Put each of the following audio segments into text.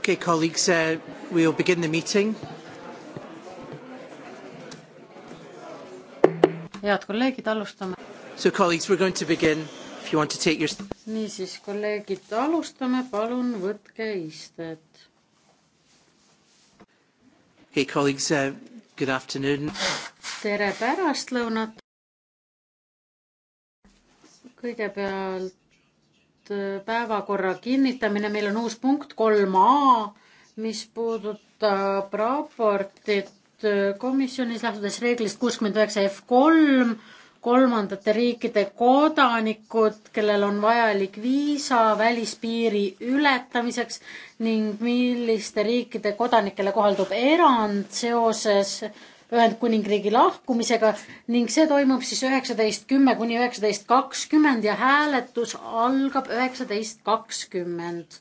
Okay, colleagues, uh, we'll begin the meeting. head kolleegid, alustame. So colleagues, we're going to begin if you want to take your. niisiis, kolleegid, alustame, palun võtke istet. Hey colleagues uh,, good afternoon. tere pärastlõunat. kõigepealt nüüd äh, päevakorra kinnitamine, meil on uus punkt kolm A, mis puudutab raportit äh, komisjonis lähtudes reeglist kuuskümmend üheksa F kolm, kolmandate riikide kodanikud, kellel on vajalik viisa välispiiri ületamiseks ning milliste riikide kodanikele kohaldub erand seoses Ühendkuningriigi lahkumisega ning see toimub siis üheksateist kümme kuni üheksateist kakskümmend ja hääletus algab üheksateist kakskümmend.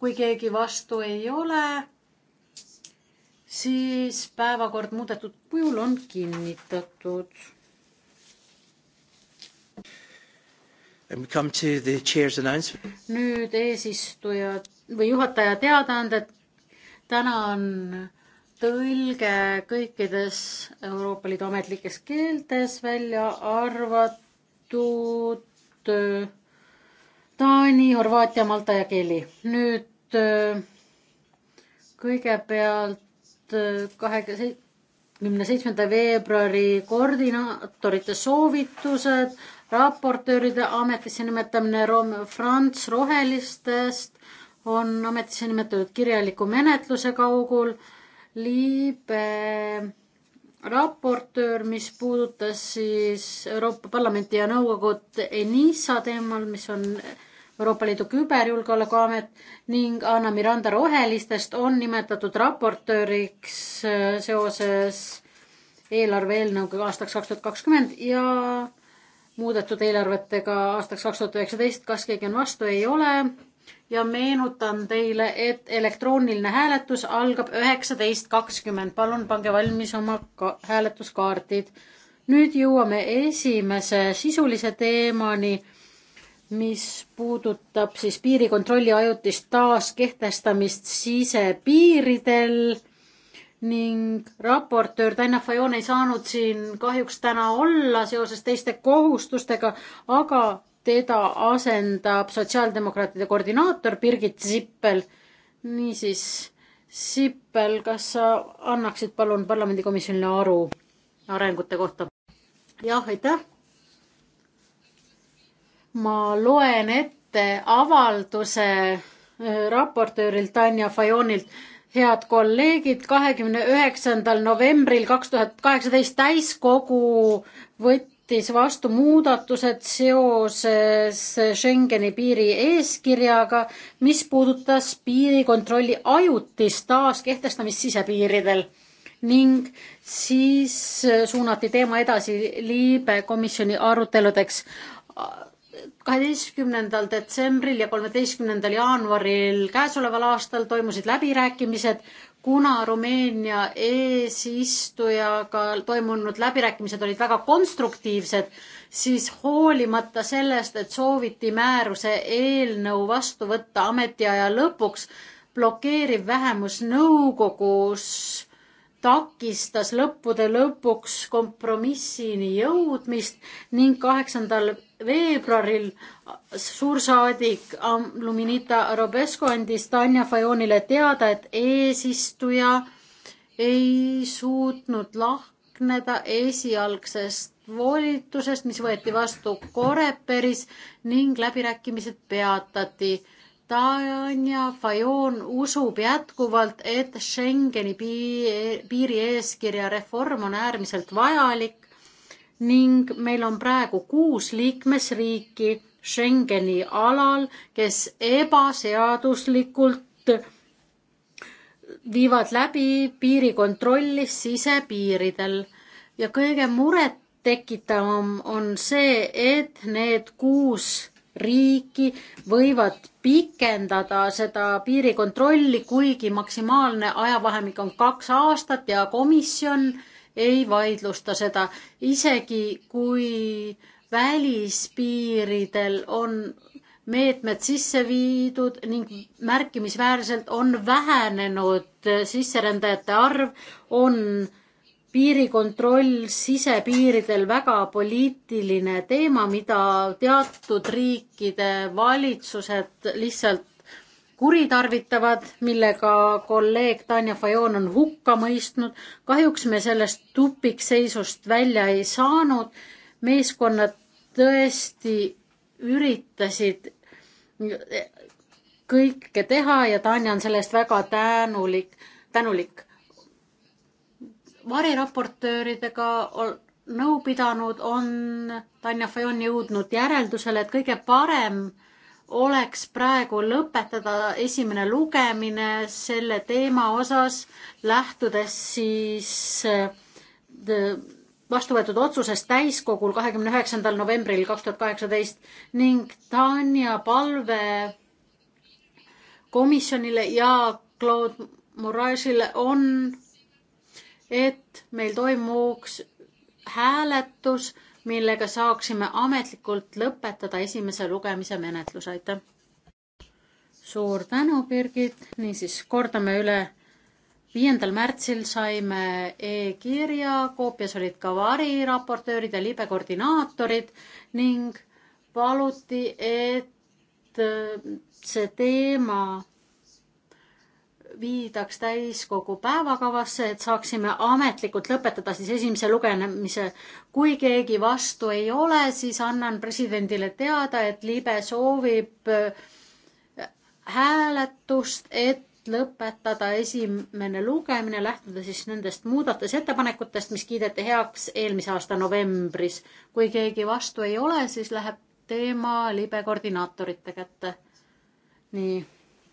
kui keegi vastu ei ole, siis päevakord muudetud kujul on kinnitatud. nüüd eesistuja või juhataja teadaanded. täna on tõlge kõikides Euroopa Liidu ametlikes keeltes välja arvatud äh, Taani, Horvaatia, Malta ja Keli. nüüd äh, kõigepealt äh, kahekümne seitsmenda veebruari koordinaatorite soovitused, raportööride ametisse nimetamine Franz Rohelistest on ametisse nimetatud kirjaliku menetluse kaugul liibe raportöör, mis puudutas siis Euroopa Parlamenti ja Nõukogut ENISA teemal, mis on Euroopa Liidu küberjulgeolekuamet ning Anna Miranda Rohelistest on nimetatud raportööriks äh, seoses eelarve eelnõuga aastaks kaks tuhat kakskümmend ja muudetud eelarvetega aastaks kaks tuhat üheksateist. kas keegi on vastu? ei ole ja meenutan teile, et elektrooniline hääletus algab üheksateist kakskümmend. palun pange valmis oma hääletuskaardid. nüüd jõuame esimese sisulise teemani, mis puudutab siis piirikontrolli ajutist taaskehtestamist sisepiiridel ning raportöör Tanel Fajon ei saanud siin kahjuks täna olla seoses teiste kohustustega, aga teda asendab sotsiaaldemokraatide koordinaator Birgit Sippel. niisiis, Sippel, kas sa annaksid palun parlamendikomisjonile aru arengute kohta? jah, aitäh. ma loen ette avalduse äh, raportöörilt Tanja Fajonilt. head kolleegid, kahekümne üheksandal novembril kaks tuhat kaheksateist täiskogu võttis võttis vastu muudatused seoses Schengeni piiri eeskirjaga, mis puudutas piirikontrolli ajutist taaskehtestamist sisepiiridel ning siis suunati teema edasi liibe komisjoni aruteludeks kaheteistkümnendal detsembril ja kolmeteistkümnendal jaanuaril käesoleval aastal toimusid läbirääkimised, kuna Rumeenia eesistujaga toimunud läbirääkimised olid väga konstruktiivsed, siis hoolimata sellest, et sooviti määruse eelnõu vastu võtta ametiaja lõpuks, blokeeriv vähemus nõukogus takistas lõppude lõpuks kompromissini jõudmist ning kaheksandal veebruaril suursaadik Luminita Robesko andis Tanja Fajonile teada, et eesistuja ei suutnud lahkneda esialgsest volitusest, mis võeti vastu Koreperis ning läbirääkimised peatati Tanja Fajon usub jätkuvalt, et Schengeni piiri, piirieeskirja reform on äärmiselt vajalik ning meil on praegu kuus liikmesriiki Schengeni alal, kes ebaseaduslikult viivad läbi piirikontrolli sisepiiridel ja kõige murettekitavam on see, et need kuus riiki võivad pikendada seda piirikontrolli, kuigi maksimaalne ajavahemik on kaks aastat ja komisjon ei vaidlusta seda, isegi kui välispiiridel on meetmed sisse viidud ning märkimisväärselt on vähenenud sisserändajate arv, on piirikontroll sisepiiridel väga poliitiline teema, mida teatud riikide valitsused lihtsalt kuritarvitavad, millega kolleeg Tanja Fajon on hukka mõistnud. kahjuks me sellest tupikseisust välja ei saanud. meeskonnad tõesti üritasid kõike teha ja Tanja on selle eest väga tänulik, tänulik variraportööridega nõu pidanud, on Tanja Fajon jõudnud järeldusele, et kõige parem oleks praegu lõpetada esimene lugemine selle teema osas, lähtudes siis äh, vastu võetud otsusest täiskogul kahekümne üheksandal novembril kaks tuhat kaheksateist ning Tanja palve komisjonile ja Claude Moraesile on et meil toimuks hääletus, millega saaksime ametlikult lõpetada esimese lugemise menetluse, aitäh. suur tänu, Birgit, niisiis kordame üle. viiendal märtsil saime e-kirja, koopias olid ka variraportöörid ja libekoordinaatorid ning paluti, et see teema viidaks täiskogu päevakavasse, et saaksime ametlikult lõpetada siis esimese lugenemise. kui keegi vastu ei ole, siis annan presidendile teada, et libe soovib äh, hääletust, et lõpetada esimene lugemine, lähtuda siis nendest muudatusettepanekutest, mis kiideti heaks eelmise aasta novembris. kui keegi vastu ei ole, siis läheb teema libe koordinaatorite kätte. nii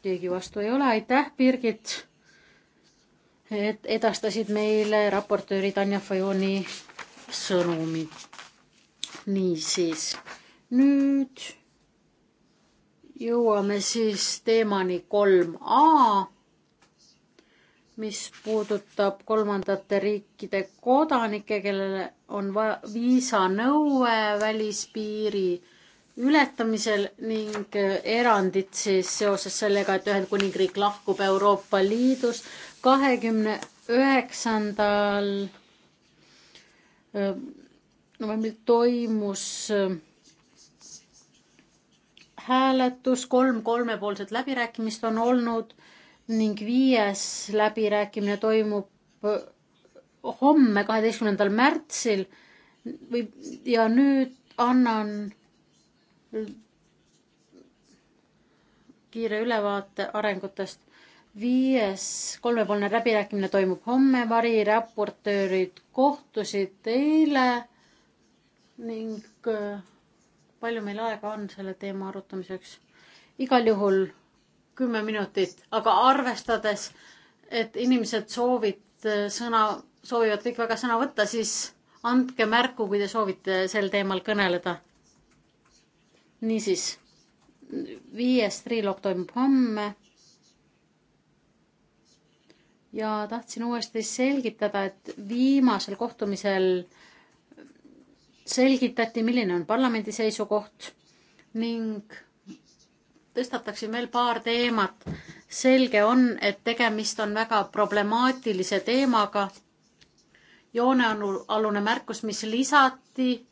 keegi vastu ei ole, aitäh, Birgit, et edastasid meile raportööri Tanja Fajoni sõnumi. niisiis, nüüd jõuame siis teemani kolm A, mis puudutab kolmandate riikide kodanikke, kellele on vaja viisanõue välispiiri ületamisel ning äh, erandid siis seoses sellega, et Ühendkuningriik lahkub Euroopa Liidust kahekümne üheksandal äh, novembril toimus äh, hääletus, kolm kolmepoolset läbirääkimist on olnud ning viies läbirääkimine toimub homme, kaheteistkümnendal märtsil või ja nüüd annan kiire ülevaate arengutest. viies kolmepoolne läbirääkimine toimub homme, variraportöörid kohtusid eile ning äh, palju meil aega on selle teema arutamiseks? igal juhul kümme minutit, aga arvestades, et inimesed soovid äh, sõna, soovivad kõik väga sõna võtta, siis andke märku, kui te soovite sel teemal kõneleda niisiis, viies triloog toimub homme. ja tahtsin uuesti selgitada, et viimasel kohtumisel selgitati, milline on parlamendi seisukoht ning tõstataksin veel paar teemat. selge on, et tegemist on väga problemaatilise teemaga. joonealune märkus, mis lisati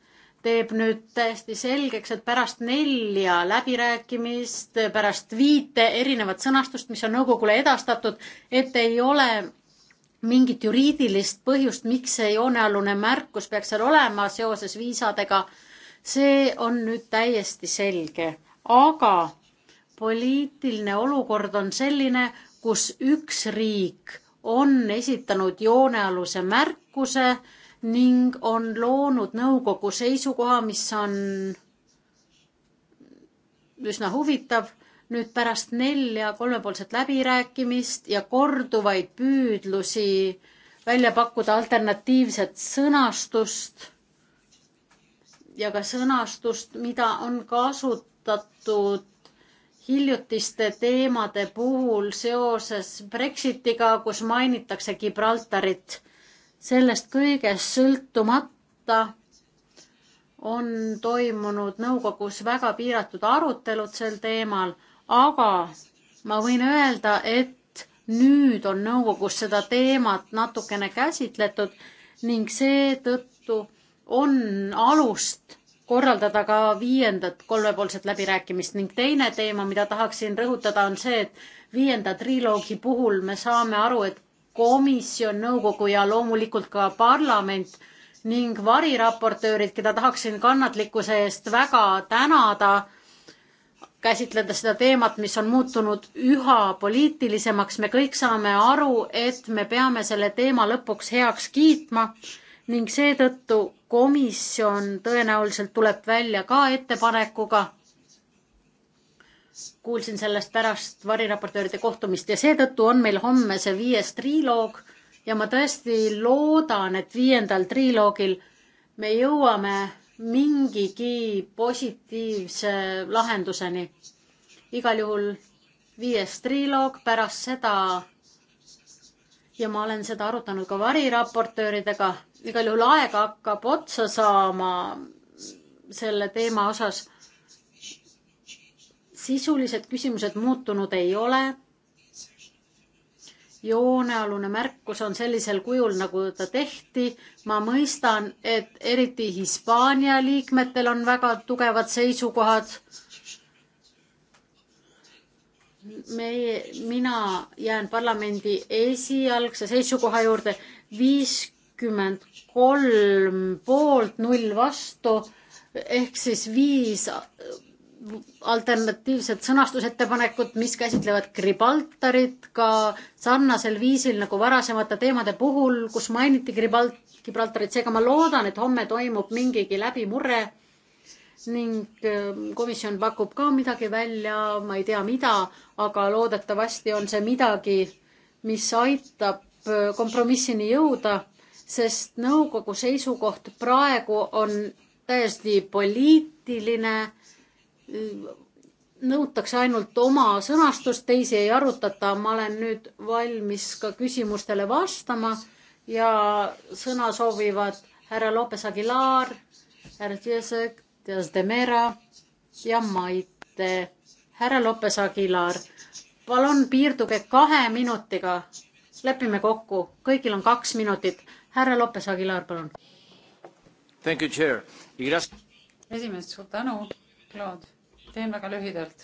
teeb nüüd täiesti selgeks, et pärast nelja läbirääkimist, pärast viite erinevat sõnastust, mis on nõukogule edastatud, et ei ole mingit juriidilist põhjust, miks see joonealune märkus peaks seal olema seoses viisadega. see on nüüd täiesti selge, aga poliitiline olukord on selline, kus üks riik on esitanud joonealuse märkuse ning on loonud nõukogu seisukoha, mis on üsna huvitav nüüd pärast nelja kolmepoolset läbirääkimist ja korduvaid püüdlusi välja pakkuda alternatiivset sõnastust ja ka sõnastust, mida on kasutatud hiljutiste teemade puhul seoses Brexitiga, kus mainitakse Gibraltarit sellest kõigest sõltumata on toimunud nõukogus väga piiratud arutelud sel teemal, aga ma võin öelda, et nüüd on nõukogus seda teemat natukene käsitletud ning seetõttu on alust korraldada ka viiendat kolmepoolset läbirääkimist ning teine teema, mida tahaksin rõhutada, on see, et viienda triloogi puhul me saame aru, et komisjon, nõukogu ja loomulikult ka parlament ning variraportöörid, keda tahaksin kannatlikkuse eest väga tänada, käsitledes seda teemat, mis on muutunud üha poliitilisemaks. me kõik saame aru, et me peame selle teema lõpuks heaks kiitma ning seetõttu komisjon tõenäoliselt tuleb välja ka ettepanekuga kuulsin sellest pärast variraportööride kohtumist ja seetõttu on meil homme see viies triloog ja ma tõesti loodan, et viiendal triloogil me jõuame mingigi positiivse lahenduseni. igal juhul viies triloog pärast seda ja ma olen seda arutanud ka variraportööridega, igal juhul aega hakkab otsa saama selle teema osas sisulised küsimused muutunud ei ole. joonealune märkus on sellisel kujul, nagu ta tehti. ma mõistan, et eriti Hispaania liikmetel on väga tugevad seisukohad. meie, mina jään parlamendi esialgse seisukoha juurde viiskümmend kolm poolt, null vastu ehk siis viis alternatiivsed sõnastusettepanekud, mis käsitlevad Gibraltarit ka sarnasel viisil nagu varasemate teemade puhul, kus mainiti Gibralt-, Gibraltarit, seega ma loodan, et homme toimub mingigi läbimurre ning ähm, komisjon pakub ka midagi välja, ma ei tea, mida, aga loodetavasti on see midagi, mis aitab äh, kompromissini jõuda, sest nõukogu seisukoht praegu on täiesti poliitiline nõutakse ainult oma sõnastust, teisi ei arutata. ma olen nüüd valmis ka küsimustele vastama ja sõna soovivad härra Lopes Aguilar, härra Tjesek, Dias de Mera ja Maite. härra Lopes Aguilar, palun piirduge kahe minutiga. lepime kokku, kõigil on kaks minutit. härra Lopes Aguilar, palun. esimees, suur tänu, Claude teen väga lühidalt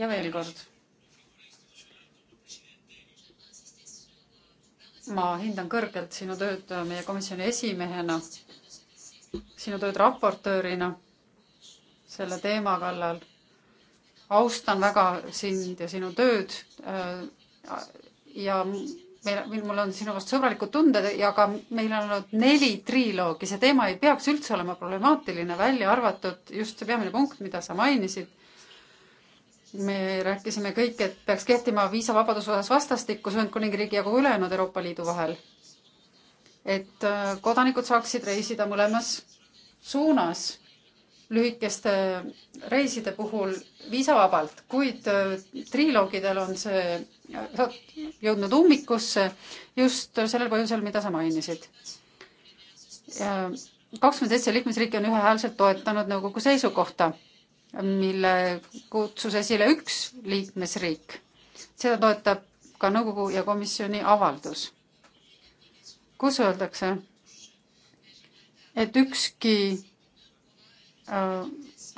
ja veel kord. ma hindan kõrgelt sinu tööd meie komisjoni esimehena, sinu tööd raportöörina selle teema kallal. austan väga sind ja sinu tööd äh, ja meil, mil mul on sinu vastu sõbralikud tunded ja ka meil on olnud neli triloogi, see teema ei peaks üldse olema problemaatiline, välja arvatud just see peamine punkt, mida sa mainisid. me rääkisime kõik, et peaks kehtima viisavabaduse osas vastastikku Ühendkuningriigi ja kogu ülejäänud Euroopa Liidu vahel. et äh, kodanikud saaksid reisida mõlemas suunas lühikeste reiside puhul viisavabalt, kuid äh, triloogidel on see jõudnud ummikusse just sellel põhjusel, mida sa mainisid. kakskümmend seitse liikmesriiki on ühehäälselt toetanud nõukogu seisukohta, mille kutsus esile üks liikmesriik. seda toetab ka nõukogu ja komisjoni avaldus, kus öeldakse, et ükski äh,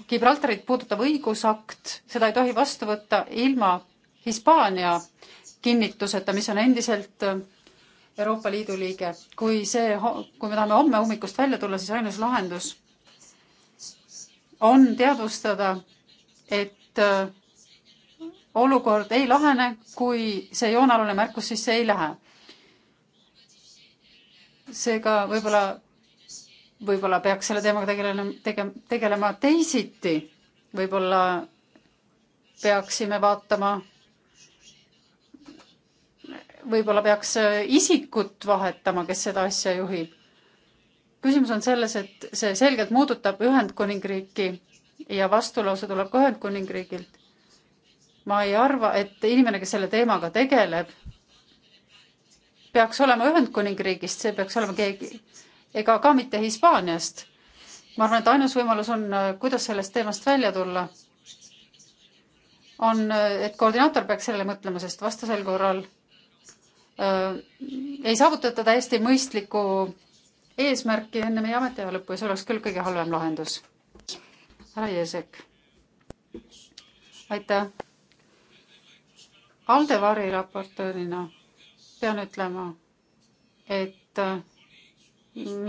Gibraltarit puudutav õigusakt, seda ei tohi vastu võtta ilma Hispaania kinnituseta, mis on endiselt äh, Euroopa Liidu liige. kui see, kui me tahame homme hommikust välja tulla, siis ainus lahendus on teadvustada, et äh, olukord ei lahene, kui see joonealune märkus sisse ei lähe. seega võib-olla, võib-olla peaks selle teemaga tegelema, tege-, tegelema teisiti. võib-olla peaksime vaatama võib-olla peaks äh, isikut vahetama, kes seda asja juhib. küsimus on selles, et see selgelt muudutab Ühendkuningriiki ja vastulause tuleb ka Ühendkuningriigilt. ma ei arva, et inimene, kes selle teemaga tegeleb, peaks olema Ühendkuningriigist, see peaks olema keegi ega ka mitte Hispaaniast. ma arvan, et ainus võimalus on, äh, kuidas sellest teemast välja tulla, on, äh, et koordinaator peaks sellele mõtlema, sest vastasel korral Äh, ei saavutata täiesti mõistlikku eesmärki enne meie ametiaja lõppu ja see oleks küll kõige halvem lahendus. härra Jeesek. aitäh. Alde Vari raportöörina pean ütlema, et äh,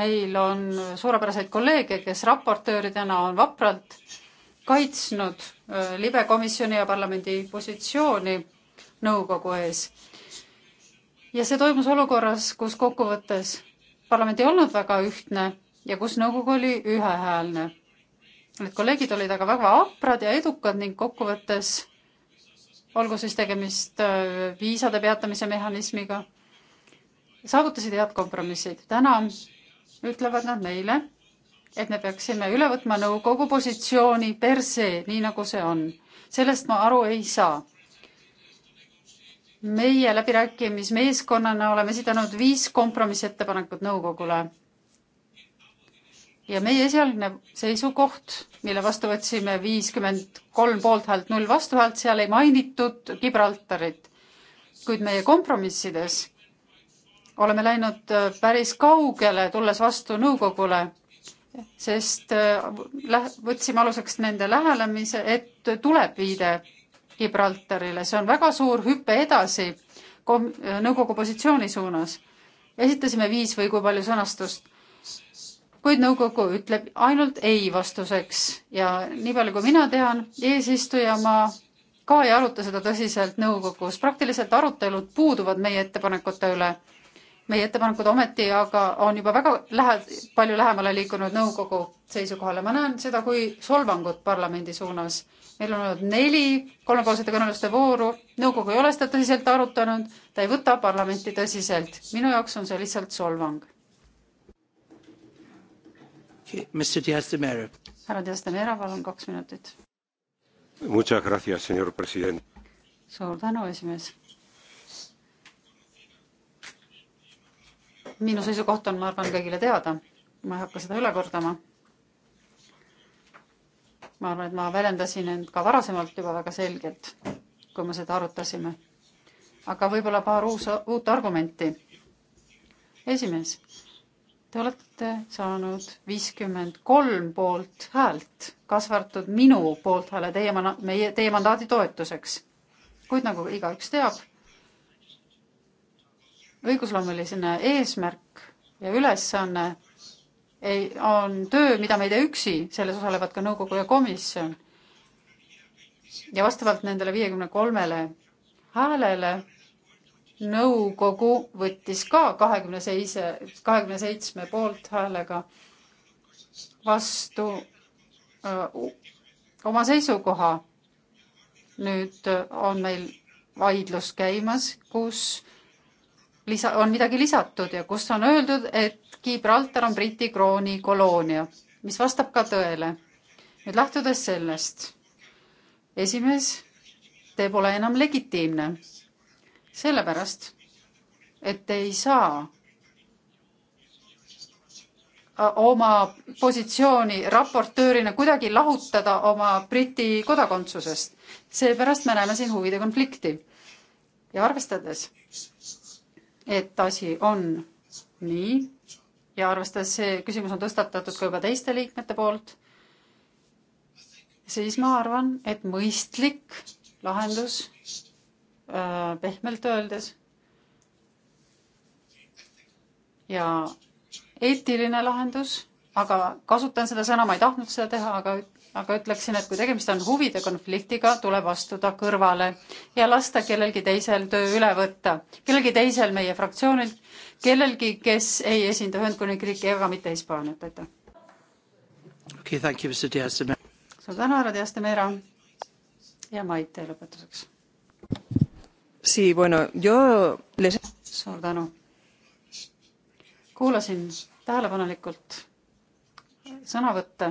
meil on suurepäraseid kolleege, kes raportööridena on vapralt kaitsnud äh, libekomisjoni ja parlamendi positsiooni nõukogu ees ja see toimus olukorras, kus kokkuvõttes parlament ei olnud väga ühtne ja kus nõukogu oli ühehäälne. Need kolleegid olid aga väga aprad ja edukad ning kokkuvõttes olgu siis tegemist äh, viisade peatamise mehhanismiga, saavutasid head kompromissid. täna ütlevad nad meile, et me peaksime üle võtma nõukogu positsiooni per se, nii nagu see on. sellest ma aru ei saa meie läbirääkimismeeskonnana oleme esitanud viis kompromissettepanekut nõukogule. ja meie esialgne seisukoht, mille vastu võtsime viiskümmend kolm poolthäält, null vastuhäält, seal ei mainitud Gibraltarit. kuid meie kompromissides oleme läinud äh, päris kaugele, tulles vastu nõukogule, sest äh, võtsime aluseks nende lähenemise, et tuleb viide Gibraltarile, see on väga suur hüpe edasi kom-, nõukogu positsiooni suunas. esitasime viis või kui palju sõnastust, kuid nõukogu ütleb ainult ei vastuseks ja nii palju, kui mina tean, eesistujamaa ka ei aruta seda tõsiselt nõukogus, praktiliselt arutelud puuduvad meie ettepanekute üle. meie ettepanekud ometi aga on juba väga lähe-, palju lähemale liikunud nõukogu seisukohale, ma näen seda kui solvangut parlamendi suunas meil on olnud neli kolmepoolsete kõneluste vooru, nõukogu ei ole seda tõsiselt arutanud, ta ei võta parlamenti tõsiselt. minu jaoks on see lihtsalt solvang. härra Dias de Mera, palun kaks minutit. suur tänu, esimees. minu seisukoht on, ma arvan, kõigile teada. ma ei hakka seda üle kordama ma arvan, et ma väljendasin end ka varasemalt juba väga selgelt, kui me seda arutasime. aga võib-olla paar uus, uut argumenti. esimees, te olete saanud viiskümmend kolm poolt häält, kaasa arvatud minu poolt hääle teie, meie, teie mandaadi toetuseks. kuid nagu igaüks teab, õigusloomeline eesmärk ja ülesanne ei, on töö, mida me ei tee üksi, selles osalevad ka nõukogu ja komisjon. ja vastavalt nendele viiekümne kolmele häälele nõukogu võttis ka kahekümne seise, kahekümne seitsme poolthäälega vastu öö, oma seisukoha. nüüd on meil vaidlus käimas, kus lisa, on midagi lisatud ja kus on öeldud, et Gibraltar on Briti krooni koloonia, mis vastab ka tõele. nüüd lähtudes sellest, esimees, te pole enam legitiimne, sellepärast et ei saa oma positsiooni raportöörina kuidagi lahutada oma Briti kodakondsusest. seepärast me näeme siin huvide konflikti. ja arvestades et asi on nii ja arvestades see küsimus on tõstatatud ka juba teiste liikmete poolt, siis ma arvan, et mõistlik lahendus äh, pehmelt öeldes ja eetiline lahendus, aga kasutan seda sõna, ma ei tahtnud seda teha, aga aga ütleksin, et kui tegemist on huvide konfliktiga, tuleb astuda kõrvale ja lasta kellelgi teisel töö üle võtta, kellelgi teisel meie fraktsioonilt, kellelgi, kes ei esinda Ühendkuningriiki ega mitte Hispaaniat, aitäh. okei okay,, thank you, Mr Dias de Mera. suur tänu, härra Dias de Mera ja Maite lõpetuseks. Sí, bueno, yo les... suur tänu. kuulasin tähelepanelikult sõnavõtte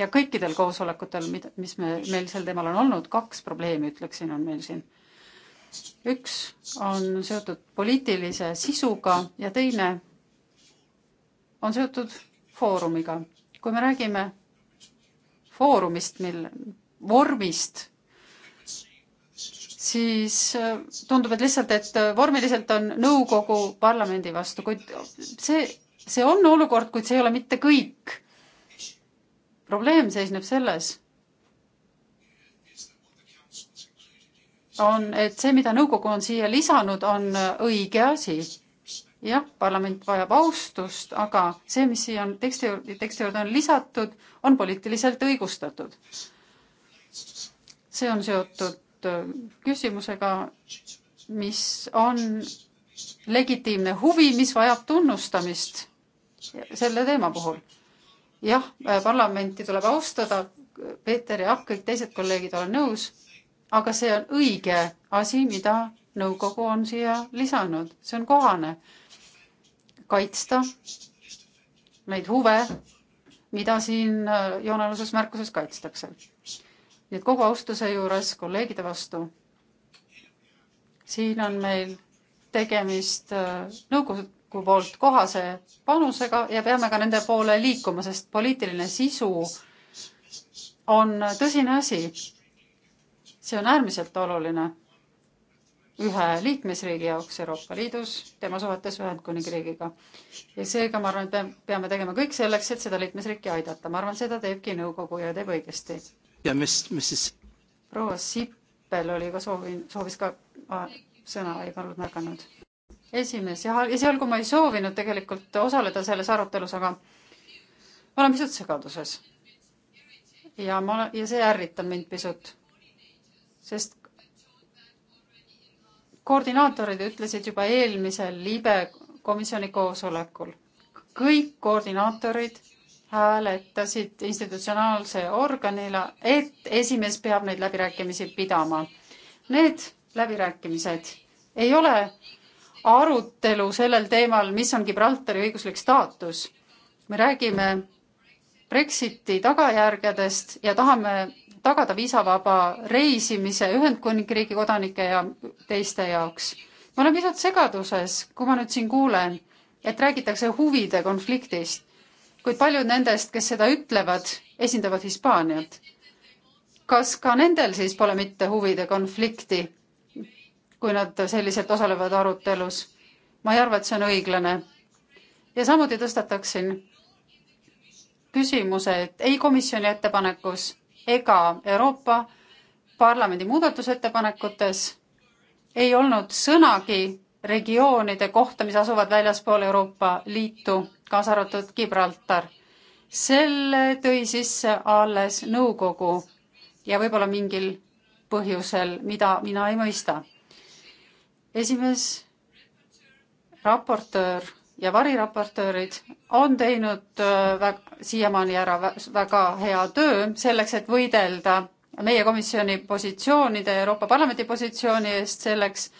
ja kõikidel koosolekutel, mis me, meil sel teemal on olnud, kaks probleemi, ütleksin, on meil siin. üks on seotud poliitilise sisuga ja teine on seotud foorumiga. kui me räägime foorumist, mil, vormist, siis äh, tundub, et lihtsalt, et äh, vormiliselt on nõukogu parlamendi vastu, kuid see, see on olukord, kuid see ei ole mitte kõik probleem seisneb selles, on, et see, mida nõukogu on siia lisanud, on õige asi. jah, parlament vajab austust, aga see, mis siia on teksti, teksti juurde on lisatud, on poliitiliselt õigustatud. see on seotud äh, küsimusega, mis on legitiimne huvi, mis vajab tunnustamist selle teema puhul jah, äh, parlamenti tuleb austada, Peeter, jah, kõik teised kolleegid, olen nõus, aga see on õige asi, mida nõukogu on siia lisanud, see on kohane kaitsta neid huve, mida siin äh, joonealuses märkuses kaitstakse. nii et kogu austuse juures kolleegide vastu, siin on meil tegemist äh, nõukogu kodaniku poolt kohase panusega ja peame ka nende poole liikuma, sest poliitiline sisu on tõsine asi. see on äärmiselt oluline ühe liikmesriigi jaoks Euroopa Liidus, tema suhetes Ühendkuningriigiga. ja seega ma arvan, et peame tegema kõik selleks, et seda liikmesriiki aidata. ma arvan, seda teebki nõukogu ja teeb õigesti. ja mis, mis siis? proua Sippel oli ka soovi, soovis ka sõna, ei olnud märganud esimees ja esialgu ma ei soovinud tegelikult osaleda selles arutelus, aga ma olen pisut segaduses. ja ma, ja see ärritab mind pisut, sest koordinaatorid ütlesid juba eelmisel libe komisjoni koosolekul, kõik koordinaatorid hääletasid institutsionaalse organile, et esimees peab neid läbirääkimisi pidama. Need läbirääkimised ei ole arutelu sellel teemal, mis on Gibraltari õiguslik staatus. me räägime Brexiti tagajärgedest ja tahame tagada viisavaba reisimise Ühendkuningriigi kodanike ja teiste jaoks. ma olen pisut segaduses, kui ma nüüd siin kuulen, et räägitakse huvide konfliktist, kuid paljud nendest, kes seda ütlevad, esindavad Hispaaniat. kas ka nendel siis pole mitte huvide konflikti? kui nad selliselt osalevad arutelus. ma ei arva, et see on õiglane. ja samuti tõstataksin küsimuse, et ei komisjoni ettepanekus ega Euroopa Parlamendi muudatusettepanekutes ei olnud sõnagi regioonide kohta, mis asuvad väljaspool Euroopa Liitu, kaasa arvatud Gibraltar. selle tõi sisse alles nõukogu ja võib-olla mingil põhjusel, mida mina ei mõista esimees, raportöör ja variraportöörid on teinud äh, väga, siiamaani ära väga hea töö selleks, et võidelda meie komisjoni positsioonide, Euroopa Parlamendi positsiooni eest selleks,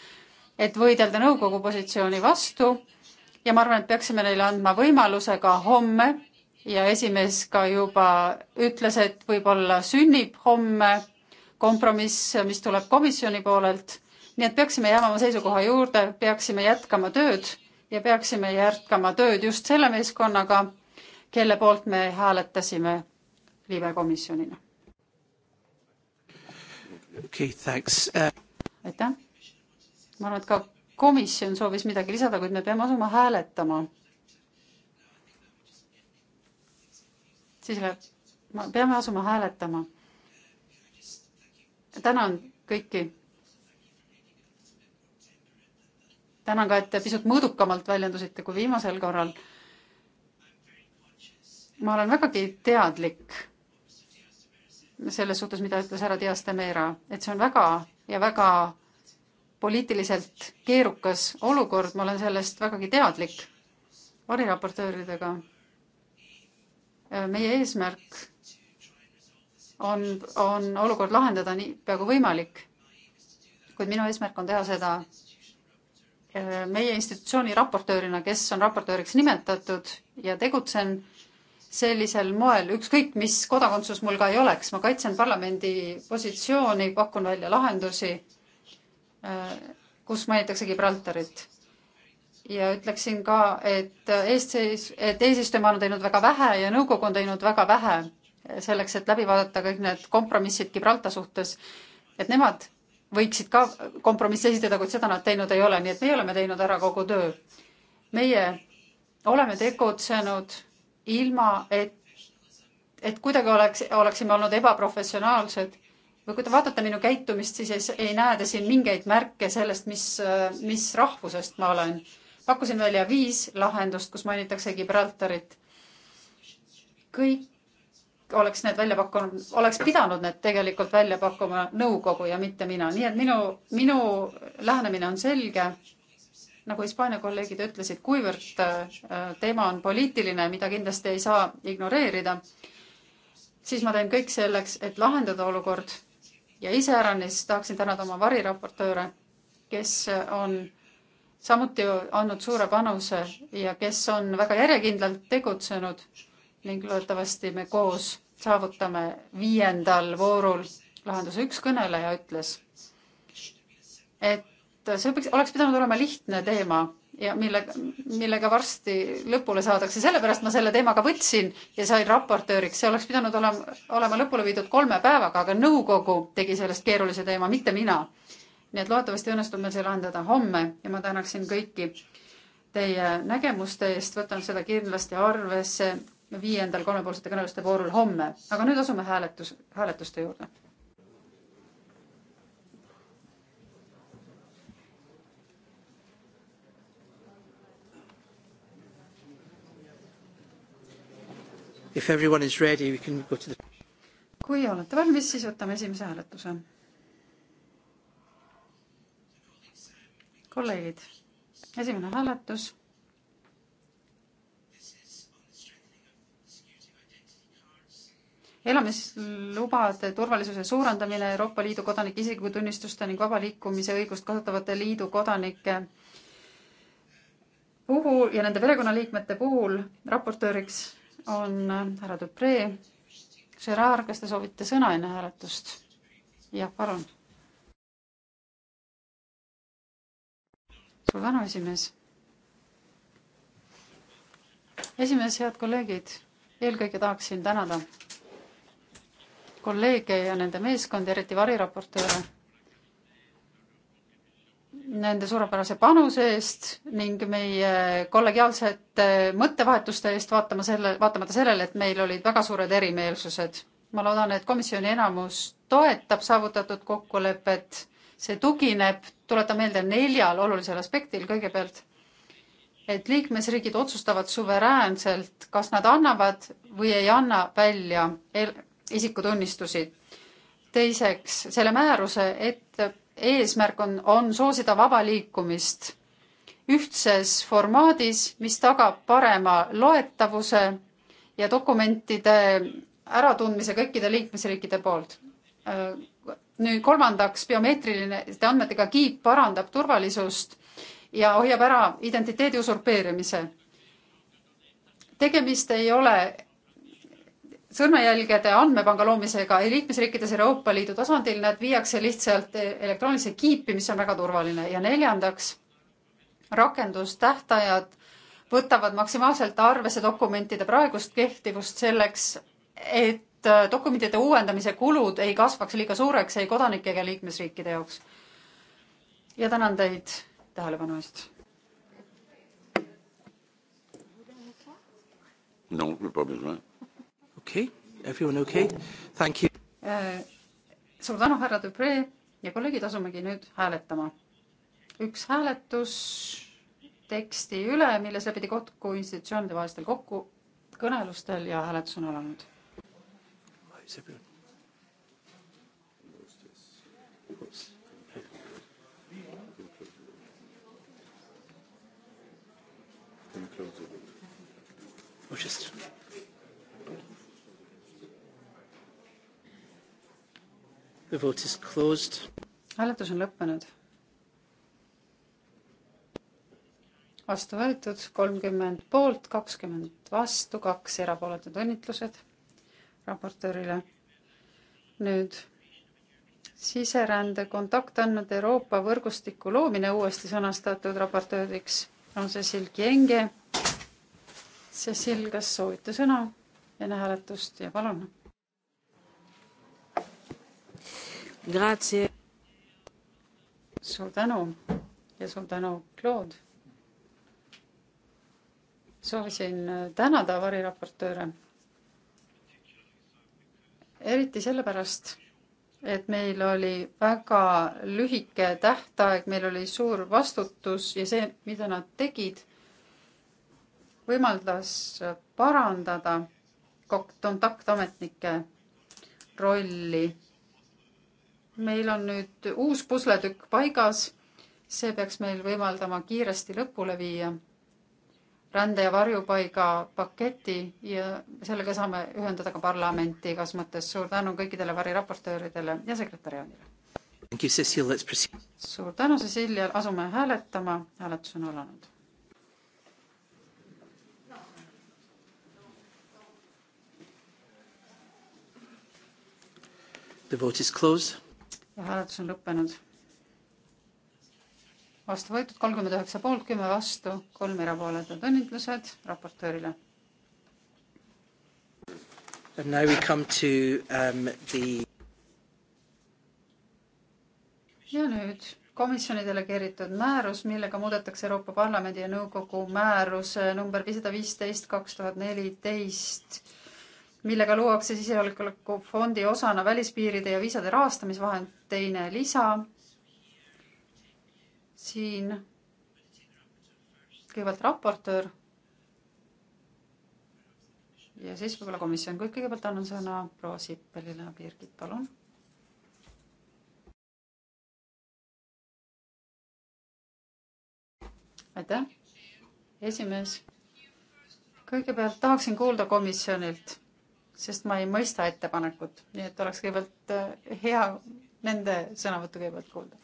et võidelda nõukogu positsiooni vastu ja ma arvan, et peaksime neile andma võimaluse ka homme ja esimees ka juba ütles, et võib-olla sünnib homme kompromiss, mis tuleb komisjoni poolelt nii et peaksime jääma oma seisukoha juurde, peaksime jätkama tööd ja peaksime jätkama tööd just selle meeskonnaga, kelle poolt me hääletasime libekomisjonina. okei okay,, thanks uh.... aitäh. ma arvan, et ka komisjon soovis midagi lisada, kuid me peame asuma hääletama. siis läheb, me peame asuma hääletama. tänan kõiki tänan ka, et te pisut mõõdukamalt väljendusite kui viimasel korral. ma olen vägagi teadlik selles suhtes, mida ütles härra Dias de Meera, et see on väga ja väga poliitiliselt keerukas olukord, ma olen sellest vägagi teadlik variraportööridega. meie eesmärk on, on olukord lahendada niipea kui võimalik. kuid minu eesmärk on teha seda meie institutsiooni raportöörina, kes on raportööriks nimetatud ja tegutsen sellisel moel, ükskõik mis kodakondsus mul ka ei oleks, ma kaitsen parlamendi positsiooni, pakun välja lahendusi, kus mainitakse Gibraltarit. ja ütleksin ka, et eestseis, et eesistuja on teinud väga vähe ja nõukogu on teinud väga vähe selleks, et läbi vaadata kõik need kompromissid Gibraltar suhtes, et nemad võiksid ka kompromisse esitada, kuid seda nad teinud ei ole, nii et meie oleme teinud ära kogu töö. meie oleme tegutsenud ilma, et, et kuidagi oleks, oleksime olnud ebaprofessionaalsed või kui te vaatate minu käitumist, siis ei, ei näe te siin mingeid märke sellest, mis, mis rahvusest ma olen. pakkusin välja viis lahendust, kus mainitakse Gibraltarit. kõik oleks need välja pakkunud, oleks pidanud need tegelikult välja pakkuma nõukogu ja mitte mina, nii et minu, minu lähenemine on selge. nagu Hispaania kolleegid ütlesid, kuivõrd äh, teema on poliitiline, mida kindlasti ei saa ignoreerida, siis ma teen kõik selleks, et lahendada olukord ja iseäranis tahaksin tänada oma variraportööre, kes on samuti andnud suure panuse ja kes on väga järjekindlalt tegutsenud ning loodetavasti me koos saavutame viiendal voorul lahenduse. üks kõneleja ütles, et see peaks, oleks pidanud olema lihtne teema ja millega, millega varsti lõpule saadakse, sellepärast ma selle teemaga võtsin ja sain raportööriks, see oleks pidanud olema, olema lõpule viidud kolme päevaga, aga nõukogu tegi sellest keerulise teema, mitte mina. nii et loodetavasti õnnestub meil see lahendada homme ja ma tänaksin kõiki teie nägemuste eest, võtan seda kindlasti arvesse viiendal kolmepoolsete kõneluste voorul homme, aga nüüd asume hääletus, hääletuste juurde. If everyone is ready, we can go to the kui olete valmis, siis võtame esimese hääletuse. kolleegid, esimene hääletus elamislubade turvalisuse suurendamine Euroopa Liidu kodanike isikutunnistuste ning vaba liikumise õigust kasutavate liidu kodanike puhul ja nende perekonnaliikmete puhul raportööriks on härra Dupree. Gerard, kas te soovite sõna enne hääletust? jah, palun. suur tänu, esimees. esimees, head kolleegid, eelkõige tahaksin tänada kolleege ja nende meeskondi, eriti variraportööre, nende suurepärase panuse eest ning meie kollegiaalsete mõttevahetuste eest vaatama selle, vaatamata sellele, et meil olid väga suured erimeelsused. ma loodan, et komisjoni enamus toetab saavutatud kokkulepet. see tugineb, tuletan meelde, neljal olulisel aspektil kõigepealt et liikmesriigid otsustavad suveräänselt, kas nad annavad või ei anna välja isikutunnistusi. teiseks, selle määruse et eesmärk on, on soosida vaba liikumist ühtses formaadis, mis tagab parema loetavuse ja dokumentide äratundmise kõikide liikmesriikide poolt. nüüd kolmandaks, biomeetriline andmetega kiip parandab turvalisust ja hoiab ära identiteedi usurpeerimise. tegemist ei ole sõrmejälgede andmepanga loomisega liikmesriikides Euroopa Liidu tasandil, need viiakse lihtsalt elektroonilisse kiipi, mis on väga turvaline ja neljandaks, rakendustähtajad võtavad maksimaalselt arvesse dokumentide praegust kehtivust selleks, et dokumentide uuendamise kulud ei kasvaks liiga suureks ei kodanike ega liikmesriikide jaoks. ja tänan teid tähelepanu eest. non, pas besoin okei okay., everyone okei okay., thank you. Eh, suur tänu, härra Dupree ja kolleegid, asumegi nüüd hääletama. üks hääletus teksti üle, milles lepiti kokku institutsioonide vahelistel kokku kõnelustel ja hääletus on alanud. Just The vote is closed. hääletus on lõppenud. vastu võetud kolmkümmend poolt, kakskümmend vastu, kaks erapooletut, õnnitlused raportöörile. nüüd siserände kontaktandmete Euroopa võrgustiku loomine uuesti sõnastatud raportööriks on Cecil Kienge. Cecil, kas soovite sõna enne hääletust ja palun suur tänu ja suur tänu, Claude. soovisin äh, tänada variraportööre. eriti sellepärast, et meil oli väga lühike tähtaeg, meil oli suur vastutus ja see, mida nad tegid, võimaldas parandada kontaktametnike rolli meil on nüüd uus pusletükk paigas, see peaks meil võimaldama kiiresti lõpule viia rände- ja varjupaiga paketi ja sellega saame ühendada ka parlamenti igas mõttes. suur tänu kõikidele variraportööridele ja sekretäriaadile. suur tänu, Cecilia, asume hääletama, hääletus on alanud. The vote is closed ja hääletus on lõppenud. vastu võetud kolmkümmend üheksa poolt, kümme vastu, kolm erapooletut. õnnitlused raportöörile. And now we come to um, the ja nüüd komisjoni delegeeritud määrus, millega muudetakse Euroopa Parlamendi ja Nõukogu määruse number viissada viisteist kaks tuhat neliteist millega luuakse sisejulgeolekufondi osana välispiiride ja viisade rahastamisvahend, teine lisa. siin kõigepealt raportöör. ja siis võib-olla komisjon, kuid kõigepealt annan sõna proua Sippelile, Birgit, palun. aitäh, esimees. kõigepealt tahaksin kuulda komisjonilt sest ma ei mõista ettepanekut, nii et oleks kõigepealt äh, hea nende sõnavõttu kõigepealt kuulda.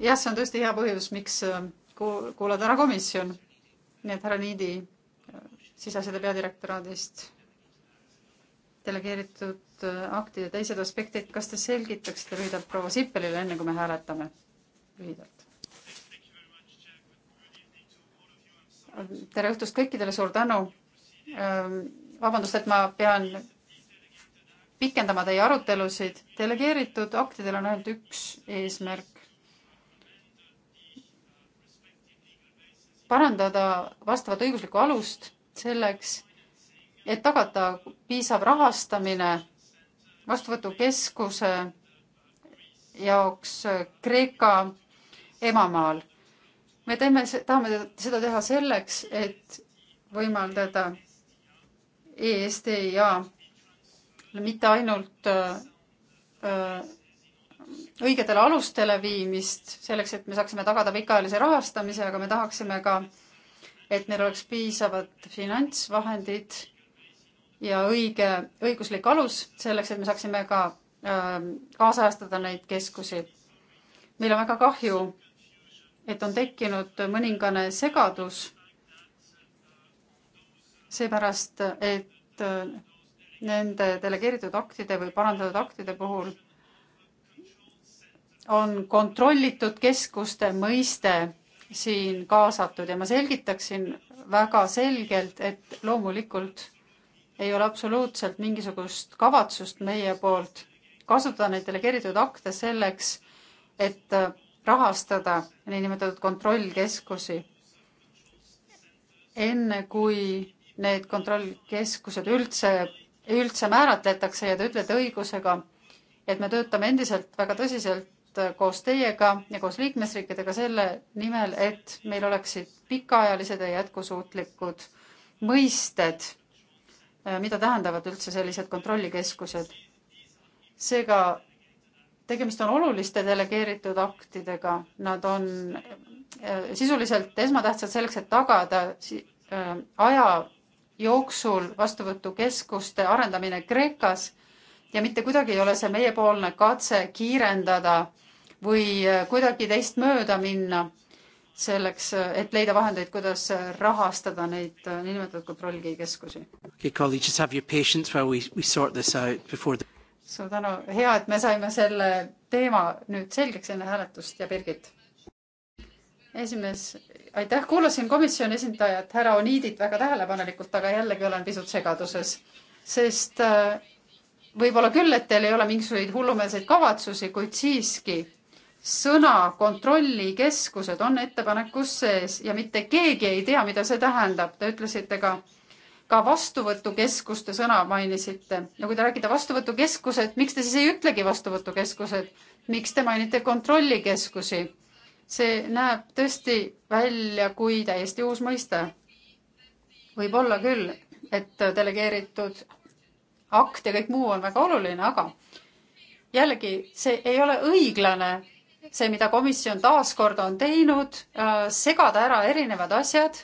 jah, see on tõesti hea põhjus, miks äh, kuulada ära komisjon. nii et härra Niidi äh, siseasjade peadirektoraadist delegeeritud aktid ja teised aspektid, kas te selgitaksite lühidalt proua Sippelile, enne kui me hääletame? lühidalt. tere õhtust kõikidele, suur tänu ähm, vabandust, et ma pean pikendama teie arutelusid. delegeeritud aktidel on ainult üks eesmärk. parandada vastavat õiguslikku alust selleks, et tagada piisav rahastamine vastuvõtukeskuse jaoks Kreeka emamaal. me teeme, tahame seda teha selleks, et võimaldada EST ja mitte ainult äh, äh, õigetele alustele viimist, selleks et me saaksime tagada pikaajalise rahastamise, aga me tahaksime ka, et neil oleks piisavad finantsvahendid ja õige õiguslik alus selleks, et me saaksime ka äh, kaasajastada neid keskusi. meil on väga kahju, et on tekkinud mõningane segadus seepärast, et äh, nende delegeeritud aktide või parandatud aktide puhul on kontrollitud keskuste mõiste siin kaasatud ja ma selgitaksin väga selgelt, et loomulikult ei ole absoluutselt mingisugust kavatsust meie poolt kasutada neid delegeeritud akte selleks, et äh, rahastada niinimetatud kontrollkeskusi. enne kui need kontrollkeskused üldse, üldse määratletakse ja te ütlete õigusega, et me töötame endiselt väga tõsiselt äh, koos teiega ja koos liikmesriikidega selle nimel, et meil oleksid pikaajalised ja jätkusuutlikud mõisted, äh, mida tähendavad üldse sellised kontrollikeskused. seega tegemist on oluliste delegeeritud aktidega, nad on äh, sisuliselt esmatähtsad selleks, et tagada aja jooksul vastuvõtukeskuste arendamine Kreekas ja mitte kuidagi ei ole see meiepoolne katse kiirendada või kuidagi teist mööda minna selleks, et leida vahendeid, kuidas rahastada neid niinimetatud kontrollkeskusi okay,. suur tänu, hea, et me saime selle teema nüüd selgeks enne hääletust ja Birgit esimees, aitäh, kuulasin komisjoni esindajat härra Oniidit väga tähelepanelikult, aga jällegi olen pisut segaduses, sest äh, võib-olla küll, et teil ei ole mingisuguseid hullumeelseid kavatsusi, kuid siiski sõna kontrollikeskused on ettepanekus sees ja mitte keegi ei tea, mida see tähendab. Te ütlesite ka, ka vastuvõtukeskuste sõna mainisite ja kui te räägite vastuvõtukeskused, miks te siis ei ütlegi vastuvõtukeskused, miks te mainite kontrollikeskusi? see näeb tõesti välja kui täiesti uus mõiste. võib-olla küll, et delegeeritud akt ja kõik muu on väga oluline, aga jällegi, see ei ole õiglane, see, mida komisjon taaskord on teinud, äh, segada ära erinevad asjad,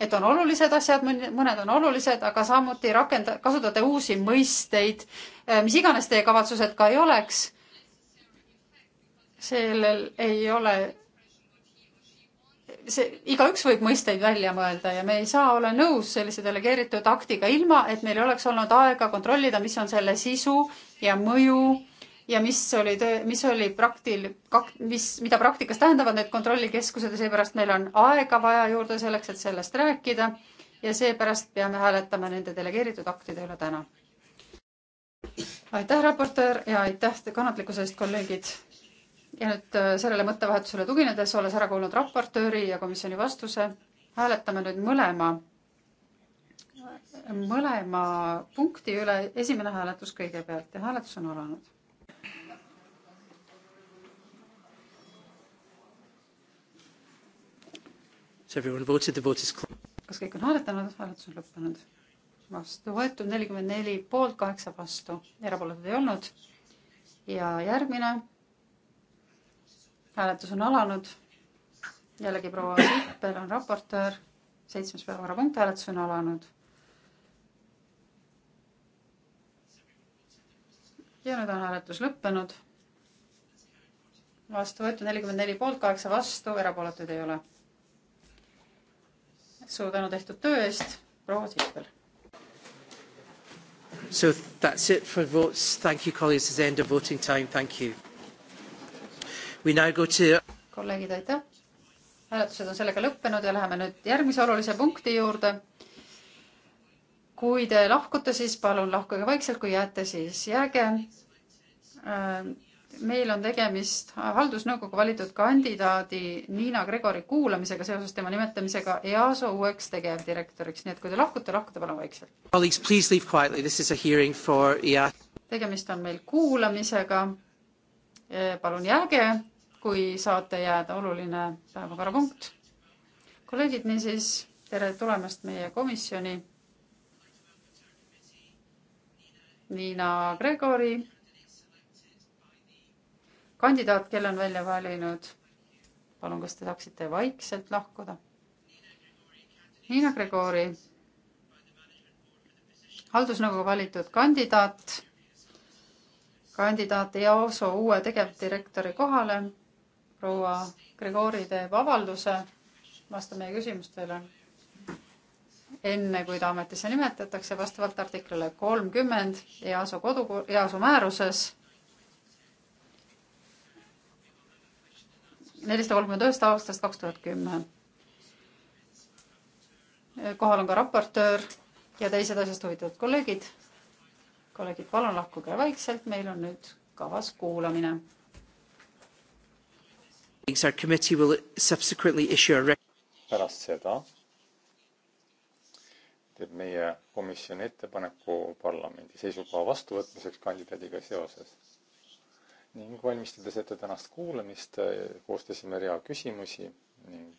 et on olulised asjad, mõned on olulised, aga samuti rakenda-, kasutada uusi mõisteid, äh, mis iganes teie kavatsused ka ei oleks sellel ei ole see, igaüks võib mõisteid välja mõelda ja me ei saa olla nõus sellise delegeeritud aktiga, ilma et meil oleks olnud aega kontrollida, mis on selle sisu ja mõju ja mis oli, mis oli praktil-, mis, mida praktikas tähendavad need kontrollikeskused ja seepärast meil on aega vaja juurde selleks, et sellest rääkida ja seepärast peame hääletama nende delegeeritud aktide üle täna. aitäh, raportöör ja aitäh kannatlikkuse eest, kolleegid ja nüüd äh, sellele mõttevahetusele tuginedes, olles ära kuulnud raportööri ja komisjoni vastuse, hääletame nüüd mõlema, mõlema punkti üle. esimene hääletus kõigepealt ja hääletus on alanud. kas kõik on hääletanud, hääletus on lõppenud? vastu võetud nelikümmend neli poolt, kaheksa vastu, erapooletuid ei olnud. ja järgmine hääletus on alanud. jällegi proua Sipper on raportöör, seitsmes päevakorrapunkt, hääletus on alanud. ja nüüd on hääletus lõppenud. vastu võetud nelikümmend neli poolt, kaheksa vastu, erapooletuid ei ole. suur tänu tehtud töö eest, proua Sipper. So that's it for votes. Thank you, colleagues. This is the end of voting time. Thank you. To... kolleegid, aitäh! hääletused on sellega lõppenud ja läheme nüüd järgmise olulise punkti juurde. kui te lahkute, siis palun lahkuge vaikselt, kui jääte, siis jääge. Äh, meil on tegemist haldusnõukogu valitud kandidaadi Niina Gregori kuulamisega seoses tema nimetamisega EASO uueks tegevdirektoriks, nii et kui te lahkute, lahkuge palun vaikselt. tegemist on meil kuulamisega. Äh, palun jääge kui saate jääda, oluline päevakorrapunkt. kolleegid, niisiis tere tulemast meie komisjoni. Niina Gregori, kandidaat, kelle on välja valinud. palun, kas te saaksite vaikselt lahkuda? Niina Gregori, haldusnõukogu valitud kandidaat, kandidaat EAOSO uue tegevdirektori kohale proua Grigori teeb avalduse, vastab meie küsimustele enne, kui ta ametisse nimetatakse vastavalt artiklile kolmkümmend EASO kodu, EASO määruses nelisada kolmkümmend ühest aastast kaks tuhat kümme. kohal on ka raportöör ja teised asjast huvitatud kolleegid. kolleegid, palun lahkuge vaikselt, meil on nüüd kavas kuulamine pärast seda teeb meie komisjon ettepaneku parlamendi seisukoha vastuvõtmiseks kandidaadiga seoses. ning valmistades ette tänast kuulamist, koostasime rea küsimusi ning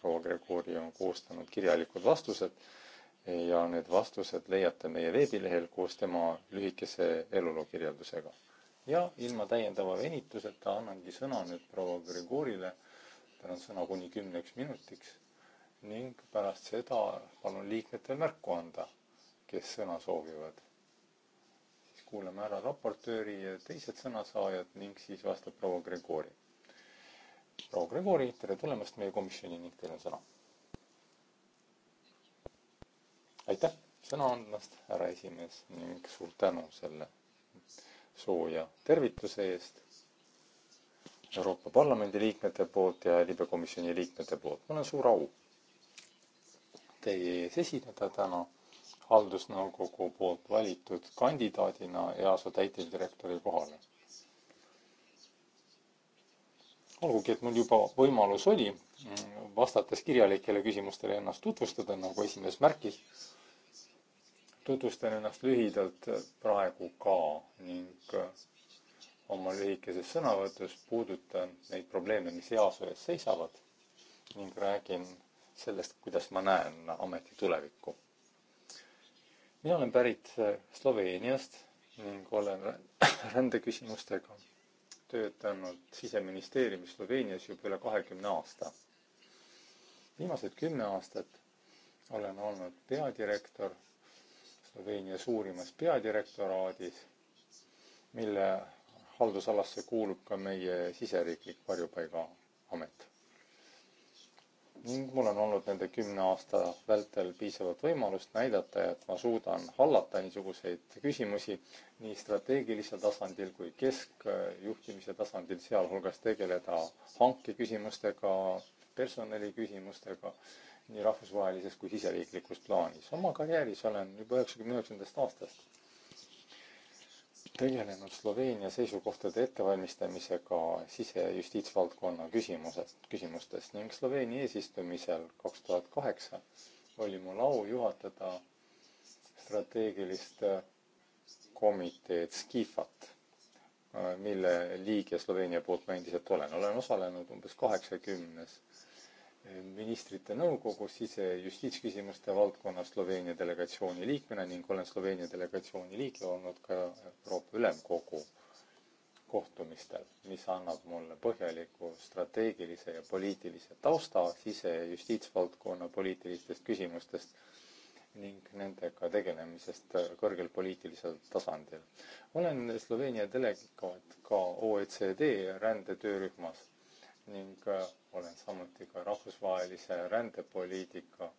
proua Gregori on koostanud kirjalikud vastused ja need vastused leiate meie veebilehel koos tema lühikese elulookirjeldusega ja ilma täiendava venituseta annangi sõna nüüd proua Grigorile. tal on sõna kuni kümneks minutiks ning pärast seda palun liikmetel märku anda, kes sõna soovivad. siis kuulame ära raportööri ja teised sõnasaajad ning siis vastab proua Grigori. proua Grigori, tere tulemast meie komisjoni ning teil on sõna. aitäh sõna andmast, härra esimees ning suur tänu selle sooja tervituse eest Euroopa Parlamendi liikmete poolt ja libekomisjoni liikmete poolt. mul on suur au teie ees esineda täna haldusnõukogu poolt valitud kandidaadina EASO täitevdirektori kohale. olgugi, et mul juba võimalus oli, vastates kirjalikele küsimustele ennast tutvustada, nagu esimees märkis, tutvustan ennast lühidalt praegu ka ning äh, oma lühikeses sõnavõtus puudutan neid probleeme, mis eas ees seisavad ning räägin sellest, kuidas ma näen ameti tulevikku. mina olen pärit äh, Sloveeniast ning olen rändeküsimustega töötanud siseministeeriumis Sloveenias juba üle kahekümne aasta. viimased kümme aastat olen olnud peadirektor Sloveenia suurimas peadirektoraadis, mille haldusalasse kuulub ka meie siseriiklik varjupaigaamet. ning mul on olnud nende kümne aasta vältel piisavalt võimalust näidata, et ma suudan hallata niisuguseid küsimusi nii strateegilisel tasandil kui keskjuhtimise tasandil, sealhulgas tegeleda hankeküsimustega, personaliküsimustega nii rahvusvahelises kui siseriiklikus plaanis. oma karjääris olen juba üheksakümne üheksandast aastast tegelenud Sloveenia seisukohtade ettevalmistamisega sisejustiitsvaldkonna küsimuses, küsimustes ning Sloveenia eesistumisel kaks tuhat kaheksa oli mul au juhatada strateegilist komiteed Skifat, mille liige Sloveenia poolt ma endiselt olen. olen osalenud umbes kaheksakümnes ministrite nõukogus ise justiitsküsimuste valdkonna Sloveenia delegatsiooni liikmena ning olen Sloveenia delegatsiooni liige olnud ka Euroopa Ülemkogu kohtumistel, mis annab mulle põhjaliku strateegilise ja poliitilise tausta sise- ja justiitsvaldkonna poliitilistest küsimustest ning nendega tegelemisest kõrgel poliitilisel tasandil. olen Sloveenia delegaat ka OECD rändetöörühmas ning äh, olen samuti ka rahvusvahelise rändepoliitika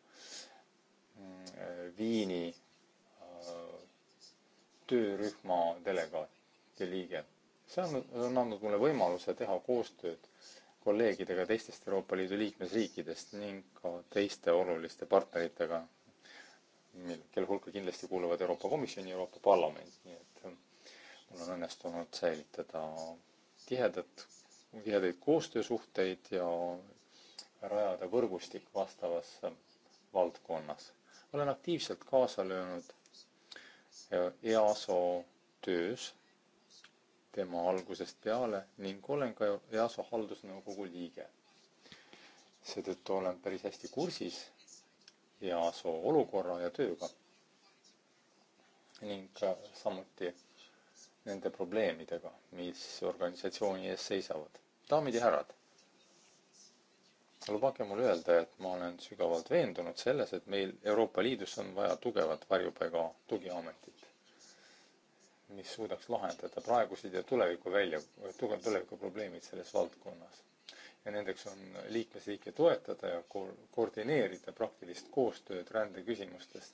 mm, äh, Viini äh, töörühma delegaati liige. see on, on andnud mulle võimaluse teha koostööd kolleegidega teistest Euroopa Liidu liikmesriikidest ning ka teiste oluliste partneritega, mil, kelle hulka kindlasti kuuluvad Euroopa Komisjon ja Euroopa Parlament, nii et mul on õnnestunud säilitada tihedat tihedaid koostöösuhteid ja rajada võrgustik vastavas äh, valdkonnas. olen aktiivselt kaasa löönud äh, EASO töös tema algusest peale ning olen ka EASO haldusnõukogu liige. seetõttu olen päris hästi kursis EASO olukorra ja tööga ning äh, samuti nende probleemidega, mis organisatsiooni ees seisavad. daamid ja härrad, lubage mul öelda, et ma olen sügavalt veendunud selles, et meil Euroopa Liidus on vaja tugevat varjupaiga tugiametit, mis suudaks lahendada praegused ja tuleviku välja, tugev tulevikuprobleemid selles valdkonnas ja nendeks on liikmesriike toetada ja ko koordineerida praktilist koostööd rändeküsimustes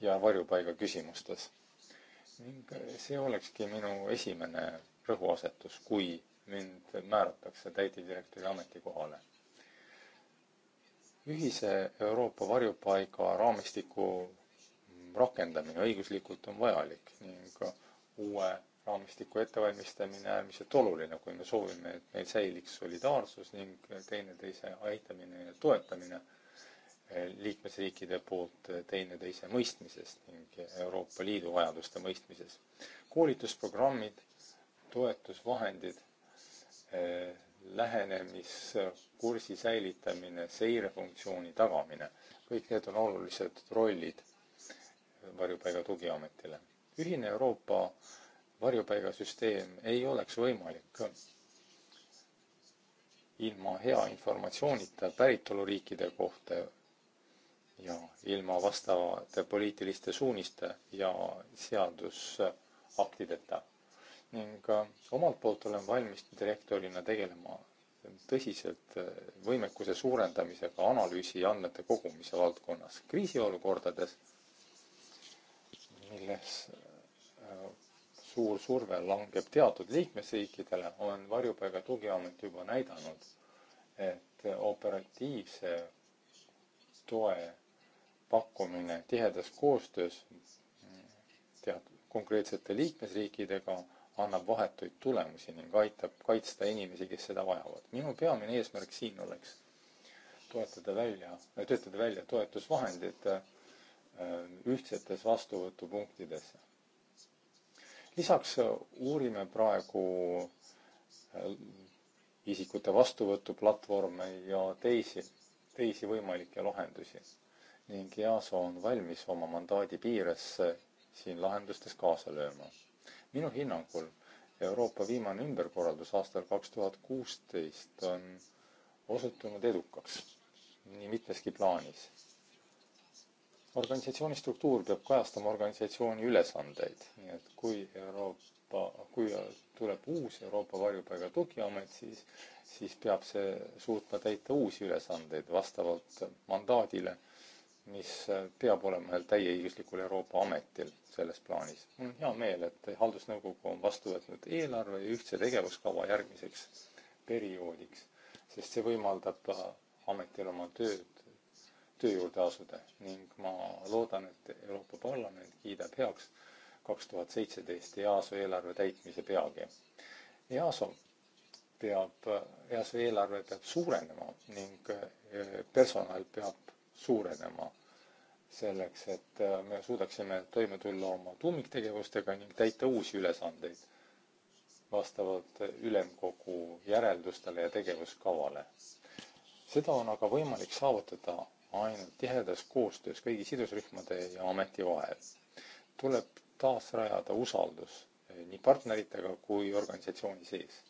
ja varjupaiga küsimustes ning see olekski minu esimene rõhuasetus, kui mind määratakse täitevdirektori ametikohale. ühise Euroopa varjupaiga raamistiku rakendamine õiguslikult on vajalik ning uue raamistiku ettevalmistamine äärmiselt oluline, kui me soovime, et meil säiliks solidaarsus ning teineteise aitamine ja toetamine Eh, liikmesriikide poolt eh, teineteise mõistmisest ning Euroopa Liidu vajaduste mõistmises. koolitusprogrammid, toetusvahendid, eh, lähenemiskursi säilitamine, seirefunktsiooni tagamine, kõik need on olulised rollid varjupaiga tugiametile. ühine Euroopa varjupaigasüsteem ei oleks võimalik ilma hea informatsioonita päritoluriikide kohta ja ilma vastavate poliitiliste suuniste ja seadusaktideta. ning äh, omalt poolt olen valmis direktorina tegelema tõsiselt äh, võimekuse suurendamisega analüüsi ja andmete kogumise valdkonnas kriisiolukordades, milles äh, suur surve langeb teatud liikmesriikidele, on Varjupaiga Tugiamet juba näidanud, et operatiivse toe pakkumine tihedas koostöös mm, teatud konkreetsete liikmesriikidega annab vahetuid tulemusi ning aitab kaitsta inimesi, kes seda vajavad. minu peamine eesmärk siin oleks toetada välja, äh, töötada välja toetusvahendid äh, ühtsetes vastuvõtupunktides. lisaks äh, uurime praegu isikute vastuvõtuplatvorme ja teisi, teisi võimalikke lahendusi ning EASO on valmis oma mandaadi piires siin lahendustes kaasa lööma. minu hinnangul Euroopa viimane ümberkorraldus aastal kaks tuhat kuusteist on osutunud edukaks nii mitmeski plaanis. organisatsiooni struktuur peab kajastama organisatsiooni ülesandeid, nii et kui Euroopa, kui tuleb uus Euroopa varjupaiga tugiamet, siis, siis peab see suutma täita uusi ülesandeid vastavalt mandaadile mis äh, peab olema ühel täieõiguslikul Euroopa ametil selles plaanis. mul on hea meel, et haldusnõukogu on vastu võtnud eelarve ja ühtse tegevuskava järgmiseks perioodiks, sest see võimaldab äh, ametil oma tööd, töö juurde asuda ning ma loodan, et Euroopa Parlament kiidab heaks kaks tuhat seitseteist EASO eelarve täitmise peagi. EASO peab, äh, EASO eelarve peab suurenema ning personal peab suurenema selleks, et äh, me suudaksime toime tulla oma tuumiktegevustega ning täita uusi ülesandeid vastavalt ülemkogu järeldustele ja tegevuskavale. seda on aga võimalik saavutada ainult tihedas koostöös kõigi sidusrühmade ja ameti vahel. tuleb taasrajada usaldus eh, nii partneritega kui organisatsiooni sees.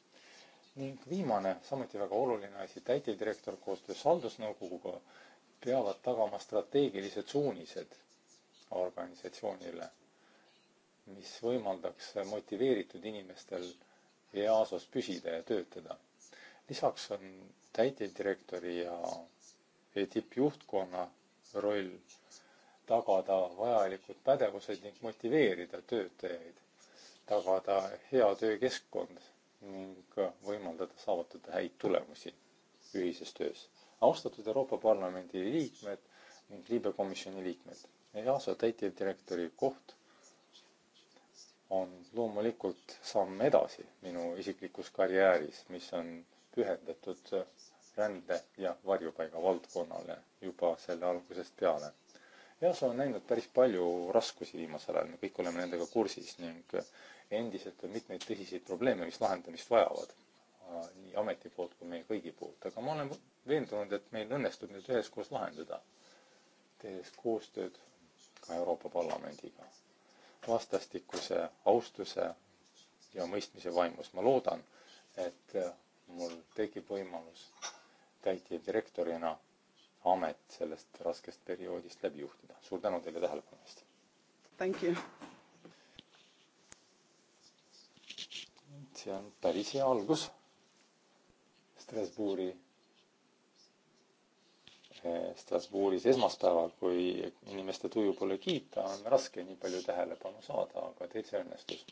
ning viimane, samuti väga oluline asi, täitevdirektor koostöös haldusnõukoguga peavad tagama strateegilised suunised organisatsioonile, mis võimaldaks motiveeritud inimestel EASO-s püsida ja töötada. lisaks on täitevdirektori ja tippjuhtkonna roll tagada vajalikud pädevused ning motiveerida töötajaid, tagada hea töökeskkond ning võimaldada saavutada häid tulemusi ühises töös austatud Euroopa Parlamendi liikmed ning liibekomisjoni liikmed. EASO täitevdirektori koht on loomulikult samm edasi minu isiklikus karjääris, mis on pühendatud rände ja varjupaiga valdkonnale juba selle algusest peale. EASO on näinud päris palju raskusi viimasel ajal, me kõik oleme nendega kursis ning endiselt on mitmeid tõsiseid probleeme, mis lahendamist vajavad nii ameti poolt kui meie kõigi poolt, aga ma olen veendunud, et meil õnnestub need üheskoos lahendada, tehes koostööd ka Euroopa Parlamendiga vastastikuse austuse ja mõistmise vaimus. ma loodan, et mul tekib võimalus täitevdirektorina amet sellest raskest perioodist läbi juhtida. suur tänu teile tähelepanu eest! Thank you! see on päris hea algus Strasbourgi, eh, Strasbourgis esmaspäeval, kui inimeste tuju pole kiita, on raske nii palju tähelepanu saada, aga teil see õnnestus.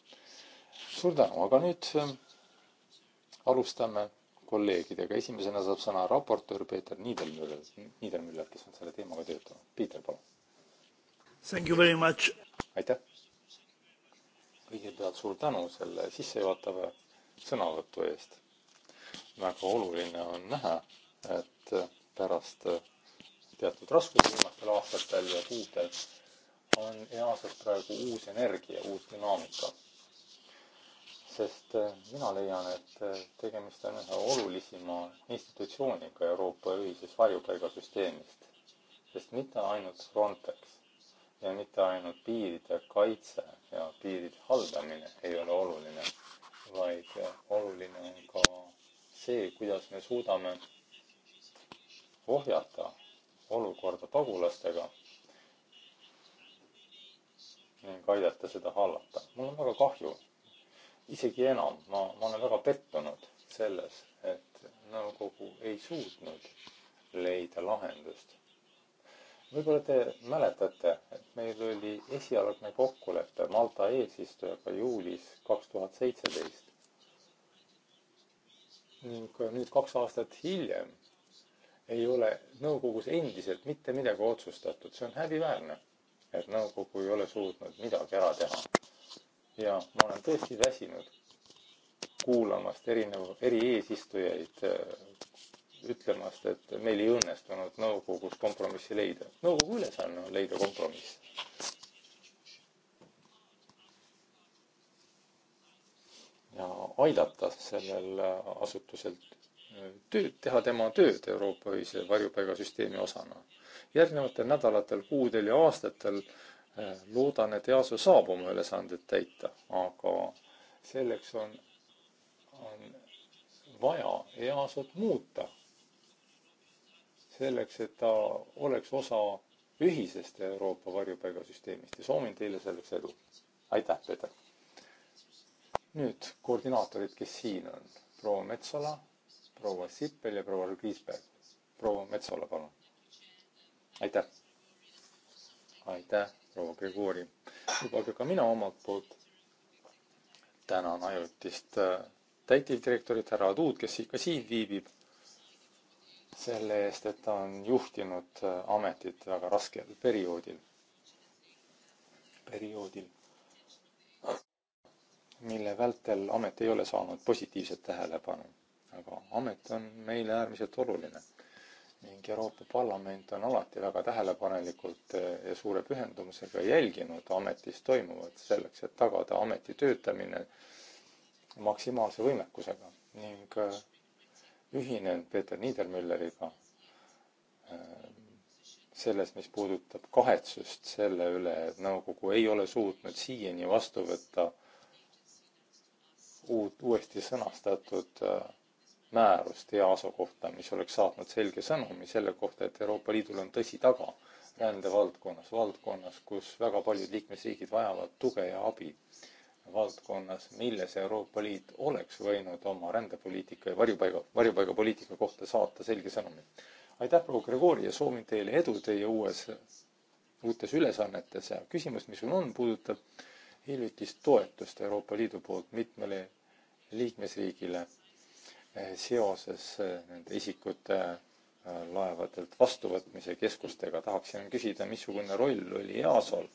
suur tänu, aga nüüd eh, alustame kolleegidega. esimesena saab sõna raportöör Peeter Niidermüller, Niidermüller, kes on selle teemaga töötanud. Peeter, palun. Thank you very much. aitäh. kõigepealt suur tänu selle sissejuhatava sõnavõtu eest väga oluline on näha, et äh, pärast äh, teatud raskusi viimastel aastatel ja kuudel on EAS-is praegu uus energia, uus dünaamika. sest äh, mina leian, et tegemist on ühe olulisima institutsiooniga Euroopa ühises varjupaigasüsteemist, sest mitte ainult Frontex ja mitte ainult piiride kaitse ja piiride haldamine ei ole oluline, vaid oluline on ka see, kuidas me suudame ohjata olukorda pagulastega ning aidata seda hallata. mul on väga kahju, isegi enam, ma, ma olen väga pettunud selles, et nõukogu ei suutnud leida lahendust. võib-olla te mäletate, et meil oli esialgne kokkulepe Malta eesistujaga juulis kaks tuhat seitseteist ning nüüd kaks aastat hiljem ei ole nõukogus endiselt mitte midagi otsustatud, see on häbiväärne, et nõukogu ei ole suutnud midagi ära teha. ja ma olen tõesti väsinud kuulamast erineva, eri eesistujaid äh, ütlemast, et meil ei õnnestunud nõukogus kompromissi leida. nõukogu ülesanne on leida kompromiss ja aidata sellel äh, asutusel äh, tööd, teha tema tööd Euroopa ühise varjupaigasüsteemi osana. järgnevatel nädalatel, kuudel ja aastatel äh, loodan, et EASO saab oma ülesanded täita, aga selleks on, on vaja EASO-t muuta. selleks, et ta oleks osa ühisest Euroopa varjupaigasüsteemist ja soovin teile selleks edu. aitäh, Peeter! nüüd koordinaatorid, kes siin on, proua Metsola, proua Sippel ja proua Kriisberg. proua Metsola, palun. aitäh. aitäh, proua Grigori. lubage ka mina omalt poolt tänan ajutist äh, täitevdirektorit härra Aduud, kes ikka siin viibib, selle eest, et ta on juhtinud äh, ametit väga raskel perioodil, perioodil mille vältel amet ei ole saanud positiivset tähelepanu. aga amet on meile äärmiselt oluline ning Euroopa Parlament on alati väga tähelepanelikult eh, ja suure pühendumusega jälginud ametis toimuvat selleks, et tagada ameti töötamine maksimaalse võimekusega ning eh, ühinen Peeter Niedermülleriga eh, selles, mis puudutab kahetsust selle üle, et nõukogu ei ole suutnud siiani vastu võtta äh, uut, uuesti sõnastatud äh, määrust EASO kohta, mis oleks saatnud selge sõnumi selle kohta, et Euroopa Liidul on tõsi taga rändevaldkonnas, valdkonnas, kus väga paljud liikmesriigid vajavad tuge ja abi. valdkonnas, milles Euroopa Liit oleks võinud oma rändepoliitika ja varjupaiga, varjupaigapoliitika kohta saata selge sõnumi. aitäh, proua Gregori ja soovin teile edu teie uues, uutes ülesannetes ja küsimus, mis mul on, puudutab hiljutist toetust Euroopa Liidu poolt mitmele liikmesriigile eh, seoses eh, nende isikute eh, laevadelt vastuvõtmise keskustega. tahaksin küsida, missugune roll oli EASO-l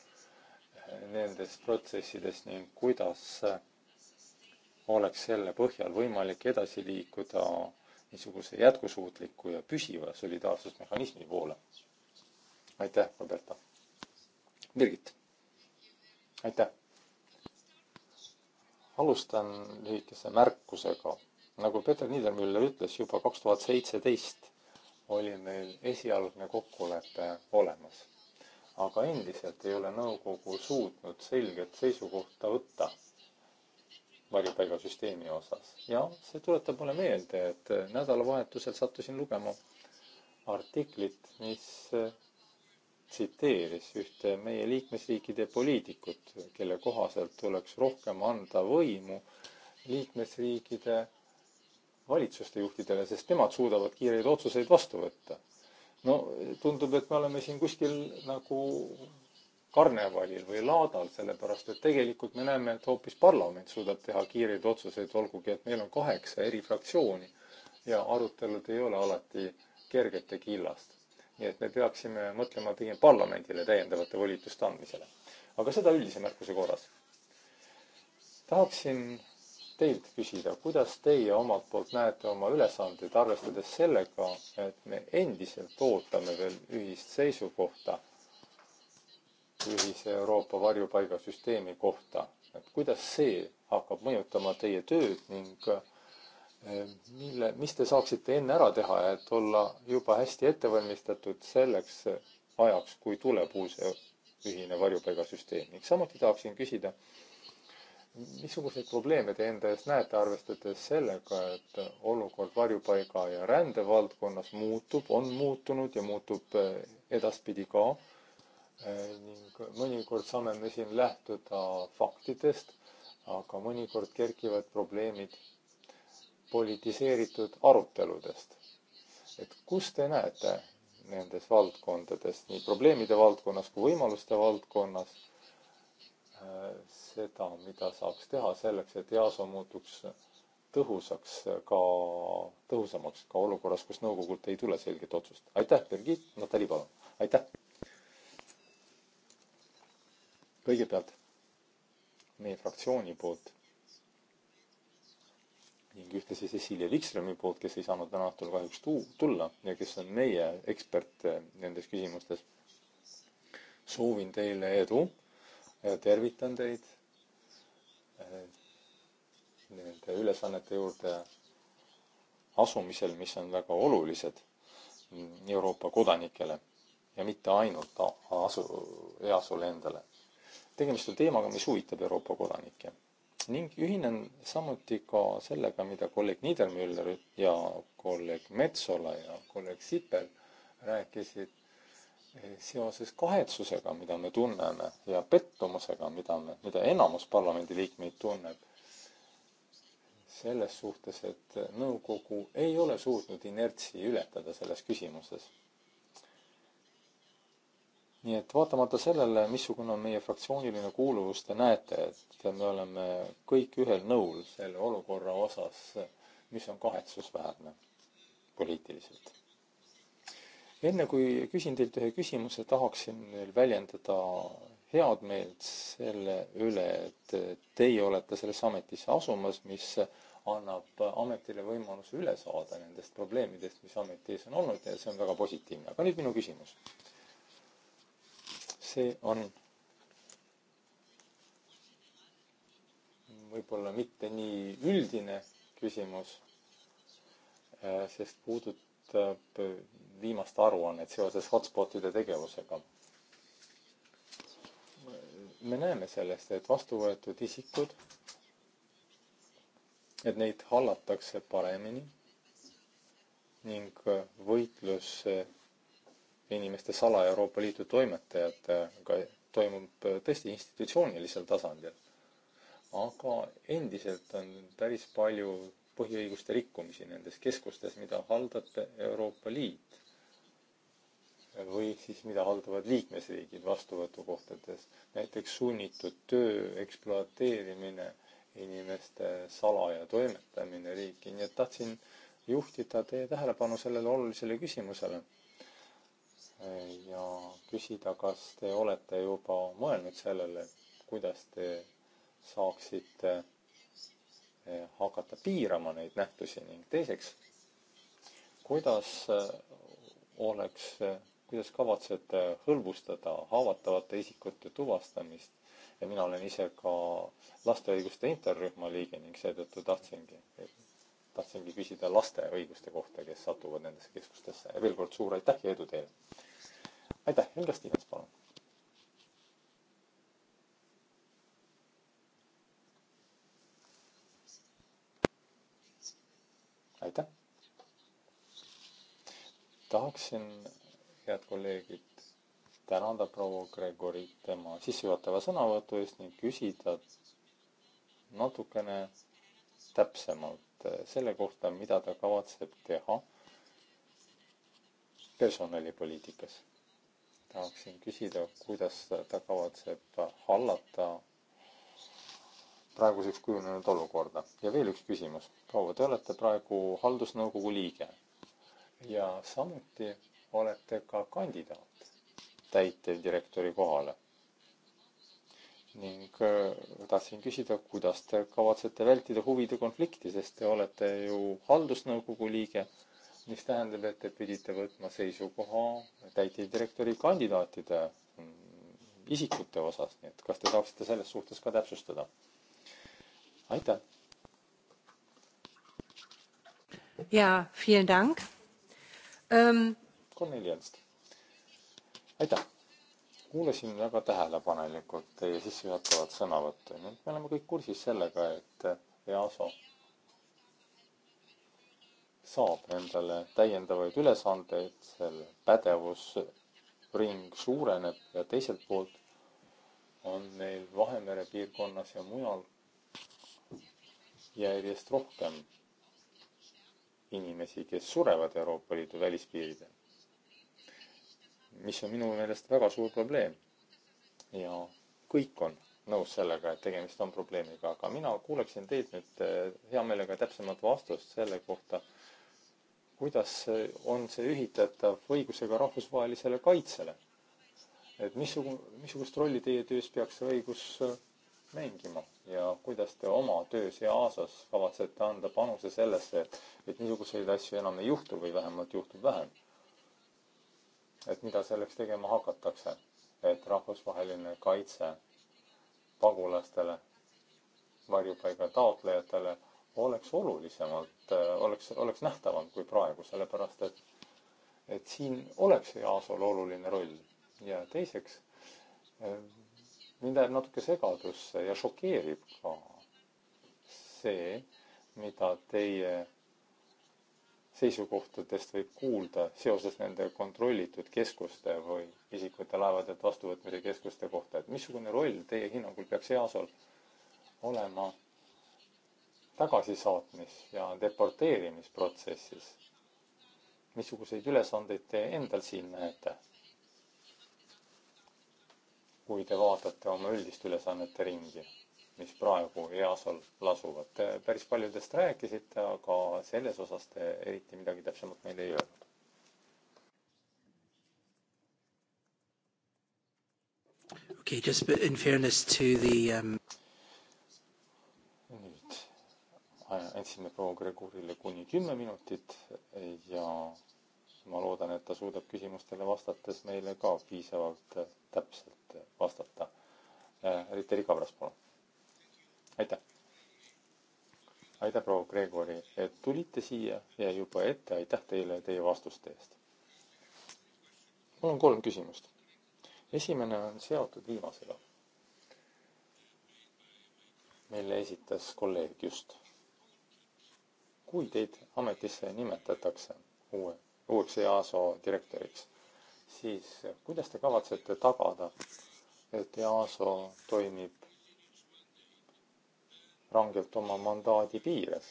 nendes protsessides ning kuidas oleks selle põhjal võimalik edasi liikuda niisuguse jätkusuutliku ja püsiva solidaarsusmehhanismi poole. aitäh, Roberta. Birgit, aitäh alustan lühikese märkusega. nagu Peeter Niedermüller ütles, juba kaks tuhat seitseteist oli meil esialgne kokkulepe olemas. aga endiselt ei ole nõukogu suutnud selget seisukohta võtta varjupaigasüsteemi osas ja see tuletab mulle meelde, et nädalavahetusel sattusin lugema artiklit, mis tsiteeris ühte meie liikmesriikide poliitikut, kelle kohaselt tuleks rohkem anda võimu liikmesriikide valitsuste juhtidele, sest nemad suudavad kiireid otsuseid vastu võtta. no tundub, et me oleme siin kuskil nagu karnevalil või laadal, sellepärast et tegelikult me näeme, et hoopis parlament suudab teha kiireid otsuseid, olgugi et meil on kaheksa eri fraktsiooni ja arutelud ei ole alati kergete killast nii et me peaksime mõtlema pigem parlamendile täiendavate volituste andmisele. aga seda üldise märkuse korras. tahaksin teilt küsida, kuidas teie omalt poolt näete oma ülesandeid, arvestades sellega, et me endiselt ootame veel ühist seisukohta ühise Euroopa varjupaigasüsteemi kohta, et kuidas see hakkab mõjutama teie tööd ning äh, Ehm, mille, mis te saaksite enne ära teha, et olla juba hästi ette valmistatud selleks eh, ajaks, kui tuleb uus ühine varjupaigasüsteem ning samuti tahaksin küsida, missuguseid probleeme te enda ees näete, arvestades sellega, et olukord varjupaiga ja rände valdkonnas muutub, on muutunud ja muutub eh, edaspidi ka. Ehm, ning mõnikord saame me siin lähtuda faktidest, aga mõnikord kerkivad probleemid politiseeritud aruteludest. et kus te näete nendes valdkondades, nii probleemide valdkonnas kui võimaluste valdkonnas, seda, mida saaks teha selleks, et EASO muutuks tõhusaks ka, tõhusamaks ka olukorras, kus nõukogult ei tule selget otsust. aitäh, Birgit, Natali, palun, aitäh! kõigepealt meie fraktsiooni poolt ning ühtlasi Cecilia Wikströmi poolt, kes ei saanud täna õhtul kahjuks tuu-, tulla ja kes on meie ekspert eh, nendes küsimustes. soovin teile edu, tervitan teid eh, nende ülesannete juurde asumisel, mis on väga olulised Euroopa kodanikele ja mitte ainult asu, easule endale. tegemist on teemaga, mis huvitab Euroopa kodanikke ning ühinen samuti ka sellega, mida kolleeg Niedermüller ja kolleeg Metsola ja kolleeg Sipel rääkisid eh, seoses kahetsusega, mida me tunneme ja pettumusega, mida me, mida enamus parlamendiliikmeid tunneb selles suhtes, et nõukogu ei ole suutnud inertsi ületada selles küsimuses nii et vaatamata sellele, missugune on meie fraktsiooniline kuuluvus, te näete, et me oleme kõik ühel nõul selle olukorra osas, mis on kahetsusväärne poliitiliselt. enne kui küsin teilt ühe küsimuse, tahaksin veel väljendada head meelt selle üle, et teie olete sellesse ametisse asumas, mis annab ametile võimaluse üle saada nendest probleemidest, mis ameti ees on olnud ja see on väga positiivne. aga nüüd minu küsimus see on võib-olla mitte nii üldine küsimus, äh, sest puudutab äh, viimast aruannet seoses hotspotide tegevusega. me näeme sellest, et vastu võetud isikud, et neid hallatakse paremini ning võitlus äh, inimeste sala Euroopa Liidu toimetajatega toimub äh, tõesti institutsioonilisel tasandil. aga endiselt on päris palju põhiõiguste rikkumisi nendes keskustes, mida haldab Euroopa Liit või siis mida haldavad liikmesriigid vastuvõtukohtades. näiteks sunnitud töö ekspluateerimine, inimeste salaja toimetamine riiki, nii et tahtsin juhtida teie tähelepanu sellele olulisele küsimusele ja küsida, kas te olete juba mõelnud sellele, kuidas te saaksite eh, hakata piirama neid nähtusi ning teiseks, kuidas eh, oleks, eh, kuidas kavatsete hõlbustada haavatavate isikute tuvastamist ja mina olen ise ka laste õiguste interrühma liige ning seetõttu tahtsingi, tahtsingi küsida laste õiguste kohta, kes satuvad nendesse keskustesse. ja veel kord suur aitäh ja edu teile! aitäh, Helga Stevens, palun. aitäh. tahaksin, head kolleegid, tänada proua Gregorit tema sissejuhatava sõnavõtu eest ning küsida natukene täpsemalt eh, selle kohta, mida ta kavatseb teha personalipoliitikas tahaksin küsida, kuidas ta kavatseb hallata praeguseks kujunenud olukorda. ja veel üks küsimus. proua, te olete praegu haldusnõukogu liige ja samuti olete ka kandidaat täitevdirektori kohale. ning äh, tahtsin küsida, kuidas te kavatsete vältida huvide konflikti, sest te olete ju haldusnõukogu liige mis tähendab, et te pidite võtma seisukoha täitevdirektori kandidaatide mm, isikute osas, nii et kas te saaksite selles suhtes ka täpsustada? aitäh. ja, vielen dank um.... Ähm, Korneli Jänst. aitäh. kuulasin väga tähelepanelikult teie sissejuhatavat sõnavõttu. nüüd me oleme kõik kursis sellega, et EASO saab endale täiendavaid ülesandeid, selle pädevusring suureneb ja teiselt poolt on meil Vahemere piirkonnas ja mujal järjest rohkem inimesi, kes surevad Euroopa Liidu välispiiridel. mis on minu meelest väga suur probleem. ja kõik on nõus sellega, et tegemist on probleemiga, aga mina kuuleksin teilt nüüd eh, hea meelega täpsemat vastust selle kohta, kuidas on see ühitatav õigusega rahvusvahelisele kaitsele? et missugune, missugust rolli teie töös peaks see õigus äh, mängima ja kuidas te oma töös EASA-s kavatsete anda panuse sellesse, et, et niisuguseid asju enam ei juhtu või vähemalt juhtub vähem? et mida selleks tegema hakatakse, et rahvusvaheline kaitse pagulastele, varjupaiga taotlejatele oleks olulisemalt, äh, oleks, oleks nähtavam kui praegu, sellepärast et, et siin oleks EASO-l oluline roll. ja teiseks, äh, mind jääb natuke segadusse ja šokeerib ka see, mida teie seisukohtadest võib kuulda seoses nende kontrollitud keskuste või isikute laevadelt vastuvõtmise keskuste kohta, et missugune roll teie hinnangul peaks EASO-l olema tagasisaatmis- ja deporteerimisprotsessis? missuguseid ülesandeid te endal siin näete? kui te vaatate oma üldist ülesannete ringi, mis praegu EASA-l lasuvad, te päris paljudest rääkisite, aga selles osas te eriti midagi täpsemat meile ei öelnud. Okay, just in fairness to the um... andsime proua Gregurile kuni kümme minutit ja ma loodan, et ta suudab küsimustele vastates meile ka piisavalt täpselt vastata. Äh, Riteri Kavras, palun. aitäh. aitäh, proua Gregori, et tulite siia ja juba ette aitäh teile teie vastuste eest. mul on kolm küsimust. esimene on seotud viimasega, mille esitas kolleeg just kui teid ametisse nimetatakse uue, uueks EASO direktoriks, siis kuidas te kavatsete tagada, et EASO toimib rangelt oma mandaadi piires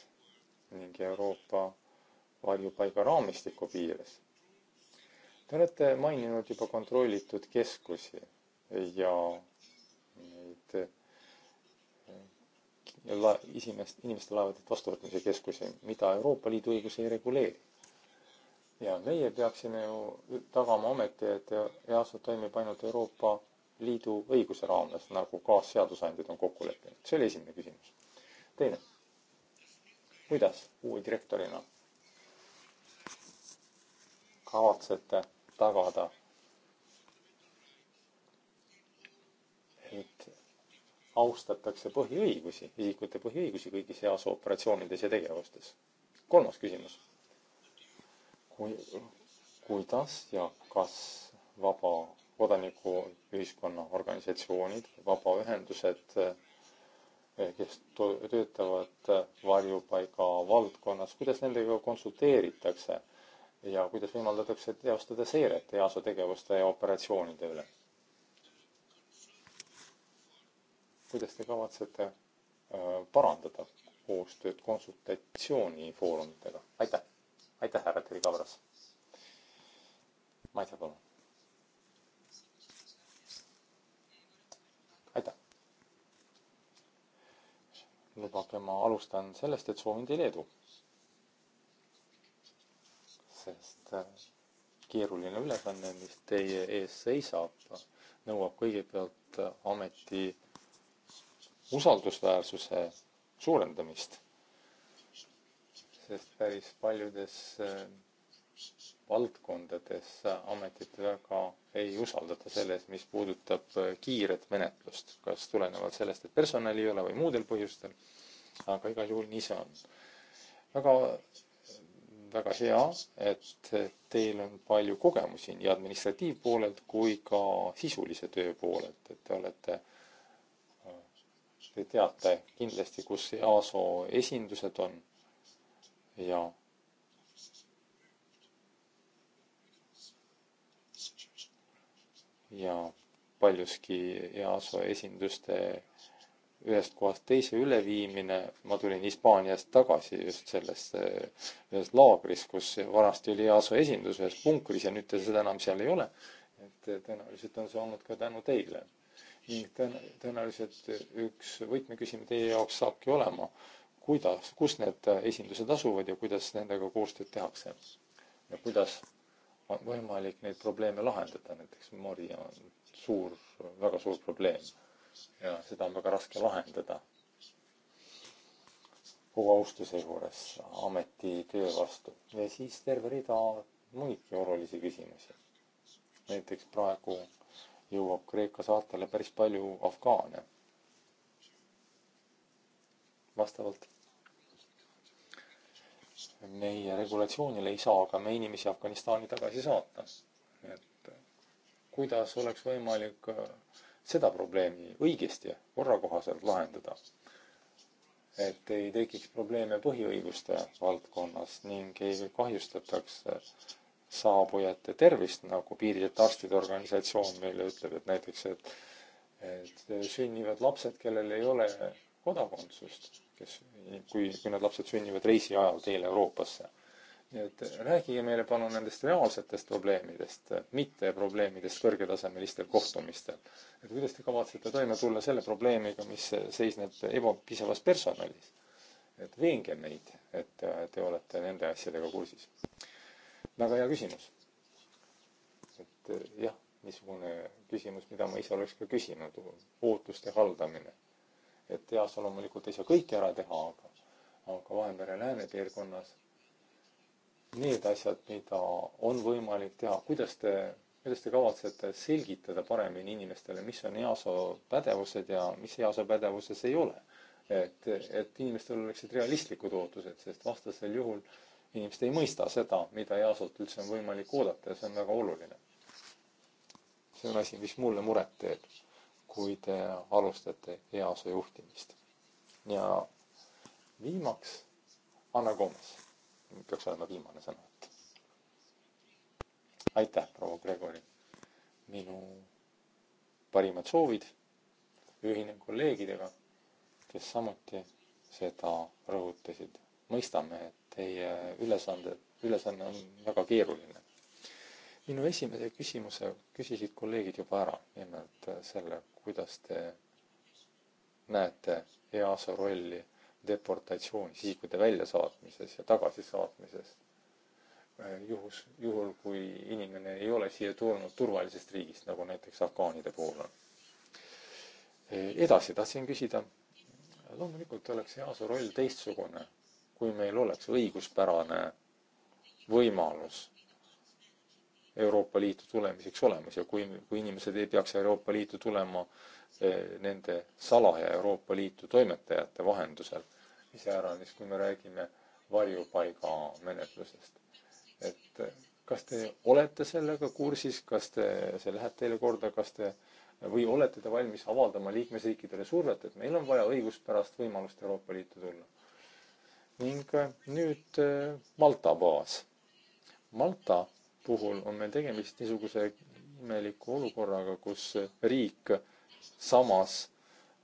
ning Euroopa varjupaigaraamistiku piires? Te olete maininud juba kontrollitud keskusi ja neid la-, esimest, inimeste laevade vastuvõtmise keskusi, mida Euroopa Liidu õigus ei reguleeri. ja meie peaksime ju tagama ometi, et EASO e toimib ainult Euroopa Liidu õiguse raames, nagu kaasseadusandjad on kokku leppinud. see oli esimene küsimus. teine, kuidas uue direktorina kavatsete tagada, et austatakse põhiõigusi, isikute põhiõigusi kõigis EASO operatsioonides ja tegevustes. kolmas küsimus. kui, kuidas ja kas vaba kodanikuühiskonna organisatsioonid, vabaühendused, eh, kes töötavad varjupaiga valdkonnas, kuidas nendega konsulteeritakse ja kuidas võimaldatakse teostada seiret EASO tegevuste ja operatsioonide üle? kuidas te kavatsete äh, parandada koostööd konsultatsioonifoorumitega? aitäh, aitäh, härra Terri Kavras. Maitse, palun. aitäh. lubage, ma alustan sellest, et soovin teile edu. sest äh, keeruline ülesanne, mis teie ees seisab, nõuab kõigepealt äh, ameti usaldusväärsuse suurendamist. sest päris paljudes äh, valdkondades ametit väga ei usaldata selles, mis puudutab äh, kiiret menetlust, kas tulenevalt sellest, et personali ei ole või muudel põhjustel. aga igal juhul nii see on. väga, väga hea, et teil on palju kogemusi nii administratiivpoolelt kui ka sisulise töö poolelt, et te olete äh, Te teate kindlasti, kus EASO esindused on ja ja paljuski EASO esinduste ühest kohast teise üleviimine, ma tulin Hispaaniast tagasi just sellest, ühes laagris, kus vanasti oli EASO esindus ühes punkris ja nüüd seda enam seal ei ole. et tõenäoliselt on see olnud ka tänu teile ning tõenäoliselt üks võtmeküsimus teie jaoks saabki olema, kuidas, kus need esindused asuvad ja kuidas nendega koostööd tehakse ja kuidas on võimalik neid probleeme lahendada, näiteks mori on suur, väga suur probleem ja seda on väga raske lahendada. kogu austuse juures ameti töö vastu ja siis terve rida muidki olulisi küsimusi. näiteks praegu jõuab Kreeka saartele päris palju afgaane. vastavalt meie regulatsioonile ei saa ka me inimesi Afganistani tagasi saata. et kuidas oleks võimalik äh, seda probleemi õigesti korra kohaselt lahendada? et ei tekiks probleeme põhiõiguste valdkonnas ning ei kahjustataks saabujate tervist, nagu Piirileta Arstide Organisatsioon meile ütleb, et näiteks, et et sünnivad lapsed, kellel ei ole kodakondsust, kes, kui, kui need lapsed sünnivad reisi ajal teel Euroopasse. nii et rääkige meile palun nendest reaalsetest probleemidest, mitte probleemidest kõrgetasemelistel kohtumistel. et kuidas te kavatsete toime tulla selle probleemiga, mis seisneb ebapiisavas personalis? et veenge meid, et te olete nende asjadega kursis väga hea küsimus. et eh, jah, niisugune küsimus, mida ma ise oleks ka küsinud, ootuste haldamine. et EAS-a loomulikult ei saa kõike ära teha, aga, aga Vahemere läänepiirkonnas need asjad, mida on võimalik teha, kuidas te, kuidas te kavatsete selgitada paremini inimestele, mis on EASO pädevused ja mis EASO pädevuses ei ole? et, et inimestel oleksid realistlikud ootused, sest vastasel juhul äh, inimesed ei mõista seda, mida EASO-lt üldse on võimalik oodata ja see on väga oluline. see on asi, mis mulle muret teeb, kui te alustate EASO juhtimist. ja viimaks Anna Gomes, peaks olema viimane sõna, et. aitäh, proua Gregori, minu parimad soovid, ühinen kolleegidega, kes samuti seda rõhutasid. mõistame, et Teie ülesande, ülesanne on väga keeruline. minu esimese küsimuse küsisid kolleegid juba ära, nimelt äh, selle, kuidas te näete EASO rolli deportatsioonis, isikute väljasaatmises ja tagasisaatmises. Äh, juhus, juhul kui inimene ei ole siia tulnud turvalisest riigist, nagu näiteks afgaanide puhul on. Äh, edasi tahtsin küsida, loomulikult oleks EASO roll teistsugune kui meil oleks õiguspärane võimalus Euroopa Liitu tulemiseks olemas ja kui, kui inimesed ei peaks Euroopa Liitu tulema eh, nende salaja Euroopa Liitu toimetajate vahendusel, iseäranis kui me räägime varjupaiga menetlusest. et eh, kas te olete sellega kursis, kas te, see läheb teile korda, kas te või olete te valmis avaldama liikmesriikidele survet, et meil on vaja õiguspärast võimalust Euroopa Liitu tulla? ning äh, nüüd äh, Malta baas. Malta puhul on meil tegemist niisuguse imeliku olukorraga, kus riik samas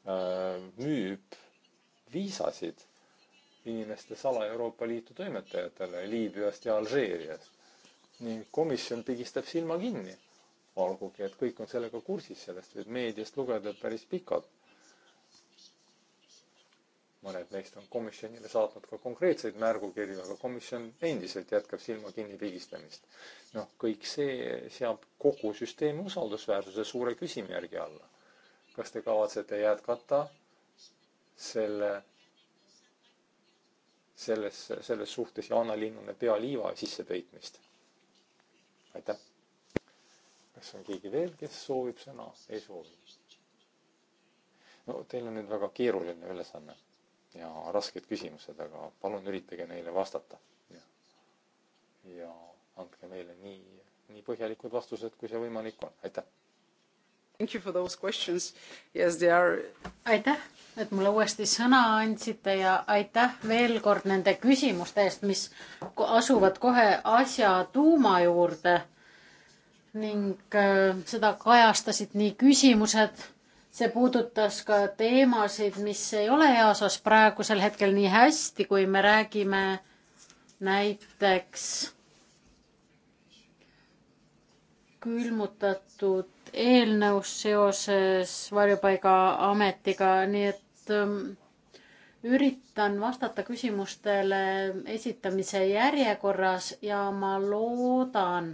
äh, müüb viisasid inimeste sala Euroopa Liitu toimetajatele Liibüast ja Alžeeriast ning komisjon pigistab silma kinni. olgugi, et kõik on sellega kursis, sellest võib meediast lugeda päris pikalt mõned neist on komisjonile saatnud ka konkreetseid märgukirju, aga komisjon endiselt jätkab silma kinni pigistamist. noh, kõik see seab kogu süsteemi usaldusväärsuse suure küsimärgi alla. kas te kavatsete jätkata selle, selles, selles suhtes Jaana Linnune pealiiva sissepeitmist? aitäh. kas on keegi veel, kes soovib sõna? ei soovi. no teil on nüüd väga keeruline ülesanne ja rasked küsimused, aga palun üritage neile vastata. ja andke meile nii, nii põhjalikud vastused, kui see võimalik on, aitäh. Thank you for those questions. Yes, they are. aitäh, et mulle uuesti sõna andsite ja aitäh veel kord nende küsimuste eest, mis asuvad kohe asja tuuma juurde. ning äh, seda kajastasid nii küsimused see puudutas ka teemasid, mis ei ole easas praegusel hetkel nii hästi, kui me räägime näiteks külmutatud eelnõust seoses varjupaigaametiga, nii et ähm, üritan vastata küsimustele esitamise järjekorras ja ma loodan,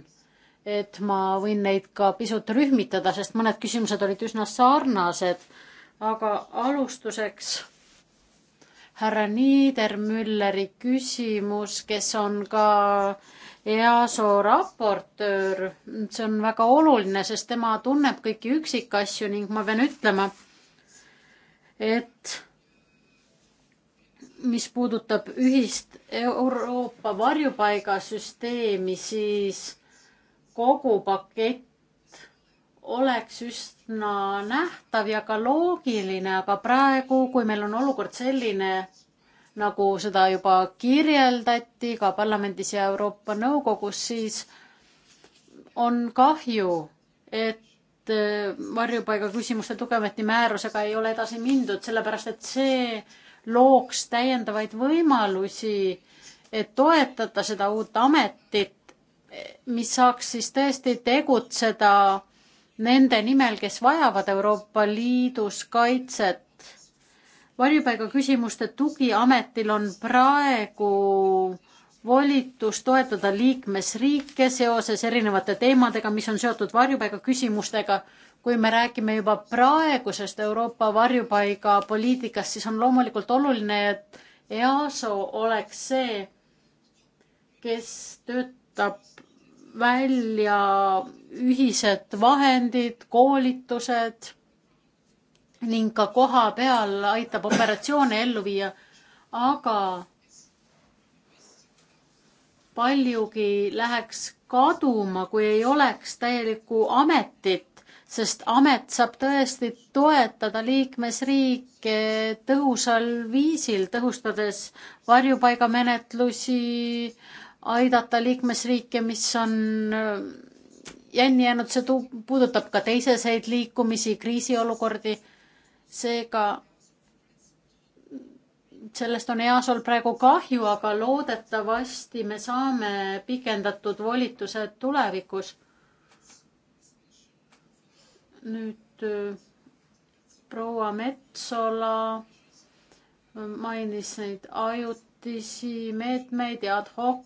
et ma võin neid ka pisut rühmitada, sest mõned küsimused olid üsna sarnased. aga alustuseks härra Niedermülleri küsimus, kes on ka EASO raportöör, see on väga oluline, sest tema tunneb kõiki üksikasju ning ma pean ütlema, et mis puudutab ühist Euroopa varjupaigasüsteemi, siis kogu pakett oleks üsna nähtav ja ka loogiline, aga praegu, kui meil on olukord selline, nagu seda juba kirjeldati ka parlamendis ja Euroopa Nõukogus, siis on kahju, et äh, varjupaiga küsimuste tugevameti määrusega ei ole edasi mindud, sellepärast et see looks täiendavaid võimalusi, et toetada seda uut ametit, mis saaks siis tõesti tegutseda nende nimel, kes vajavad Euroopa Liidus kaitset. varjupaiga küsimuste tugiametil on praegu volitus toetada liikmesriike seoses erinevate teemadega, mis on seotud varjupaiga küsimustega. kui me räägime juba praegusest Euroopa varjupaigapoliitikast, siis on loomulikult oluline, et EASO oleks see, kes töötab välja ühised vahendid, koolitused ning ka koha peal aitab operatsioone ellu viia, aga paljugi läheks kaduma, kui ei oleks täielikku ametit, sest amet saab tõesti toetada liikmesriike tõhusal viisil, tõhustades varjupaigamenetlusi, aidata liikmesriike, mis on äh, jänni jäänud, see puudutab ka teiseseid liikumisi, kriisiolukordi. seega sellest on EASO-l praegu kahju, aga loodetavasti me saame pikendatud volitused tulevikus. nüüd äh, proua Metsola äh, mainis neid ajutisi meetmeid ja ad hoc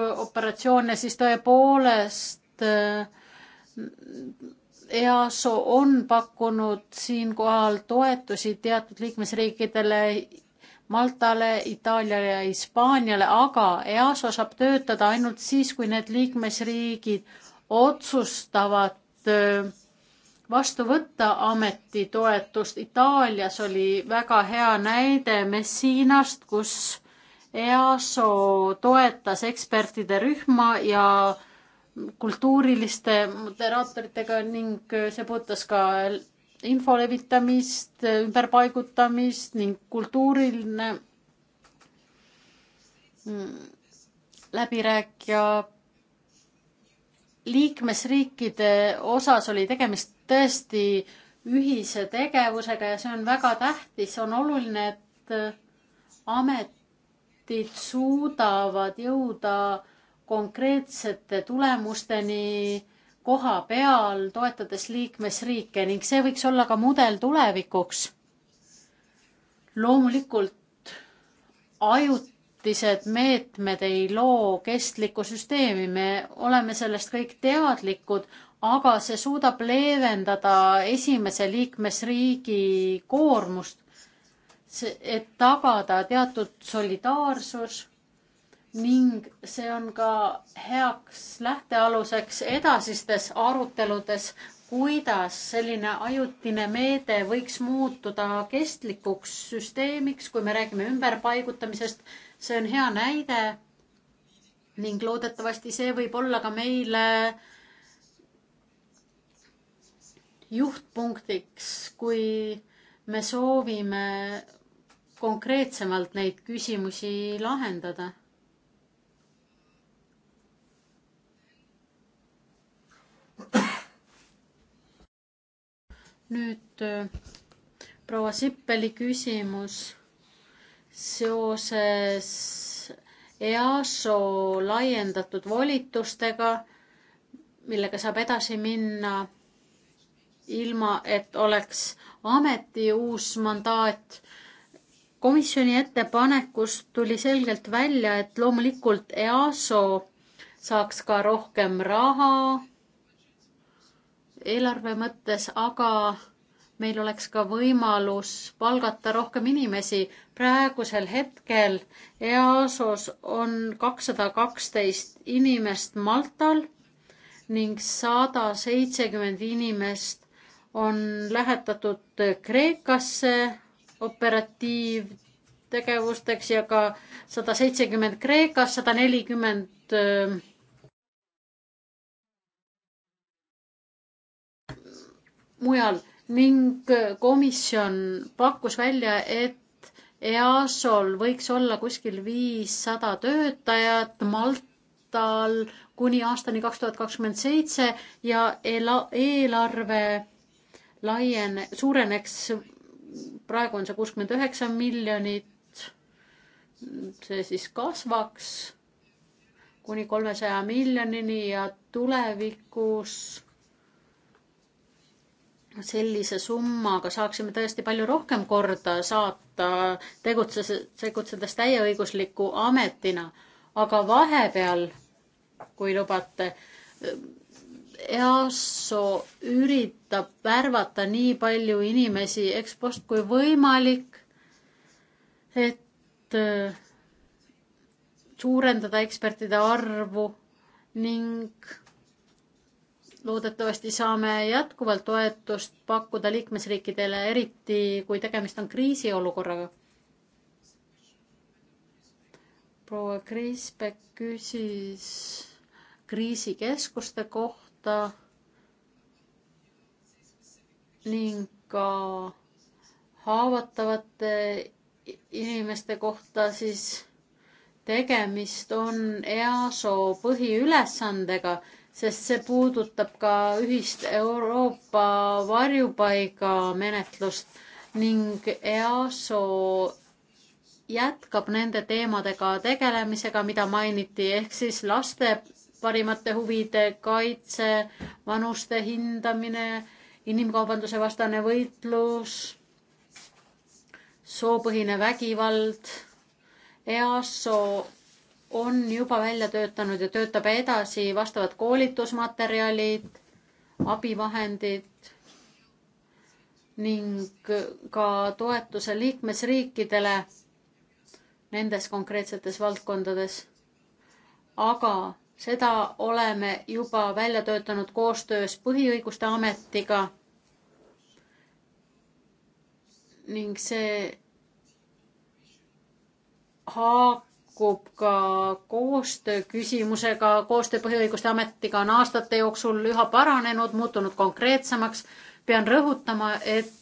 operatsioone, siis tõepoolest äh, EASO on pakkunud siinkohal toetusi teatud liikmesriikidele, Maltale, Itaaliale ja Hispaaniale, aga EASO saab töötada ainult siis, kui need liikmesriigid otsustavad äh, vastu võtta ametitoetust. Itaalias oli väga hea näide Messinast, kus EASO toetas ekspertide rühma ja kultuuriliste moderaatoritega ning see puudutas ka info levitamist, ümberpaigutamist ning kultuuriline mm, läbirääkija liikmesriikide osas oli tegemist tõesti ühise tegevusega ja see on väga tähtis, on oluline, et amet projektid suudavad jõuda konkreetsete tulemusteni koha peal, toetades liikmesriike ning see võiks olla ka mudel tulevikuks. loomulikult ajutised meetmed ei loo kestlikku süsteemi, me oleme sellest kõik teadlikud, aga see suudab leevendada esimese liikmesriigi koormust et tagada teatud solidaarsus ning see on ka heaks lähtealuseks edasistes aruteludes, kuidas selline ajutine meede võiks muutuda kestlikuks süsteemiks, kui me räägime ümberpaigutamisest. see on hea näide ning loodetavasti see võib olla ka meile juhtpunktiks, kui me soovime konkreetsemalt neid küsimusi lahendada. nüüd äh, proua Sippeli küsimus seoses EASO laiendatud volitustega, millega saab edasi minna ilma, et oleks ameti uus mandaat komisjoni ettepanekust tuli selgelt välja, et loomulikult EASO saaks ka rohkem raha eelarve mõttes, aga meil oleks ka võimalus palgata rohkem inimesi. praegusel hetkel EASO-s on kakssada kaksteist inimest Maltal ning sada seitsekümmend inimest on lähetatud Kreekasse operatiivtegevusteks ja ka sada seitsekümmend Kreekas, sada nelikümmend mujal ning komisjon pakkus välja, et EASO-l võiks olla kuskil viissada töötajat, Maltal kuni aastani kaks tuhat kakskümmend seitse ja eelarve laien-, suureneks praegu on see kuuskümmend üheksa miljonit. see siis kasvaks kuni kolmesaja miljonini ja tulevikus sellise summaga saaksime tõesti palju rohkem korda saata, tegutses, tegutsedes täieõigusliku ametina. aga vahepeal, kui lubate, EASO üritab värvata nii palju inimesi EXPO-st kui võimalik, et äh, suurendada ekspertide arvu ning loodetavasti saame jätkuvalt toetust pakkuda liikmesriikidele, eriti kui tegemist on kriisiolukorraga. proua Kriisbeck küsis kriisikeskuste kohta kohta ning ka haavatavate inimeste kohta, siis tegemist on EASO põhiülesandega, sest see puudutab ka ühist Euroopa varjupaigamenetlust ning EASO jätkab nende teemadega tegelemisega, mida mainiti, ehk siis laste parimate huvide kaitse, vanuste hindamine, inimkaubanduse vastane võitlus, soopõhine vägivald. EASO on juba välja töötanud ja töötab edasi vastavad koolitusmaterjalid, abivahendid ning ka toetuse liikmesriikidele nendes konkreetsetes valdkondades. aga seda oleme juba välja töötanud koostöös Põhiõiguste Ametiga. ning see haakub ka koostöö küsimusega, koostöö Põhiõiguste Ametiga on aastate jooksul üha paranenud, muutunud konkreetsemaks. pean rõhutama, et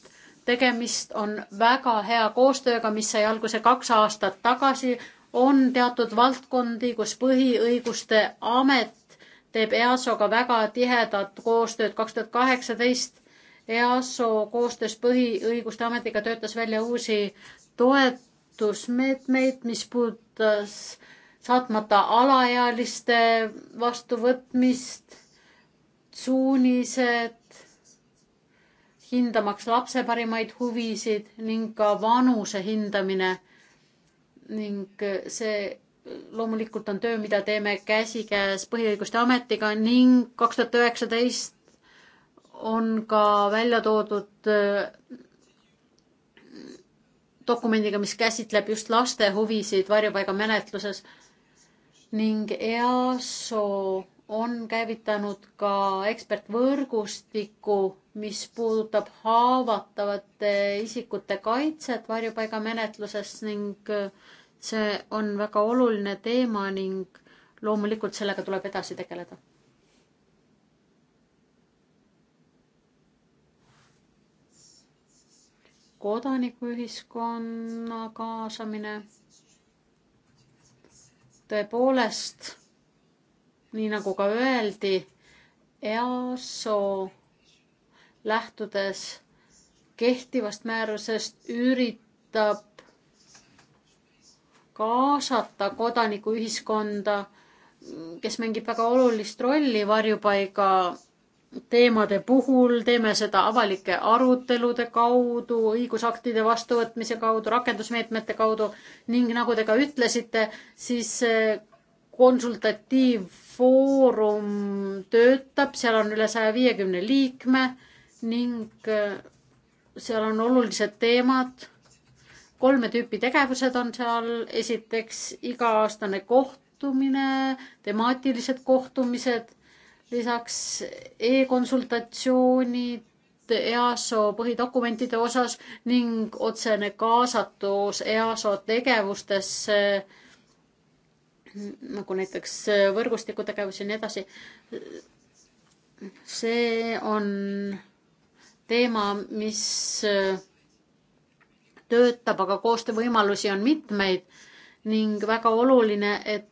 tegemist on väga hea koostööga, mis sai alguse kaks aastat tagasi, on teatud valdkondi, kus põhiõiguste amet teeb EASO-ga väga tihedat koostööd. kaks tuhat kaheksateist EASO koostöös põhiõiguste ametiga töötas välja uusi toetusmeetmeid, mis puudutas saatmata alaealiste vastuvõtmist, suunised, hindamaks lapse parimaid huvisid ning ka vanuse hindamine ning äh, see äh, loomulikult on töö, mida teeme käsikäes Põhiõiguste Ametiga ning kaks tuhat üheksateist on ka välja toodud äh, dokumendiga, mis käsitleb just laste huvisid varjupaigamenetluses ning EASO on käivitanud ka ekspertvõrgustiku, mis puudutab haavatavate isikute kaitset varjupaigamenetluses ning äh, see on väga oluline teema ning loomulikult sellega tuleb edasi tegeleda. kodanikuühiskonna kaasamine. tõepoolest, nii nagu ka öeldi, EASO lähtudes kehtivast määrusest üritab kaasata kodanikuühiskonda, kes mängib väga olulist rolli varjupaiga teemade puhul, teeme seda avalike arutelude kaudu, õigusaktide vastuvõtmise kaudu, rakendusmeetmete kaudu ning nagu te ka ütlesite, siis konsultatiivfoorum töötab, seal on üle saja viiekümne liikme ning seal on olulised teemad kolme tüüpi tegevused on seal, esiteks iga-aastane kohtumine, temaatilised kohtumised, lisaks e-konsultatsioonid, EASO põhidokumentide osas ning otsene kaasatus EASO tegevustesse, nagu näiteks võrgustikutegevus ja nii edasi. see on teema, mis töötab, aga koostöövõimalusi on mitmeid ning väga oluline, et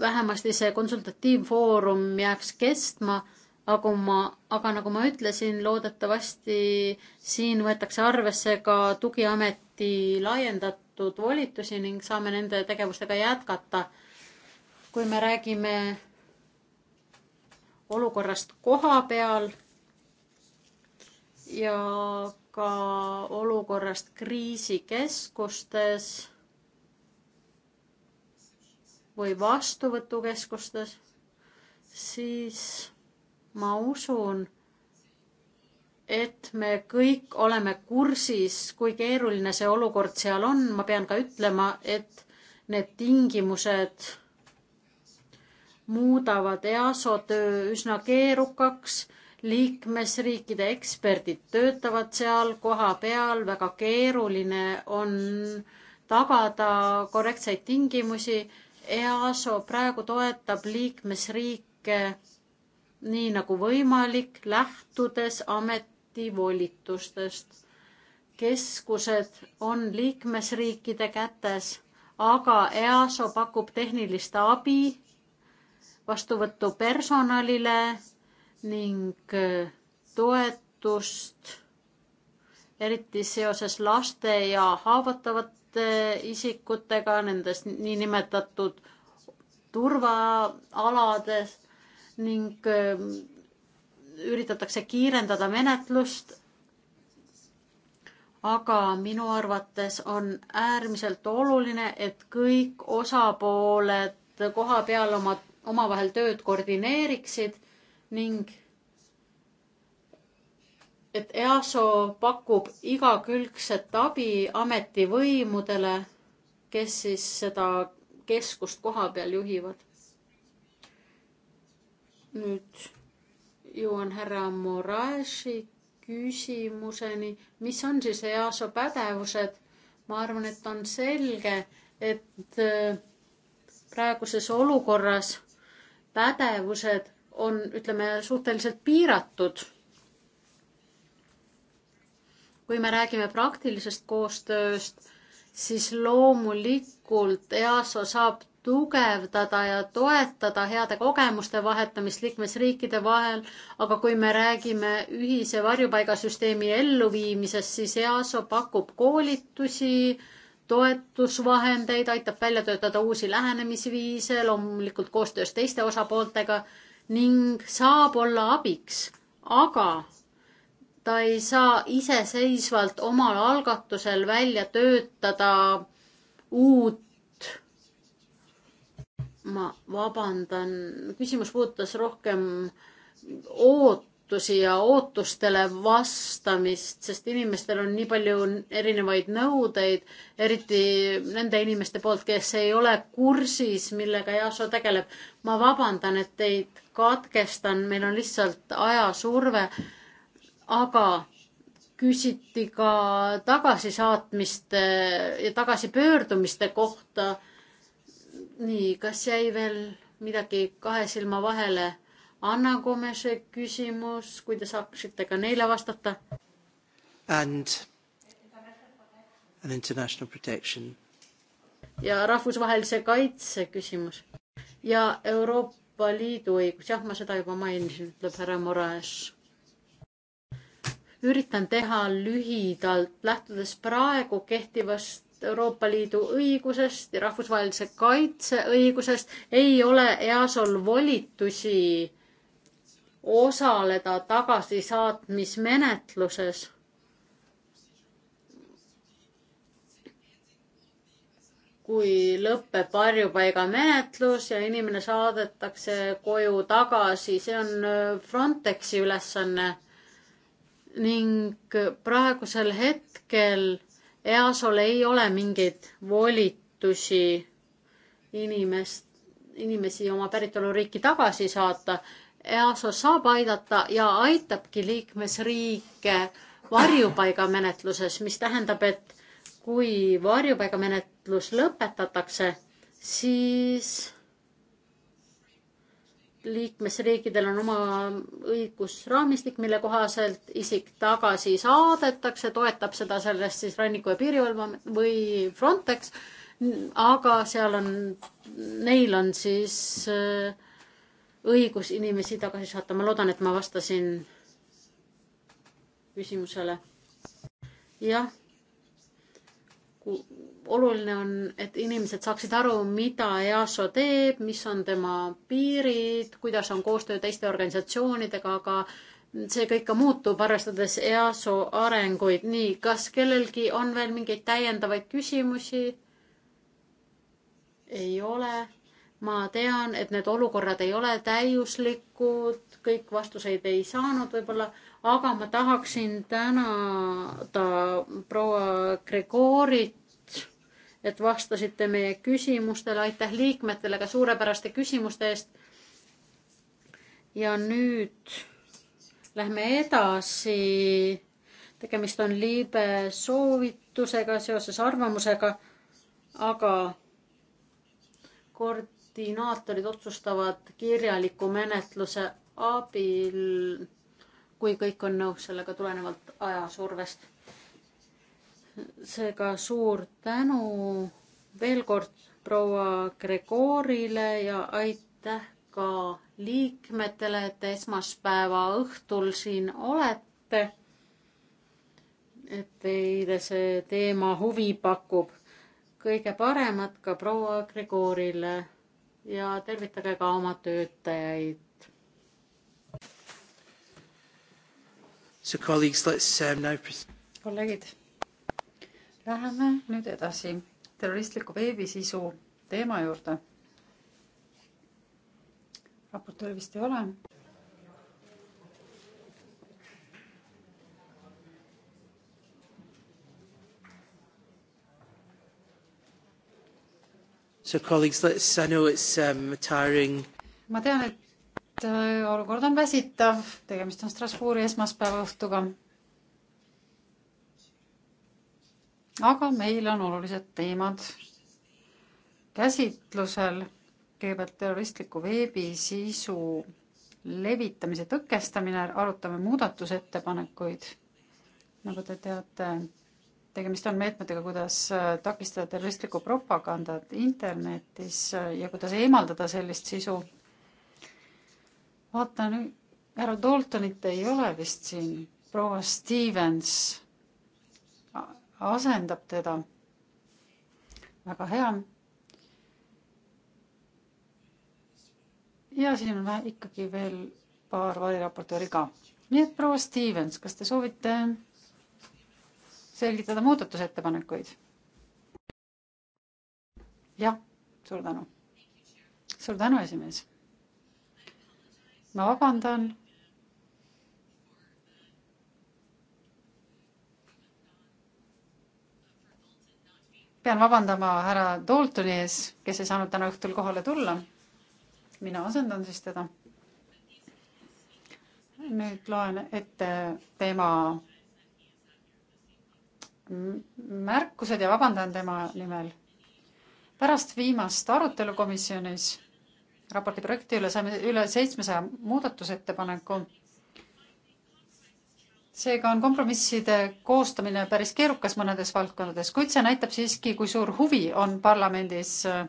vähemasti see konsultatiivfoorum jääks kestma, aga ma, aga nagu ma ütlesin, loodetavasti siin võetakse arvesse ka tugiameti laiendatud volitusi ning saame nende tegevustega jätkata. kui me räägime olukorrast koha peal ja ka olukorrast kriisikeskustes või vastuvõtukeskustes, siis ma usun, et me kõik oleme kursis, kui keeruline see olukord seal on. ma pean ka ütlema, et need tingimused muudavad EASO töö üsna keerukaks liikmesriikide eksperdid töötavad seal kohapeal, väga keeruline on tagada korrektseid tingimusi. EASO praegu toetab liikmesriike nii nagu võimalik, lähtudes ametivolitustest. keskused on liikmesriikide kätes, aga EASO pakub tehnilist abi vastuvõtupersonalile ning äh, toetust, eriti seoses laste ja haavatavate äh, isikutega nendes niinimetatud turvaalades ning äh, üritatakse kiirendada menetlust. aga minu arvates on äärmiselt oluline, et kõik osapooled koha peal oma, omavahel tööd koordineeriksid ning et EASO pakub igakülgset abi ametivõimudele, kes siis seda keskust koha peal juhivad. nüüd jõuan härra Moraesi küsimuseni, mis on siis EASO pädevused? ma arvan, et on selge, et äh, praeguses olukorras pädevused on, ütleme, suhteliselt piiratud. kui me räägime praktilisest koostööst, siis loomulikult EASO saab tugevdada ja toetada heade kogemuste vahetamist liikmesriikide vahel, aga kui me räägime ühise varjupaigasüsteemi elluviimisest, siis EASO pakub koolitusi, toetusvahendeid, aitab välja töötada uusi lähenemisviise, loomulikult koostöös teiste osapooltega ning saab olla abiks, aga ta ei saa iseseisvalt omal algatusel välja töötada uut. ma vabandan, küsimus puudutas rohkem oot-, ootusi ja ootustele vastamist, sest inimestel on nii palju erinevaid nõudeid, eriti nende inimeste poolt, kes ei ole kursis, millega Yaso tegeleb. ma vabandan, et teid katkestan, meil on lihtsalt ajasurve, aga küsiti ka tagasisaatmiste ja tagasipöördumiste kohta. nii, kas jäi veel midagi kahe silma vahele? Anna Gomese küsimus, kui te saaksite ka neile vastata. And an international protection. ja rahvusvahelise kaitse küsimus ja Euroopa Liidu õigus, jah, ma seda juba mainisin, ütleb härra Moraes. üritan teha lühidalt, lähtudes praegu kehtivast Euroopa Liidu õigusest ja rahvusvahelise kaitse õigusest ei ole EASO-l volitusi osaleda tagasisaatmismenetluses kui lõpeb varjupaiga menetlus ja inimene saadetakse koju tagasi, see on äh, Frontexi ülesanne. ning äh, praegusel hetkel EASO-l ei ole mingeid volitusi inimest, inimesi oma päritoluriiki tagasi saata EASO saab aidata ja aitabki liikmesriike varjupaigamenetluses, mis tähendab, et kui varjupaigamenetlus lõpetatakse, siis liikmesriikidel on oma õigusraamistik, mille kohaselt isik tagasi saadetakse, toetab seda sellest siis Ranniku ja Piirivalve või Frontex, aga seal on, neil on siis äh, õigus inimesi tagasi saata. ma loodan, et ma vastasin küsimusele. jah, oluline on, et inimesed saaksid aru, mida EASO teeb, mis on tema piirid, kuidas on koostöö teiste organisatsioonidega, aga see kõik ka muutub, arvestades EASO arenguid. nii, kas kellelgi on veel mingeid täiendavaid küsimusi? ei ole ma tean, et need olukorrad ei ole täiuslikud, kõik vastuseid ei saanud võib-olla, aga ma tahaksin tänada proua Gregorit, et vastasite meie küsimustele, aitäh liikmetele ka suurepäraste küsimuste eest. ja nüüd lähme edasi. tegemist on liibe soovitusega seoses arvamusega, aga kord koordinaatorid otsustavad kirjaliku menetluse abil, kui kõik on nõus sellega tulenevalt ajasurvest. seega suur tänu veel kord proua Gregorile ja aitäh ka liikmetele, et esmaspäeva õhtul siin olete. et teile see teema huvi pakub. kõige paremat ka proua Gregorile ja tervitage ka oma töötajaid. So colleagues, let's um, now proceed. kolleegid, läheme nüüd edasi terroristliku veebisisu teema juurde. raportööri vist ei ole. So colleagues, let's, I know it's um, tiring. ma tean, et äh, olukord on väsitav, tegemist on Strasbourgi esmaspäeva õhtuga. aga meil on olulised teemad käsitlusel. kõigepealt terroristliku veebisisu levitamise tõkestamine, arutame muudatusettepanekuid. nagu te teate, tegemist on meetmetega, kuidas äh, takistada terroristlikku propagandat internetis äh, ja kuidas eemaldada sellist sisu. vaatan, härra Daltonit ei ole vist siin, proua Stevens asendab teda. väga hea. ja siin on vähe, ikkagi veel paar variraportööri ka. nii et proua Stevens, kas te soovite selgitada muudatusettepanekuid? jah, suur tänu. suur tänu, esimees. ma vabandan. pean vabandama härra Daltoni ees, kes ei saanud täna õhtul kohale tulla. mina asendan siis teda. nüüd loen ette tema märkused ja vabandan tema nimel. pärast viimast arutelu komisjonis raporti projekti üle saime üle seitsmesaja muudatusettepaneku. seega on kompromisside koostamine päris keerukas mõnedes valdkondades, kuid see näitab siiski, kui suur huvi on parlamendis äh,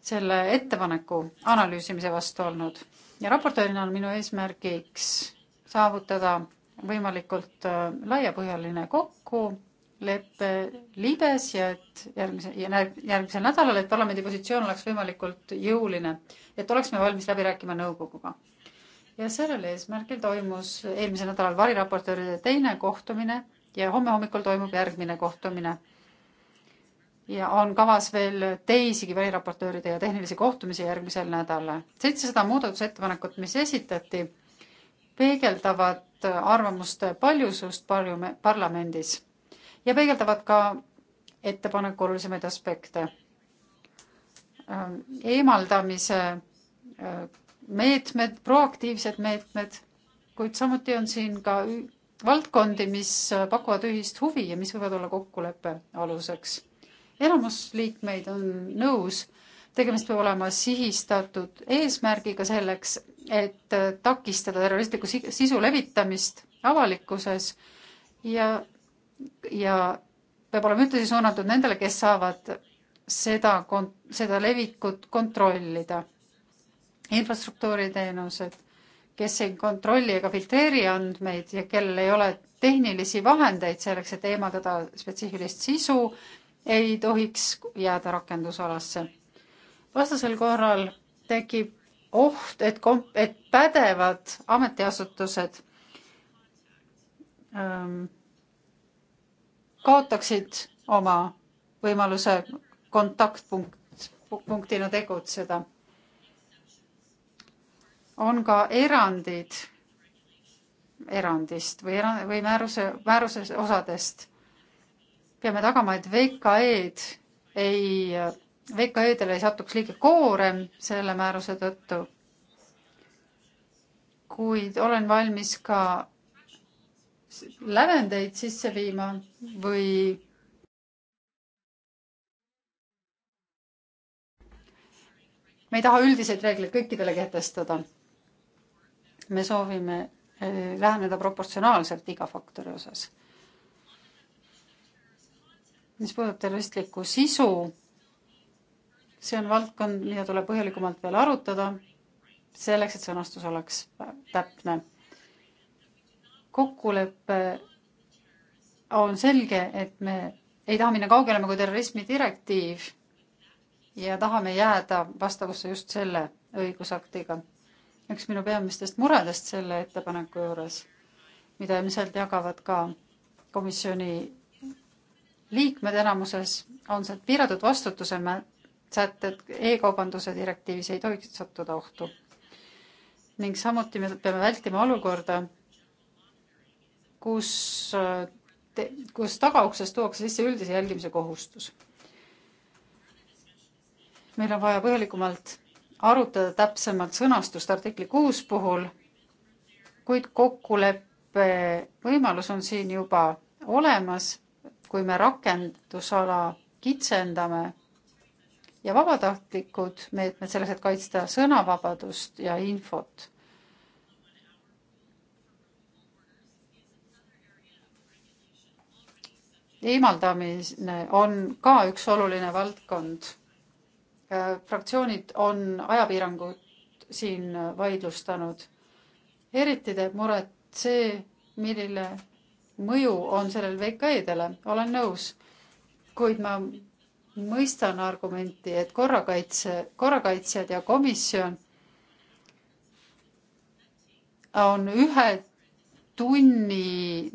selle ettepaneku analüüsimise vastu olnud ja raportöörina on minu eesmärgiks saavutada võimalikult äh, laiapõhjaline kokku leppe libes ja et järgmise, järgmisel nädalal, et parlamendi positsioon oleks võimalikult jõuline, et oleksime valmis läbi rääkima nõukoguga. ja sellel eesmärgil toimus eelmisel nädalal variraportööride teine kohtumine ja homme hommikul toimub järgmine kohtumine. ja on kavas veel teisigi variraportööride ja tehnilisi kohtumisi järgmisel nädalal. seitsesada muudatusettepanekut, mis esitati, peegeldavad arvamuste paljusust parlamendis ja peegeldavad ka ettepaneku olulisemaid aspekte. Ähm, eemaldamise äh, meetmed, proaktiivsed meetmed, kuid samuti on siin ka valdkondi, mis äh, pakuvad ühist huvi ja mis võivad olla kokkuleppe aluseks. enamus liikmeid on nõus, tegemist peab olema sihistatud eesmärgiga selleks, et äh, takistada terroristliku sisu levitamist avalikkuses ja ja peab olema ühtlasi suunatud nendele, kes saavad seda, seda levikut kontrollida. infrastruktuuriteenused, kes ei kontrolli ega filtreeri andmeid ja kellel ei ole tehnilisi vahendeid selleks, et eemaldada spetsiifilist sisu, ei tohiks jääda rakendusalasse. vastasel korral tekib oht, et komp-, et pädevad ametiasutused ähm, kaotaksid oma võimaluse kontaktpunkt, punktina tegutseda. on ka erandid erandist või era-, või määruse, määruse osadest. peame tagama, et VKE-d ei, VKE-dele ei satuks liiga koorem selle määruse tõttu. kuid olen valmis ka lävendeid sisse viima või me ei taha üldiseid reegleid kõikidele kehtestada. me soovime eh, läheneda proportsionaalselt iga faktori osas. mis puudutab terroristlikku sisu, see on valdkond, mida tuleb põhjalikumalt veel arutada, selleks et sõnastus oleks täpne kokkulepe on selge, et me ei taha minna kaugelema nagu kui terrorismi direktiiv ja tahame jääda vastavusse just selle õigusaktiga. üks minu peamistest muredest selle ettepaneku juures, mida ilmselt jagavad ka komisjoni liikmed enamuses, on see piiratud vastutuse sätted e-kaubanduse direktiivis ei tohiks sattuda ohtu. ning samuti me peame vältima olukorda, kus, kus tagauksest tuuakse sisse üldise jälgimise kohustus. meil on vaja põhjalikumalt arutada täpsemalt sõnastust artikli kuus puhul, kuid kokkuleppe võimalus on siin juba olemas, kui me rakendusala kitsendame ja vabatahtlikud meetmed selleks, et kaitsta sõnavabadust ja infot eemaldamine on ka üks oluline valdkond. Äh, fraktsioonid on ajapiirangut siin vaidlustanud. eriti teeb muret see, milline mõju on sellel VKE-dele, olen nõus. kuid ma mõistan argumenti, et korrakaitse, korrakaitsjad ja komisjon on ühed tunni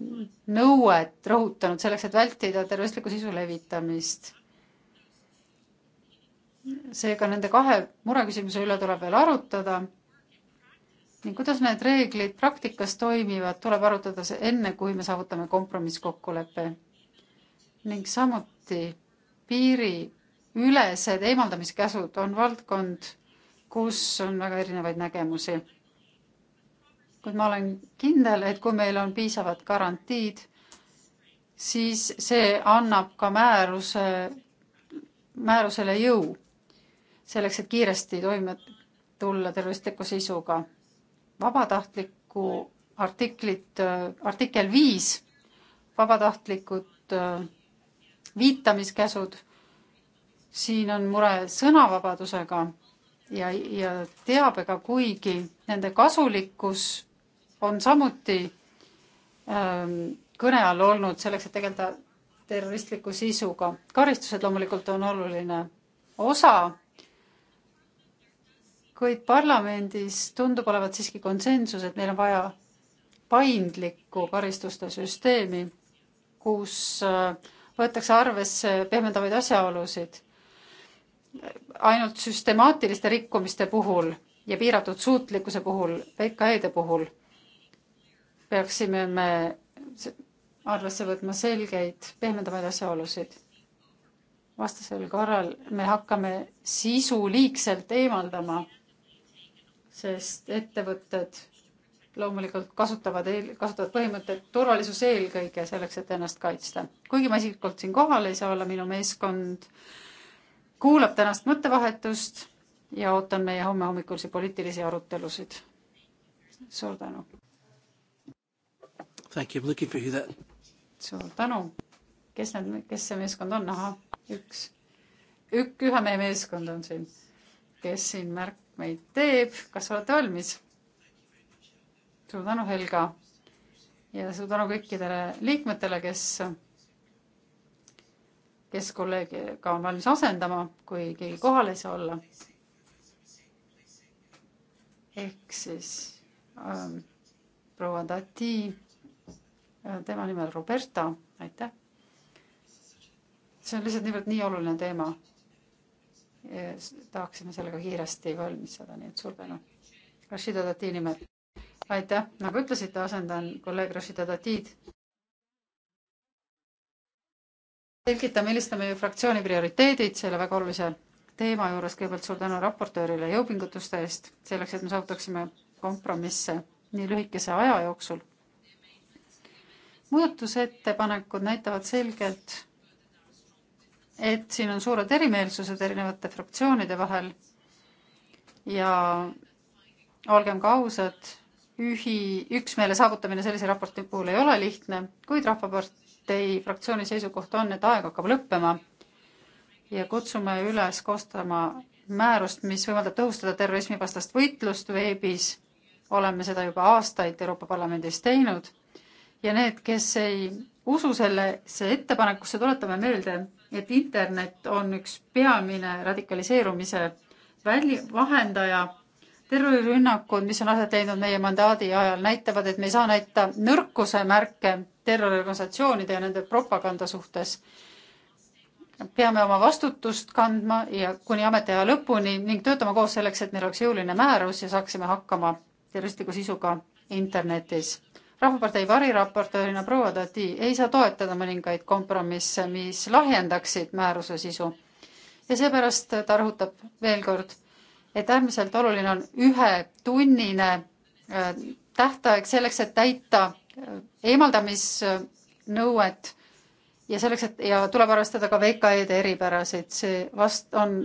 nõuet rõhutanud selleks, et vältida terroristliku sisu levitamist. seega nende kahe mureküsimuse üle tuleb veel arutada ning kuidas need reeglid praktikas toimivad, tuleb arutada enne, kui me saavutame kompromisskokkuleppe. ning samuti piiriülesed eemaldamiskäsud on valdkond, kus on väga erinevaid nägemusi kuid ma olen kindel, et kui meil on piisavad garantiid, siis see annab ka määruse, määrusele jõu selleks, et kiiresti toime tulla terroristliku sisuga. vabatahtlikku artiklit, äh, artikkel viis, vabatahtlikud äh, viitamiskäsud, siin on mure sõnavabadusega ja, ja teabega, kuigi nende kasulikkus on samuti ähm, kõne all olnud selleks, et tegeleda terroristliku sisuga. karistused loomulikult on oluline osa, kuid parlamendis tundub olevat siiski konsensus, et meil on vaja paindlikku karistuste süsteemi, kus äh, võetakse arvesse pehmendavaid asjaolusid. ainult süstemaatiliste rikkumiste puhul ja piiratud suutlikkuse puhul, VKE-de puhul peaksime me arvesse võtma selgeid pehmendavaid asjaolusid. vastasel korral me hakkame sisu liigselt eemaldama, sest ettevõtted loomulikult kasutavad eel, kasutavad põhimõtet turvalisus eelkõige selleks, et ennast kaitsta. kuigi ma isiklikult siin kohal ei saa olla, minu meeskond kuulab tänast mõttevahetust ja ootan meie homme hommikusi poliitilisi arutelusid. suur tänu! Thank you, I am looking for who that. suur tänu. kes need, kes see meeskond on, ahah, üks, ük-, ühe mehe meeskond on siin, kes siin märkmeid teeb, kas olete valmis? suur tänu, Helga. ja suur tänu kõikidele liikmetele, kes, kes kolleegiga on valmis asendama, kui keegi kohal ei saa olla. ehk siis ähm, proua Tati tema nimel Roberta, aitäh. see on lihtsalt niivõrd nii oluline teema. tahaksime sellega kiiresti valmis saada, nii et suur tänu. Rashida Tati nimel. aitäh, nagu ütlesite, asendan kolleeg Rashida Tatid. selgitame, helistame fraktsiooni prioriteedid selle väga olulise teema juures. kõigepealt suur tänu raportöörile jõupingutuste eest selleks, et me saavutaksime kompromisse nii lühikese aja jooksul muudatusettepanekud näitavad selgelt, et siin on suured erimeelsused erinevate fraktsioonide vahel ja olgem ka ausad, ühi, üksmeele saavutamine sellise raporti puhul ei ole lihtne, kuid Rahvapartei fraktsiooni seisukoht on, et aeg hakkab lõppema ja kutsume üles koostama määrust, mis võimaldab tõhustada terrorismivastast võitlust veebis. oleme seda juba aastaid Euroopa Parlamendis teinud ja need, kes ei usu sellesse ettepanekusse, tuletame meelde, et internet on üks peamine radikaliseerumise väli-, vahendaja. terrorirünnakud, mis on aset leidnud meie mandaadi ajal, näitavad, et me ei saa näita nõrkuse märke terroriorganisatsioonide ja nende propaganda suhtes. peame oma vastutust kandma ja kuni ametiaja lõpuni ning töötama koos selleks, et meil oleks jõuline määrus ja saaksime hakkama terroristliku sisuga internetis rahvapartei variraportöörina proua Tati ei saa toetada mõningaid kompromisse, mis lahjendaksid määruse sisu. ja seepärast ta rõhutab veel kord, et äärmiselt oluline on ühetunnine äh, tähtaeg selleks, et täita äh, eemaldamisnõuet ja selleks, et ja tuleb arvestada ka VKE-de eripärasid, see vast on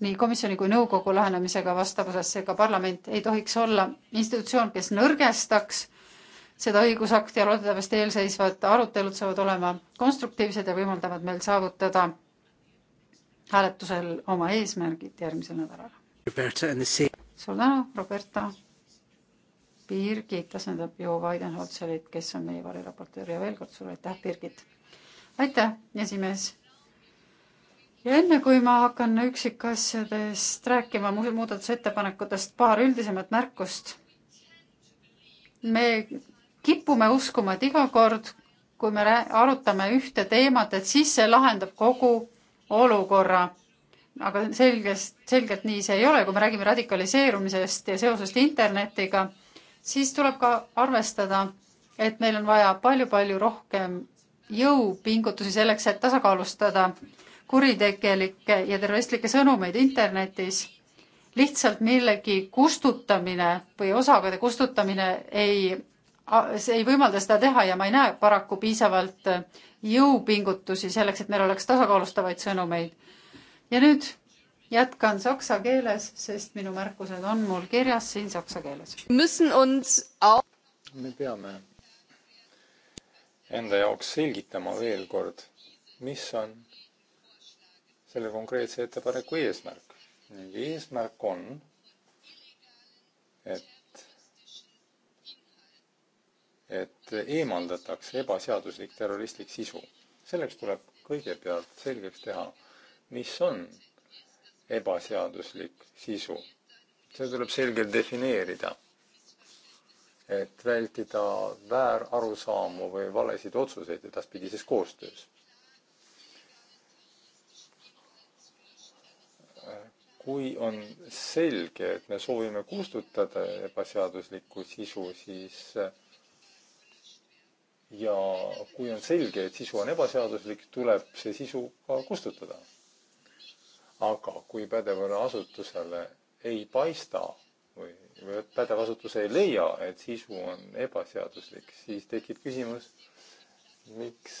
nii komisjoni kui nõukogu lähenemisega vastavuses, seega parlament ei tohiks olla institutsioon, kes nõrgestaks seda õigusakti ja loodetavasti eelseisvad arutelud saavad olema konstruktiivsed ja võimaldavad meil saavutada hääletusel oma eesmärgid järgmisel nädalal. suur tänu, Roberta. Birgit asendab Jo Weidenholzerit, kes on meie variraportöör ja veel kord suur aitäh, Birgit. aitäh, esimees ja enne kui ma hakkan üksikasjadest rääkima, muudatusettepanekutest paar üldisemat märkust. me kipume uskuma, et iga kord, kui me arutame ühte teemat, et siis see lahendab kogu olukorra. aga selgest, selgelt nii see ei ole, kui me räägime radikaliseerumisest ja seosest internetiga, siis tuleb ka arvestada, et meil on vaja palju-palju rohkem jõupingutusi selleks, et tasakaalustada kuritegelikke ja terroristlikke sõnumeid internetis. lihtsalt millegi kustutamine või osakonna kustutamine ei see ei võimalda seda teha ja ma ei näe paraku piisavalt äh, jõupingutusi selleks, et meil oleks tasakaalustavaid sõnumeid. ja nüüd jätkan saksa keeles, sest minu märkused on mul kirjas siin saksa keeles. me peame enda jaoks selgitama veel kord, mis on selle konkreetse ettepaneku eesmärk. eesmärk on, et et eemaldatakse ebaseaduslik terroristlik sisu. selleks tuleb kõigepealt selgeks teha, mis on ebaseaduslik sisu. see tuleb selgelt defineerida, et vältida väärarusaamu või valesid otsuseid edaspidises koostöös. kui on selge, et me soovime kustutada ebaseaduslikku sisu, siis ja kui on selge, et sisu on ebaseaduslik, tuleb see sisu ka kustutada. aga kui pädevale asutusele ei paista või, või pädev asutus ei leia, et sisu on ebaseaduslik, siis tekib küsimus, miks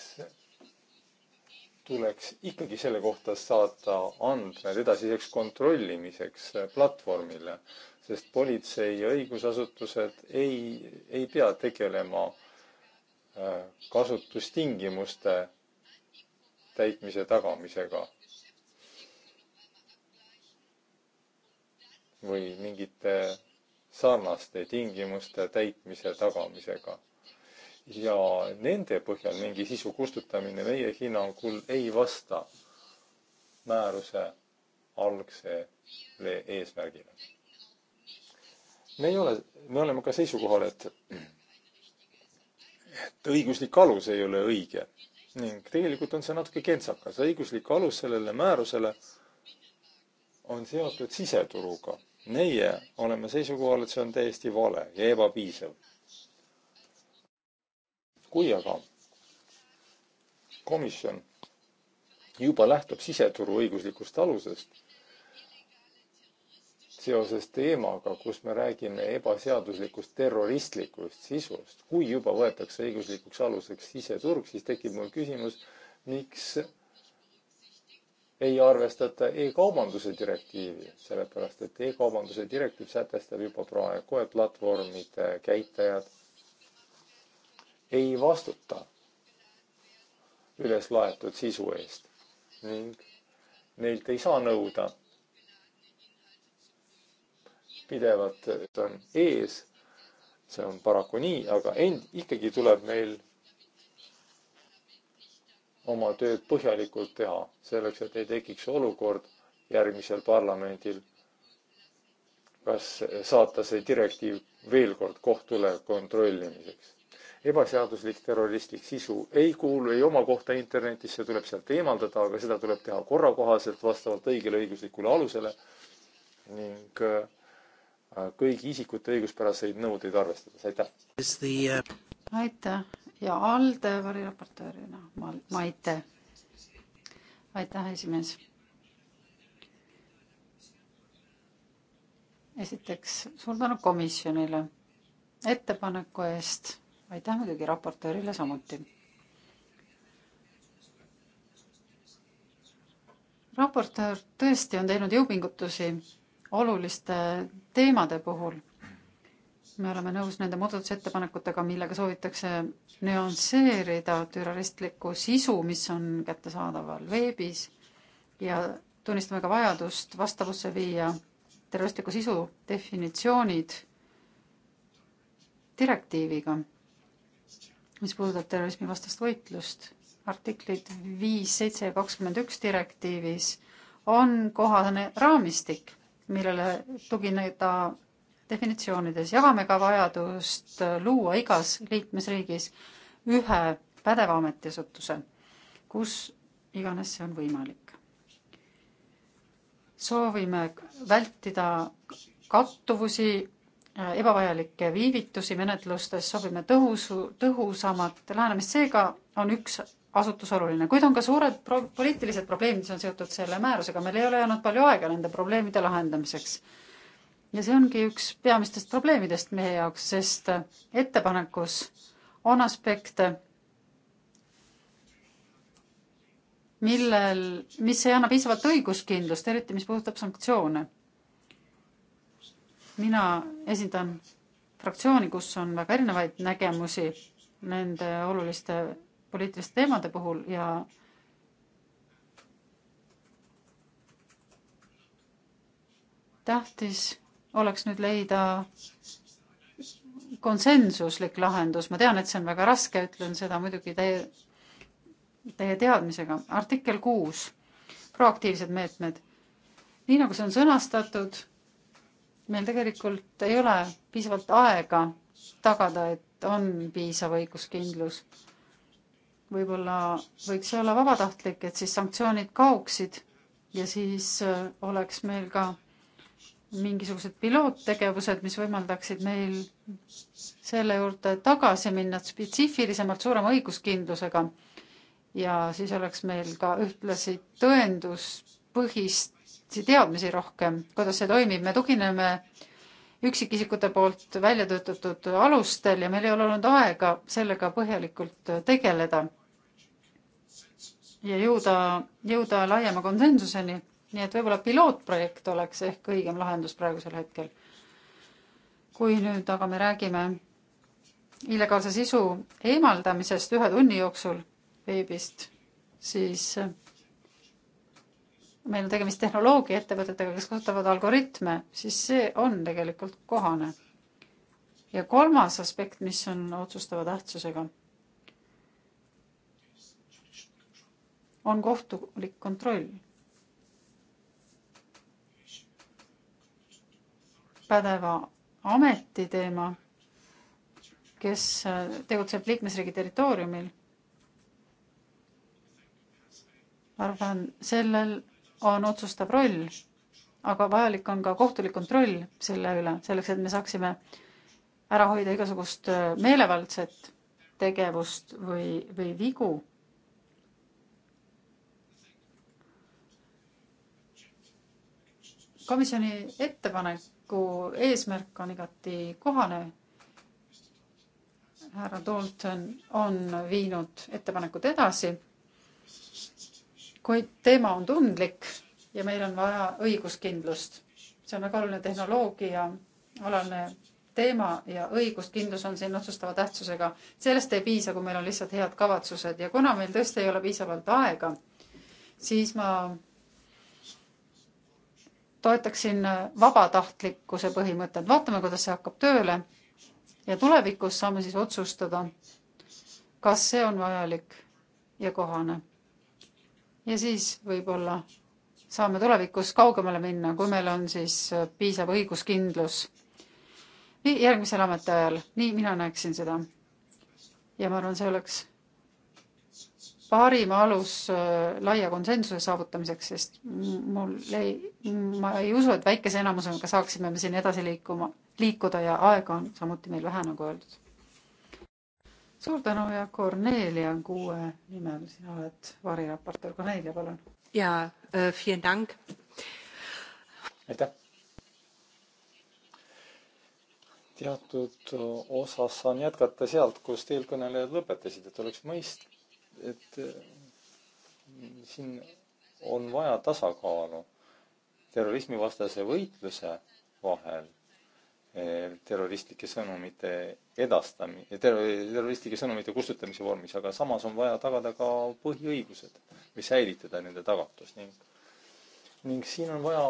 tuleks ikkagi selle kohta saata andmed edasiseks kontrollimiseks platvormile, sest politsei ja õigusasutused ei, ei pea tegelema äh, Äh, kasutustingimuste täitmise tagamisega või mingite sarnaste tingimuste täitmise tagamisega. ja nende põhjal mingi sisu kustutamine meie hinnangul ei vasta määruse algsele eesmärgile. me ei ole, me oleme ka seisukohal, et et õiguslik alus ei ole õige ning tegelikult on see natuke kentsakas. õiguslik alus sellele määrusele on seotud siseturuga. meie oleme seisukohal, et see on täiesti vale ja ebapiisav. kui aga komisjon juba lähtub siseturu õiguslikust alusest, seoses teemaga, kus me räägime ebaseaduslikust terroristlikust sisust. kui juba võetakse õiguslikuks aluseks siseturg, siis tekib mul küsimus, miks ei arvestata e-kaubanduse direktiivi, sellepärast et e-kaubanduse direktiiv sätestab juba praegu, et platvormide käitajad ei vastuta üles laetud sisu eest ning neilt ei saa nõuda pidevalt on ees. see on paraku nii, aga end ikkagi tuleb meil oma tööd põhjalikult teha, selleks et ei tekiks olukord järgmisel parlamendil, kas saata see direktiiv veel kord kohtule kontrollimiseks. ebaseaduslik terroristlik sisu ei kuulu, ei oma kohta internetis, see tuleb sealt eemaldada, aga seda tuleb teha korrakohaselt vastavalt õigele õiguslikule alusele ning äh, kõigi isikute õiguspäraseid nõudeid arvestades, aitäh! Uh, aitäh ja ALDE variraportöörina ma, Maite. aitäh, esimees! esiteks suur tänu komisjonile ettepaneku eest, aitäh muidugi raportöörile samuti. raportöör tõesti on teinud jõupingutusi oluliste teemade puhul. me oleme nõus nende muudatusettepanekutega, millega soovitakse nüansseerida türaristlikku sisu, mis on kättesaadaval veebis ja tunnistame ka vajadust vastavusse viia terroristliku sisu definitsioonid direktiiviga, mis puudutab terrorismivastast võitlust. artiklid viis, seitse ja kakskümmend üks direktiivis on kohane raamistik millele tugineda definitsioonides. jagame ka vajadust luua igas liikmesriigis ühe pädeva ametiasutuse, kus iganes see on võimalik. soovime vältida kattuvusi, äh, ebavajalikke viivitusi menetlustes, soovime tõhusu, tõhusamat lähenemist, seega on üks asutus oluline, kuid on ka suured pro poliitilised probleemid, mis on seotud selle määrusega, meil ei ole jäänud palju aega nende probleemide lahendamiseks. ja see ongi üks peamistest probleemidest meie jaoks, sest ettepanekus on aspekte, millel, mis ei anna piisavalt õiguskindlust, eriti mis puudutab sanktsioone. mina esindan fraktsiooni, kus on väga erinevaid nägemusi nende oluliste poliitiliste teemade puhul ja tähtis oleks nüüd leida konsensuslik lahendus, ma tean, et see on väga raske, ütlen seda muidugi teie, teie teadmisega. artikkel kuus, proaktiivsed meetmed. nii nagu see on sõnastatud, meil tegelikult ei ole piisavalt aega tagada, et on piisav õiguskindlus võib-olla võiks see olla vabatahtlik, et siis sanktsioonid kaoksid ja siis äh, oleks meil ka mingisugused piloottegevused, mis võimaldaksid meil selle juurde tagasi minna spetsiifilisemalt, suurema õiguskindlusega. ja siis oleks meil ka ühtlasi tõenduspõhist teadmisi rohkem, kuidas see toimib, me tugineme äh, üksikisikute poolt välja töötatud alustel ja meil ei ole olnud aega sellega põhjalikult tegeleda ja jõuda, jõuda laiema konsensuseni. nii et võib-olla pilootprojekt oleks ehk õigem lahendus praegusel hetkel. kui nüüd aga me räägime illegaalse sisu eemaldamisest ühe tunni jooksul veebist, siis meil on tegemist tehnoloogiaettevõtetega, kes kasutavad algoritme, siis see on tegelikult kohane. ja kolmas aspekt, mis on otsustava tähtsusega, on kohtulik kontroll. pädeva ameti teema, kes tegutseb liikmesriigi territooriumil. arvan, sellel on otsustav roll, aga vajalik on ka kohtulik kontroll selle üle, selleks et me saaksime ära hoida igasugust äh, meelevaldset tegevust või, või vigu. komisjoni ettepaneku eesmärk on igati kohane. härra Dalton on viinud ettepanekut edasi kuid teema on tundlik ja meil on vaja õiguskindlust. see on väga oluline tehnoloogia alane teema ja õiguskindlus on siin otsustava tähtsusega. sellest ei piisa, kui meil on lihtsalt head kavatsused ja kuna meil tõesti ei ole piisavalt aega, siis ma toetaksin vabatahtlikkuse põhimõtet, vaatame, kuidas see hakkab tööle ja tulevikus saame siis otsustada, kas see on vajalik ja kohane ja siis võib-olla saame tulevikus kaugemale minna, kui meil on siis äh, piisav õiguskindlus järgmisel ametiajal. nii mina näeksin seda. ja ma arvan, see oleks parim alus äh, laia konsensuse saavutamiseks, sest mul ei, ma ei usu, et väikese enamusega saaksime me siin edasi liikuma, liikuda ja aega on samuti meil vähe, nagu öeldud suur tänu ja Kornelia on kuue nimel, sina oled variraportöör, Kornelia, palun. ja äh,, vielen dank. aitäh. teatud äh, osas saan jätkata sealt, kus eelkõnelejad lõpetasid, et oleks mõist-, et äh, siin on vaja tasakaalu terrorismivastase võitluse vahel Eh, terroristlike sõnumite edastami-, eh, terroristlike sõnumite kustutamise vormis, aga samas on vaja tagada ka põhiõigused või säilitada nende tagatus ning, ning siin on vaja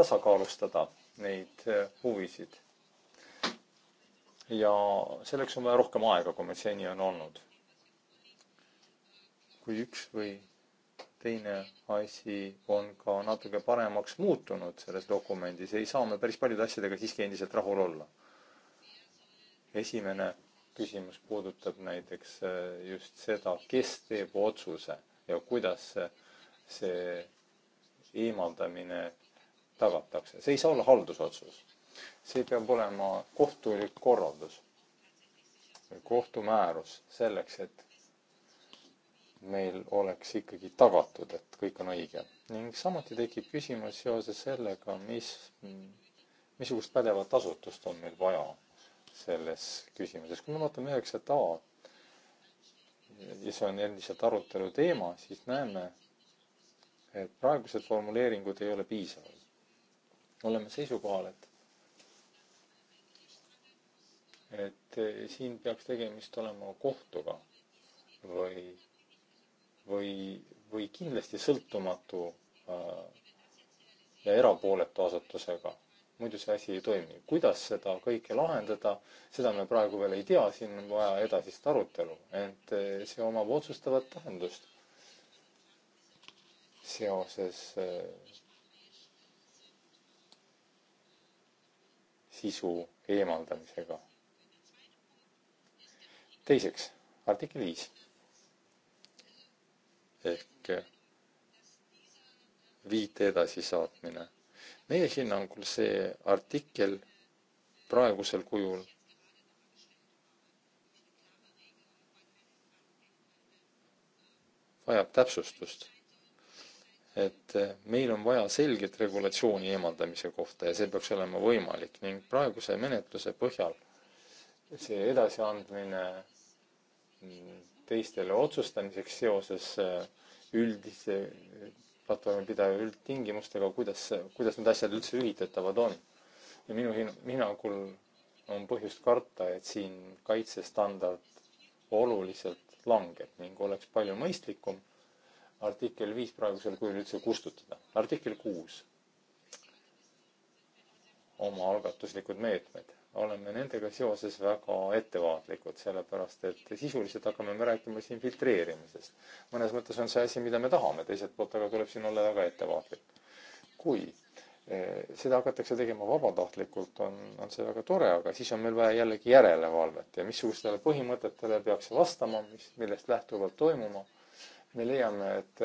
tasakaalustada neid eh, huvisid. ja selleks on vaja rohkem aega, kui meil seni on olnud. kui üks või teine asi on ka natuke paremaks muutunud selles dokumendis, ei saa me päris paljude asjadega siiski endiselt rahul olla. esimene küsimus puudutab näiteks äh, just seda, kes teeb otsuse ja kuidas see eemaldamine tagatakse, see ei saa olla haldusotsus. see peab olema kohtulik korraldus või kohtumäärus selleks, et meil oleks ikkagi tagatud, et kõik on õige. ning samuti tekib küsimus seoses sellega, mis, missugust pädevat asutust on meil vaja selles küsimuses. kui me vaatame üheksat A ja see on endiselt arutelu teema, siis näeme, et praegused formuleeringud ei ole piisavad. oleme seisukohal, et et eh, siin peaks tegemist olema kohtuga või või, või kindlasti sõltumatu äh, ja erapooletu asutusega. muidu see asi ei toimi. kuidas seda kõike lahendada, seda me praegu veel ei tea, siin on vaja edasist arutelu, ent äh, see omab otsustavat tähendust seoses äh, sisu eemaldamisega. teiseks, artikkel viis ehk eh, viite edasisaatmine. meie hinnangul see artikkel praegusel kujul vajab täpsustust. et eh, meil on vaja selget regulatsiooni eemaldamise kohta ja see peaks olema võimalik ning praeguse menetluse põhjal see edasiandmine mm, teistele otsustamiseks seoses äh, üldise platvormi pidaja üldtingimustega, kuidas, kuidas need asjad üldse ühitatavad on. ja minu hinnangul on põhjust karta, et siin kaitsestandard oluliselt langeb ning oleks palju mõistlikum artikkel viis praegusel kujul üldse kustutada. artikkel kuus, omaalgatuslikud meetmed oleme nendega seoses väga ettevaatlikud, sellepärast et sisuliselt hakkame me rääkima siin filtreerimisest. mõnes mõttes on see asi, mida me tahame, teiselt poolt aga tuleb siin olla väga ettevaatlik. kui eh, seda hakatakse tegema vabatahtlikult, on, on see väga tore, aga siis on meil vaja jällegi järelevalvet ja missugustele põhimõtetele peaks vastama, mis, millest lähtuvalt toimuma. me leiame, et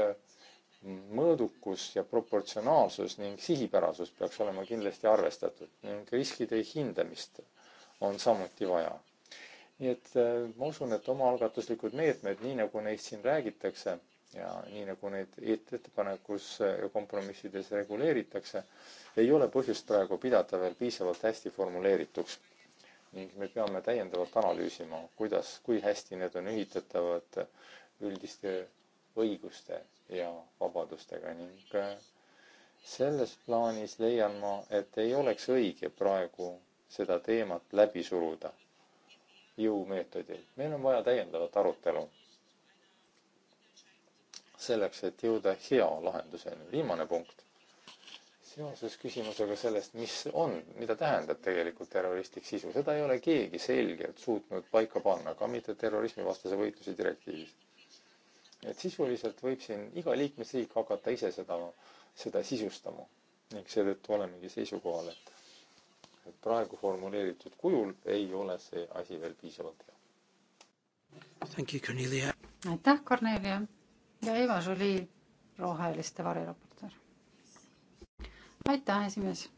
mõõdukus ja proportsionaalsus ning sihipärasus peaks olema kindlasti arvestatud ning riskide hindamist on samuti vaja. nii et äh, ma usun, et omaalgatuslikud meetmed, nii nagu neist siin räägitakse ja nii nagu neid ettepanekus ja kompromissides reguleeritakse, ei ole põhjust praegu pidada veel piisavalt hästi formuleerituks. ning me peame täiendavalt analüüsima, kuidas, kui hästi need on ühitatavad üldiste õiguste ja vabadustega ning äh, selles plaanis leian ma, et ei oleks õige praegu seda teemat läbi suruda jõumeetodil. meil on vaja täiendavat arutelu. selleks, et jõuda hea lahenduseni. viimane punkt. seoses küsimusega sellest, mis on, mida tähendab tegelikult terroristlik sisu, seda ei ole keegi selgelt suutnud paika panna, ka mitte terrorismivastase võitluse direktiivis et sisuliselt võib siin iga liikmesriik hakata ise seda, seda sisustama ning seetõttu olemegi seisukohal, et, et praegu formuleeritud kujul ei ole see asi veel piisavalt hea. aitäh, Kornelia ja Eva Žuli, roheliste variraportöör. aitäh, esimees.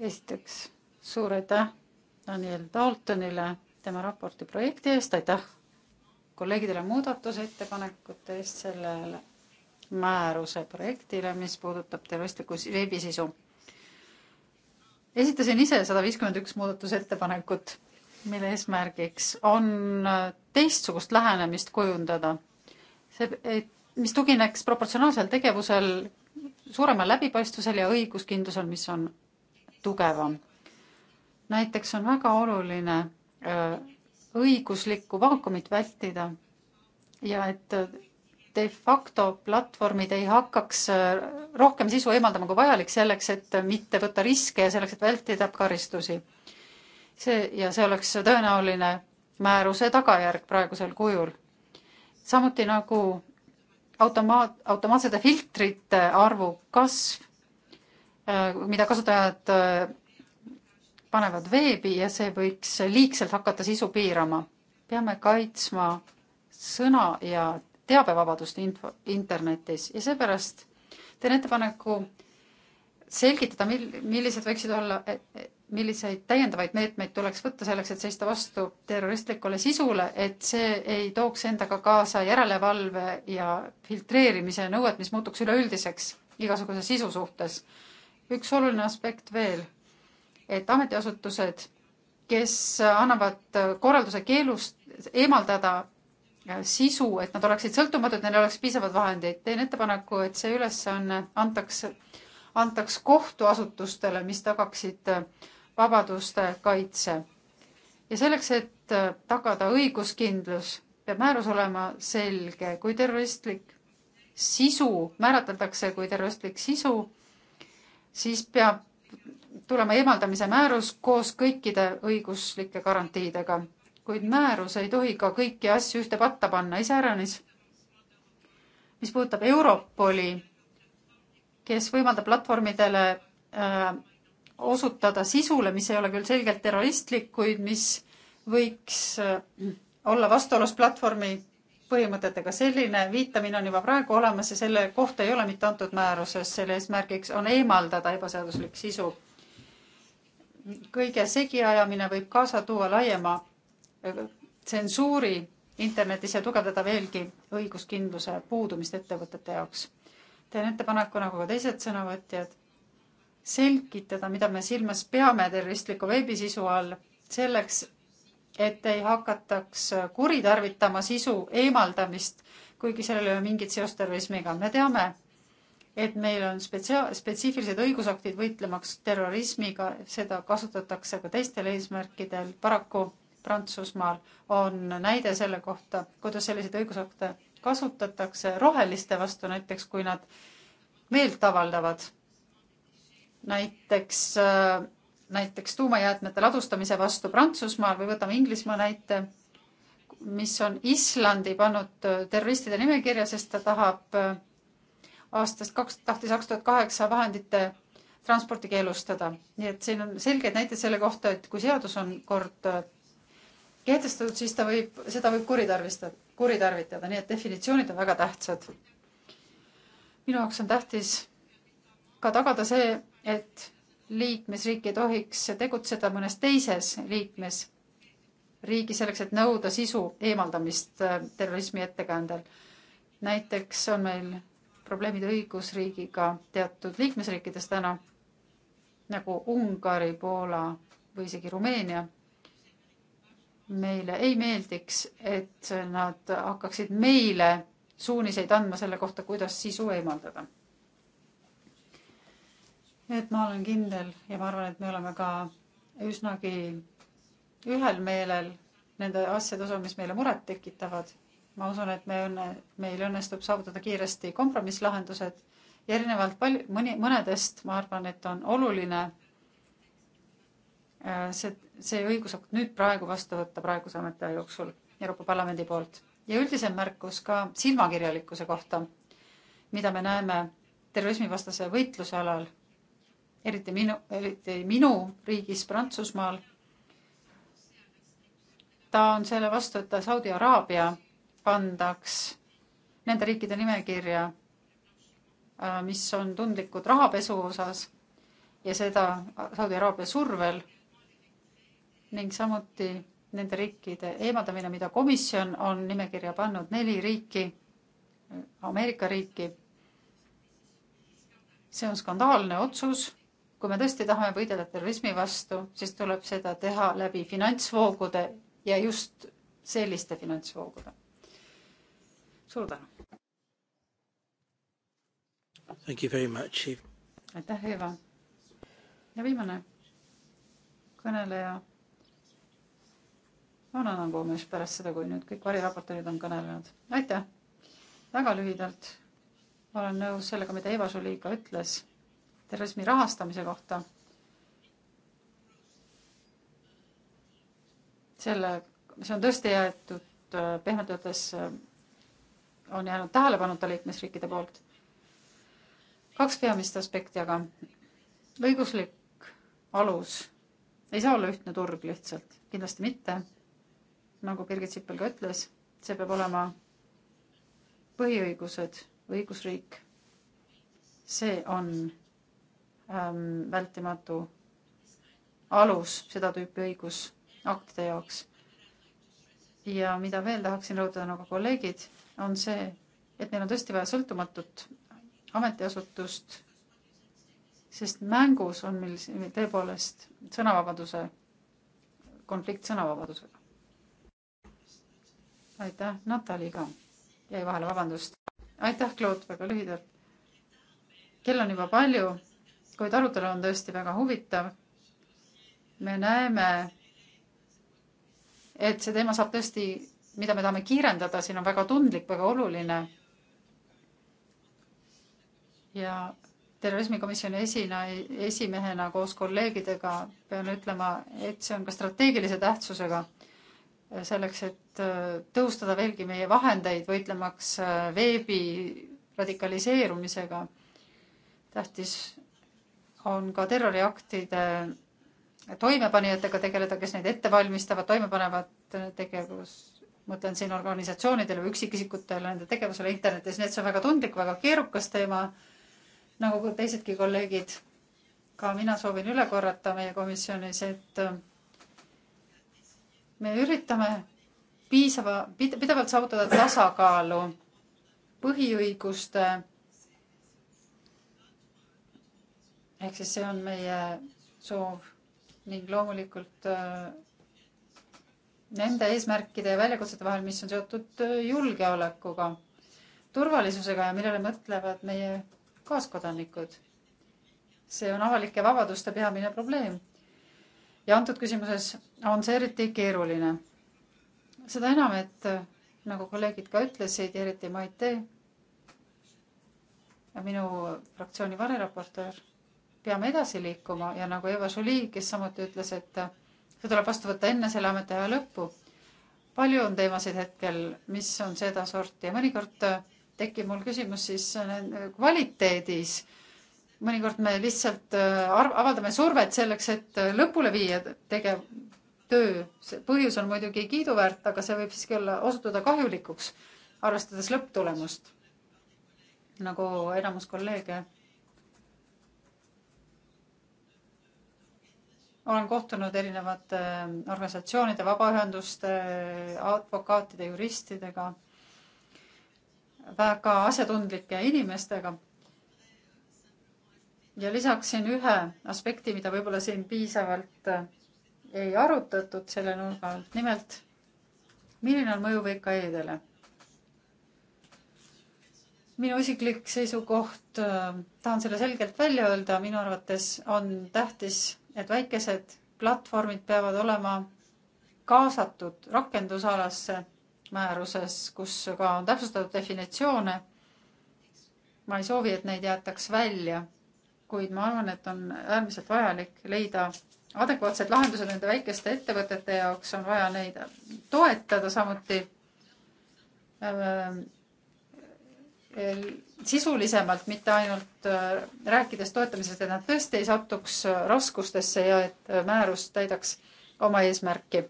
esiteks suur aitäh Daniel Daltonile tema raporti projekti eest, aitäh kolleegidele muudatusettepanekute eest sellele määruse projektile, mis puudutab terroristlikku veebisisu. esitasin ise sada viiskümmend üks muudatusettepanekut, mille eesmärgiks on teistsugust lähenemist kujundada. see, et mis tugineks proportsionaalsel tegevusel, suuremal läbipaistvusel ja õiguskindlusel, mis on tugevam. näiteks on väga oluline öö, äh, õiguslikku vaakumit vältida ja et de facto platvormid ei hakkaks äh, rohkem sisu eemaldama kui vajalik selleks, et mitte võtta riske ja selleks, et vältida karistusi. see ja see oleks tõenäoline määruse tagajärg praegusel kujul. samuti nagu automaat, automaatsete filtrite arvu kasv, äh, mida kasutajad äh, panevad veebi ja see võiks liigselt hakata sisu piirama. peame kaitsma sõna ja teabevabadust info, internetis ja seepärast teen ettepaneku selgitada, mil-, millised võiksid olla, e, e, milliseid täiendavaid meetmeid tuleks võtta selleks, et seista vastu terroristlikule sisule, et see ei tooks endaga kaasa järelevalve ja filtreerimise nõuet, mis muutuks üleüldiseks igasuguse sisu suhtes. üks oluline aspekt veel et ametiasutused, kes annavad korralduse keelust eemaldada äh, sisu, et nad oleksid sõltumatud, neil oleks piisavad vahendeid. teen ettepaneku, et see ülesanne antaks, antaks kohtuasutustele, mis tagaksid äh, vabaduste kaitse. ja selleks, et äh, tagada õiguskindlus, peab määrus olema selge, kui terroristlik sisu määratletakse kui terroristlik sisu, siis peab tulema eemaldamise määrus koos kõikide õiguslike garantiidega, kuid määrus ei tohi ka kõiki asju ühte patta panna iseäranis. mis puudutab Europoli, kes võimaldab platvormidele äh, osutada sisule, mis ei ole küll selgelt terroristlik, kuid mis võiks äh, olla vastuolus platvormi põhimõtetega. selline viitamine on juba praegu olemas ja selle kohta ei ole mitte antud määruses, selle eesmärgiks on eemaldada ebaseaduslik sisu kõige segiajamine võib kaasa tuua laiema äh, tsensuuri internetis ja tugevdada veelgi õiguskindluse puudumist ettevõtete jaoks. teen ettepaneku, nagu ka teised sõnavõtjad, selgitada, mida me silmas peame terroristliku veebisisu all, selleks et ei hakataks kuritarvitama sisu eemaldamist, kuigi sellel ei ole mingit seost terrorismiga. me teame, et meil on spetsia-, spetsiifilised õigusaktid võitlemaks terrorismiga, seda kasutatakse ka teistel eesmärkidel. paraku Prantsusmaal on näide selle kohta, kuidas selliseid õigusakte kasutatakse roheliste vastu, näiteks kui nad meelt avaldavad. näiteks, äh, näiteks tuumajäätmete ladustamise vastu Prantsusmaal või võtame Inglismaa näite, mis on Islandi pannud terroristide nimekirja, sest ta tahab äh, aastast kaks, tahtis kaks tuhat kaheksa vahendite transporti keelustada. nii et siin on selgeid näiteid selle kohta, et kui seadus on kord äh, kehtestatud, siis ta võib, seda võib kuritarvistada, kuritarvitada, nii et definitsioonid on väga tähtsad. minu jaoks on tähtis ka tagada see, et liikmesriik ei tohiks tegutseda mõnes teises liikmesriigi selleks, et nõuda sisu eemaldamist äh, terrorismi ettekäändel. näiteks on meil probleemid õigusriigiga teatud liikmesriikides täna, nagu Ungari, Poola või isegi Rumeenia. meile ei meeldiks, et nad hakkaksid meile suuniseid andma selle kohta, kuidas sisu eemaldada. et ma olen kindel ja ma arvan, et me oleme ka üsnagi ühel meelel nende asjade osas, mis meile muret tekitavad ma usun, et me õnne, meil õnnestub saavutada kiiresti kompromisslahendused ja erinevalt palju, mõni, mõnedest ma arvan, et on oluline äh, see, see õigusakt nüüd praegu vastu võtta praeguse ametiaja jooksul Euroopa Parlamendi poolt. ja üldisem märkus ka silmakirjalikkuse kohta, mida me näeme terrorismivastase võitluse alal, eriti minu, eriti minu riigis Prantsusmaal ta on selle vastu, et Saudi Araabia pandaks nende riikide nimekirja, äh, mis on tundlikud rahapesu osas ja seda Saudi Araabia survel ning samuti nende riikide eemaldamine, mida komisjon on nimekirja pannud, neli riiki, Ameerika riiki. see on skandaalne otsus. kui me tõesti tahame võidelda terrorismi vastu, siis tuleb seda teha läbi finantsvoogude ja just selliste finantsvoogude suur tänu. aitäh, Eva. ja viimane kõneleja on Anna Koomes pärast seda, kui nüüd kõik variraportorid on kõnelenud. aitäh, väga lühidalt. olen nõus sellega, mida Eva Žuliga ütles terrorismi rahastamise kohta. selle, see on tõesti jäetud äh, pehmelt öeldes äh, on jäänud tähelepanuta liikmesriikide poolt. kaks peamist aspekti aga. õiguslik alus ei saa olla ühtne turg lihtsalt, kindlasti mitte. nagu Birgit Sippel ka ütles, see peab olema põhiõigused, õigusriik. see on ähm, vältimatu alus seda tüüpi õigusaktide jaoks. ja mida veel tahaksin rõhutada nagu kolleegid on see, et meil on tõesti vaja sõltumatut ametiasutust, sest mängus on meil tõepoolest sõnavabaduse, konflikt sõnavabadusega. aitäh, Natali ka jäi vahele, vabandust. aitäh, Claude, väga lühidalt. kell on juba palju, kuid arutelu on tõesti väga huvitav. me näeme, et see teema saab tõesti mida me tahame kiirendada, siin on väga tundlik, väga oluline. ja terrorismikomisjoni esina, esimehena koos kolleegidega pean ütlema, et see on ka strateegilise tähtsusega selleks, et äh, tõhustada veelgi meie vahendeid võitlemaks äh, veebi radikaliseerumisega. tähtis on ka terroriaktide toimepanijatega tegeleda, kes neid ette valmistavad, toime panevad tegevus mõtlen siin organisatsioonidele või üksikisikutele, nende tegevusele internetis, nii et see on väga tundlik, väga keerukas teema. nagu teisedki kolleegid, ka mina soovin üle korrata meie komisjonis, et äh, me üritame piisava, pidevalt saavutada tasakaalu põhiõiguste ehk siis see on meie soov ning loomulikult äh, nende eesmärkide ja väljakutsete vahel, mis on seotud äh, julgeolekuga, turvalisusega ja millele mõtlevad meie kaaskodanikud. see on avalike vabaduste peamine probleem. ja antud küsimuses on see eriti keeruline. seda enam, et äh, nagu kolleegid ka ütlesid, eriti Maite, minu fraktsiooni vareraportöör, peame edasi liikuma ja nagu Eva Žuli, kes samuti ütles, et äh, see tuleb vastu võtta enne selle ametiaja lõppu. palju on teemasid hetkel, mis on sedasorti ja mõnikord tekib mul küsimus siis äh, kvaliteedis. mõnikord me lihtsalt äh, avaldame survet selleks, et äh, lõpule viia tegev töö. see põhjus on muidugi kiiduväärt, aga see võib siiski olla, osutuda kahjulikuks, arvestades lõpptulemust. nagu enamus kolleege olen kohtunud erinevate ähm, organisatsioonide, vabaühenduste, advokaatide, juristidega, väga asjatundlike inimestega. ja lisaksin ühe aspekti, mida võib-olla siin piisavalt äh, ei arutatud selle nurga alt, nimelt milline on mõju VKE-dele? minu isiklik seisukoht, äh, tahan selle selgelt välja öelda, minu arvates on tähtis et väikesed platvormid peavad olema kaasatud rakendusalasse määruses, kus ka on täpsustatud definitsioone. ma ei soovi, et neid jäetaks välja, kuid ma arvan, et on äärmiselt vajalik leida adekvaatsed lahendused nende väikeste ettevõtete jaoks, on vaja neid toetada, samuti äh, sisulisemalt, mitte ainult äh, rääkides toetamisest, et nad tõesti ei satuks äh, raskustesse ja et äh, määrus täidaks oma eesmärki.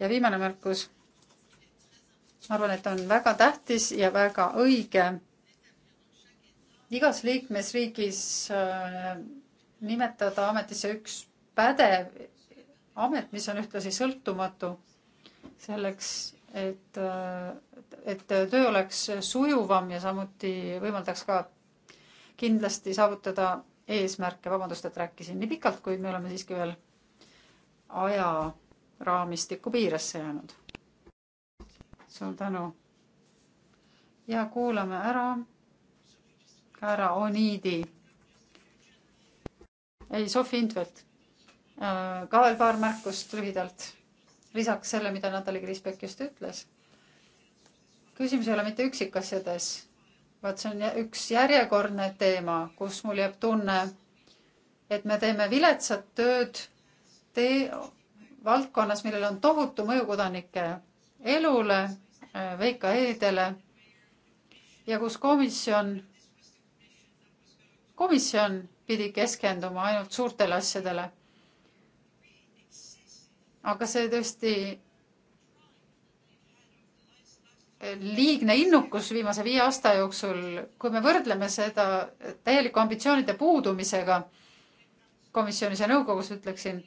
ja viimane märkus. ma arvan, et on väga tähtis ja väga õige igas liikmesriigis nimetada ametisse üks pädev amet, mis on ühtlasi sõltumatu selleks, et, et töö oleks sujuvam ja samuti võimaldaks ka kindlasti saavutada eesmärke. vabandust, et rääkisin nii pikalt, kuid me oleme siiski veel ajaraamistiku piiresse jäänud. suur tänu. ja kuulame ära härra Oniidi. ei, Sofi Intvelt. Äh, ka veel paar märkust lühidalt lisaks selle, mida Natalja Kriisbeck just ütles. küsimus ei ole mitte üksikasjades, vaat see on üks järjekordne teema, kus mul jääb tunne, et me teeme viletsat tööd tee valdkonnas, millel on tohutu mõju kodanike elule, äh, VKE-dele ja kus komisjon, komisjon pidi keskenduma ainult suurtele asjadele aga see tõesti eh, liigne innukus viimase viie aasta jooksul, kui me võrdleme seda täieliku ambitsioonide puudumisega komisjonis ja nõukogus, ütleksin,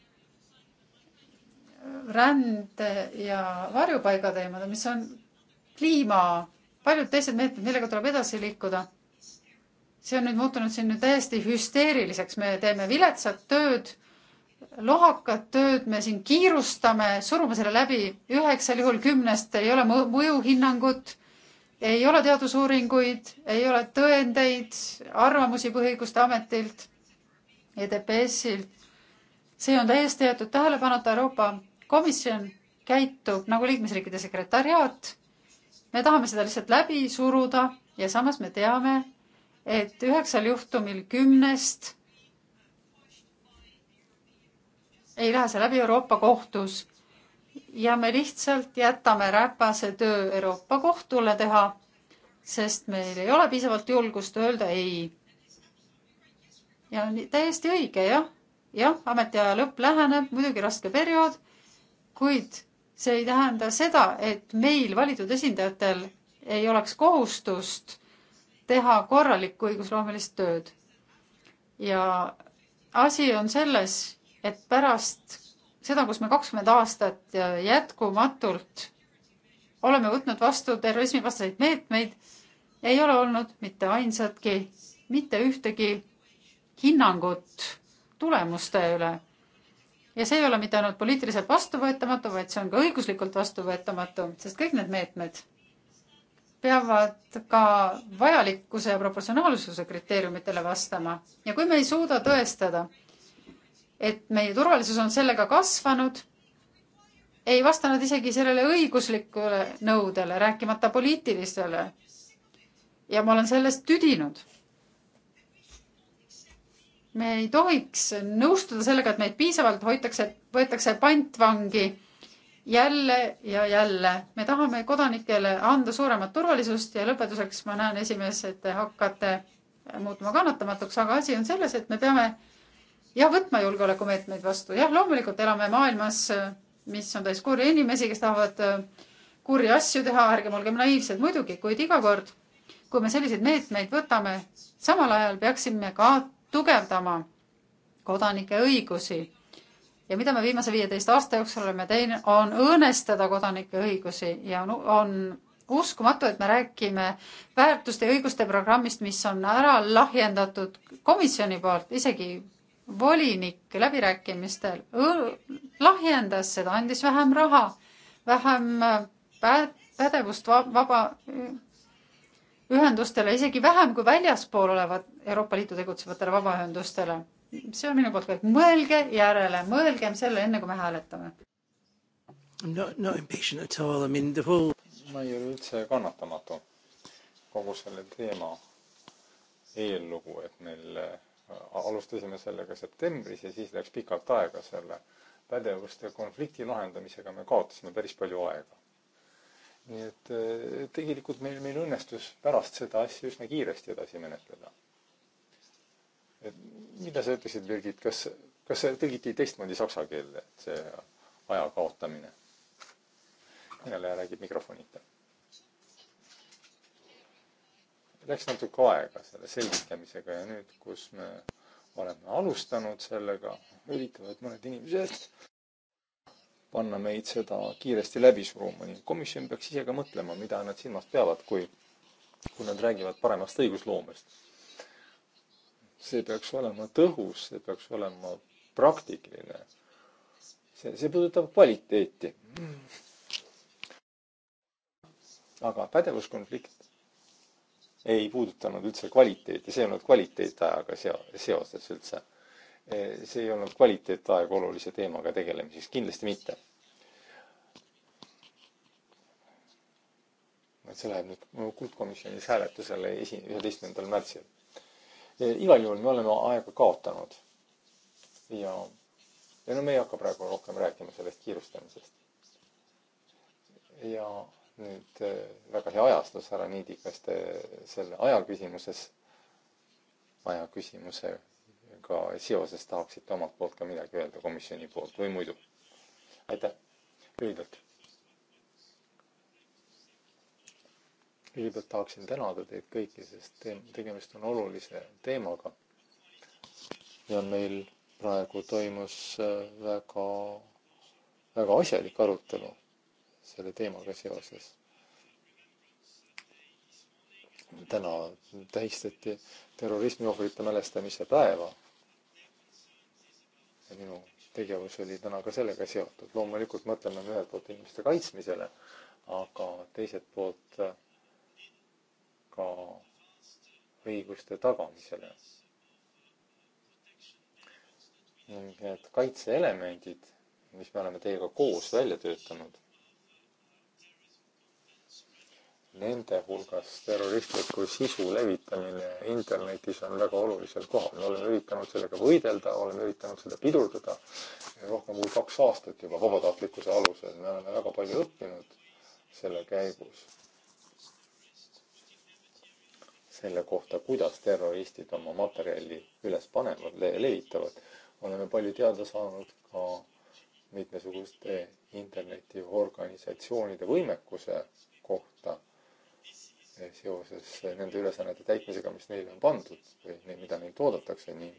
rände ja varjupaiga teemad, mis on kliima, paljud teised meetmed, millega tuleb edasi liikuda. see on nüüd muutunud siin nüüd täiesti hüsteeriliseks, me teeme viletsat tööd lohakat tööd, me siin kiirustame, surume selle läbi, üheksal juhul kümnest ei ole mõjuhinnangut, ei ole teadusuuringuid, ei ole tõendeid, arvamusi Põhiõiguste Ametilt, EDPS-ilt. see on täiesti jäetud tähelepanuta, Euroopa Komisjon käitub nagu liikmesriikide sekretariaat. me tahame seda lihtsalt läbi suruda ja samas me teame, et üheksal juhtumil kümnest ei lähe see läbi Euroopa kohtus ja me lihtsalt jätame räpase töö Euroopa kohtule teha, sest meil ei ole piisavalt julgust öelda ei. ja on täiesti õige jah, jah, ametiaja lõpp läheneb, muidugi raske periood, kuid see ei tähenda seda, et meil valitud esindajatel ei oleks kohustust teha korralikku õigusloomelist tööd. ja asi on selles et pärast seda, kus me kakskümmend aastat jätkumatult oleme võtnud vastu terrorismivastaseid meetmeid, ei ole olnud mitte ainsatki, mitte ühtegi hinnangut tulemuste üle. ja see ei ole mitte ainult poliitiliselt vastuvõetamatu, vaid see on ka õiguslikult vastuvõetamatu, sest kõik need meetmed peavad ka vajalikkuse ja proportsionaalsuse kriteeriumitele vastama ja kui me ei suuda tõestada, et meie turvalisus on sellega kasvanud, ei vastanud isegi sellele õiguslikule nõudele, rääkimata poliitilistele. ja ma olen sellest tüdinud. me ei tohiks nõustuda sellega, et meid piisavalt hoitakse, võetakse pantvangi jälle ja jälle. me tahame kodanikele anda suuremat turvalisust ja lõpetuseks ma näen esimees, et te hakkate muutuma kannatamatuks, aga asi on selles, et me peame ja võtma julgeolekumeetmeid vastu. jah, loomulikult elame maailmas, äh, mis on täis kurje inimesi, kes tahavad äh, kurje asju teha, ärgem olgem naiivsed muidugi, kuid iga kord, kui me selliseid meetmeid võtame, samal ajal peaksime ka tugevdama kodanike õigusi. ja mida me viimase viieteist aasta jooksul oleme teinud, on õõnestada kodanike õigusi ja on uskumatu, et me räägime väärtuste ja õiguste programmist, mis on ära lahjendatud komisjoni poolt, isegi volinik läbirääkimistel lahjendas seda, andis vähem raha, vähem äh, pädevust vaba ühendustele, isegi vähem kui väljaspool olevat Euroopa Liitu tegutsevatele vabaühendustele. see on minu poolt kõik, mõelge järele, mõelgem selle enne, kui me hääletame. Not, not impatient at all, I mean the whole. ma ei ole üldse kannatamatu kogu selle teema eellugu, et meil alustasime sellega septembris ja siis läks pikalt aega selle pädevuste konflikti lahendamisega, me kaotasime päris palju aega. nii et eh, tegelikult meil, meil õnnestus pärast seda asja üsna kiiresti edasi menetleda. et mida sa ütlesid, Birgit, kas, kas see tõlgiti teistmoodi saksa keelde, et see aja kaotamine? kõneleja räägib mikrofonita läks natuke aega selle selgitamisega ja nüüd, kus me oleme alustanud sellega, üritavad mõned inimesed panna meid seda kiiresti läbi suruma, nii et komisjon peaks ise ka mõtlema, mida nad silmas peavad, kui, kui nad räägivad paremast õigusloomest. see peaks olema tõhus, see peaks olema praktiline. see, see puudutab kvaliteeti. aga pädevuskonflikt ei puudutanud üldse kvaliteeti, see ei olnud kvaliteetajaga seo-, seoses üldse. see ei olnud kvaliteetaeg olulise teemaga tegelemiseks, kindlasti mitte. et see läheb nüüd kuldkomisjonis hääletusele esi-, üheteistkümnendal märtsil. igal juhul me oleme aega kaotanud. ja, ja no me ei hakka praegu rohkem rääkima sellest kiirustamisest. ja nüüd eh, väga hea ajastus härra Niidikas te selle aja küsimuses, aja küsimusega seoses tahaksite omalt poolt ka midagi öelda komisjoni poolt või muidu? aitäh, lühidalt. kõigepealt tahaksin tänada teid kõiki, sest teem-, tegemist on olulise teemaga. ja meil praegu toimus eh, väga, väga asjalik arutelu selle teemaga seoses. täna tähistati terrorismiohvrite mälestamise päeva. ja minu tegevus oli täna ka sellega seotud. loomulikult mõtleme me ühelt poolt inimeste kaitsmisele, aga teiselt poolt ka õiguste tagamisele. ning need kaitseelemendid, mis me oleme teiega koos välja töötanud, nende hulgas terroristliku sisu levitamine internetis on väga olulisel kohal. me oleme üritanud sellega võidelda, oleme üritanud seda pidurdada rohkem kui kaks aastat juba vabatahtlikkuse alusel. me oleme väga palju õppinud selle käigus. selle kohta, kuidas terroristid oma materjali üles panevad le, levitavad, oleme palju teada saanud ka mitmesuguste internetiorganisatsioonide võimekuse kohta seoses nende ülesannete täitmisega, mis neile on pandud või mida neilt oodatakse ning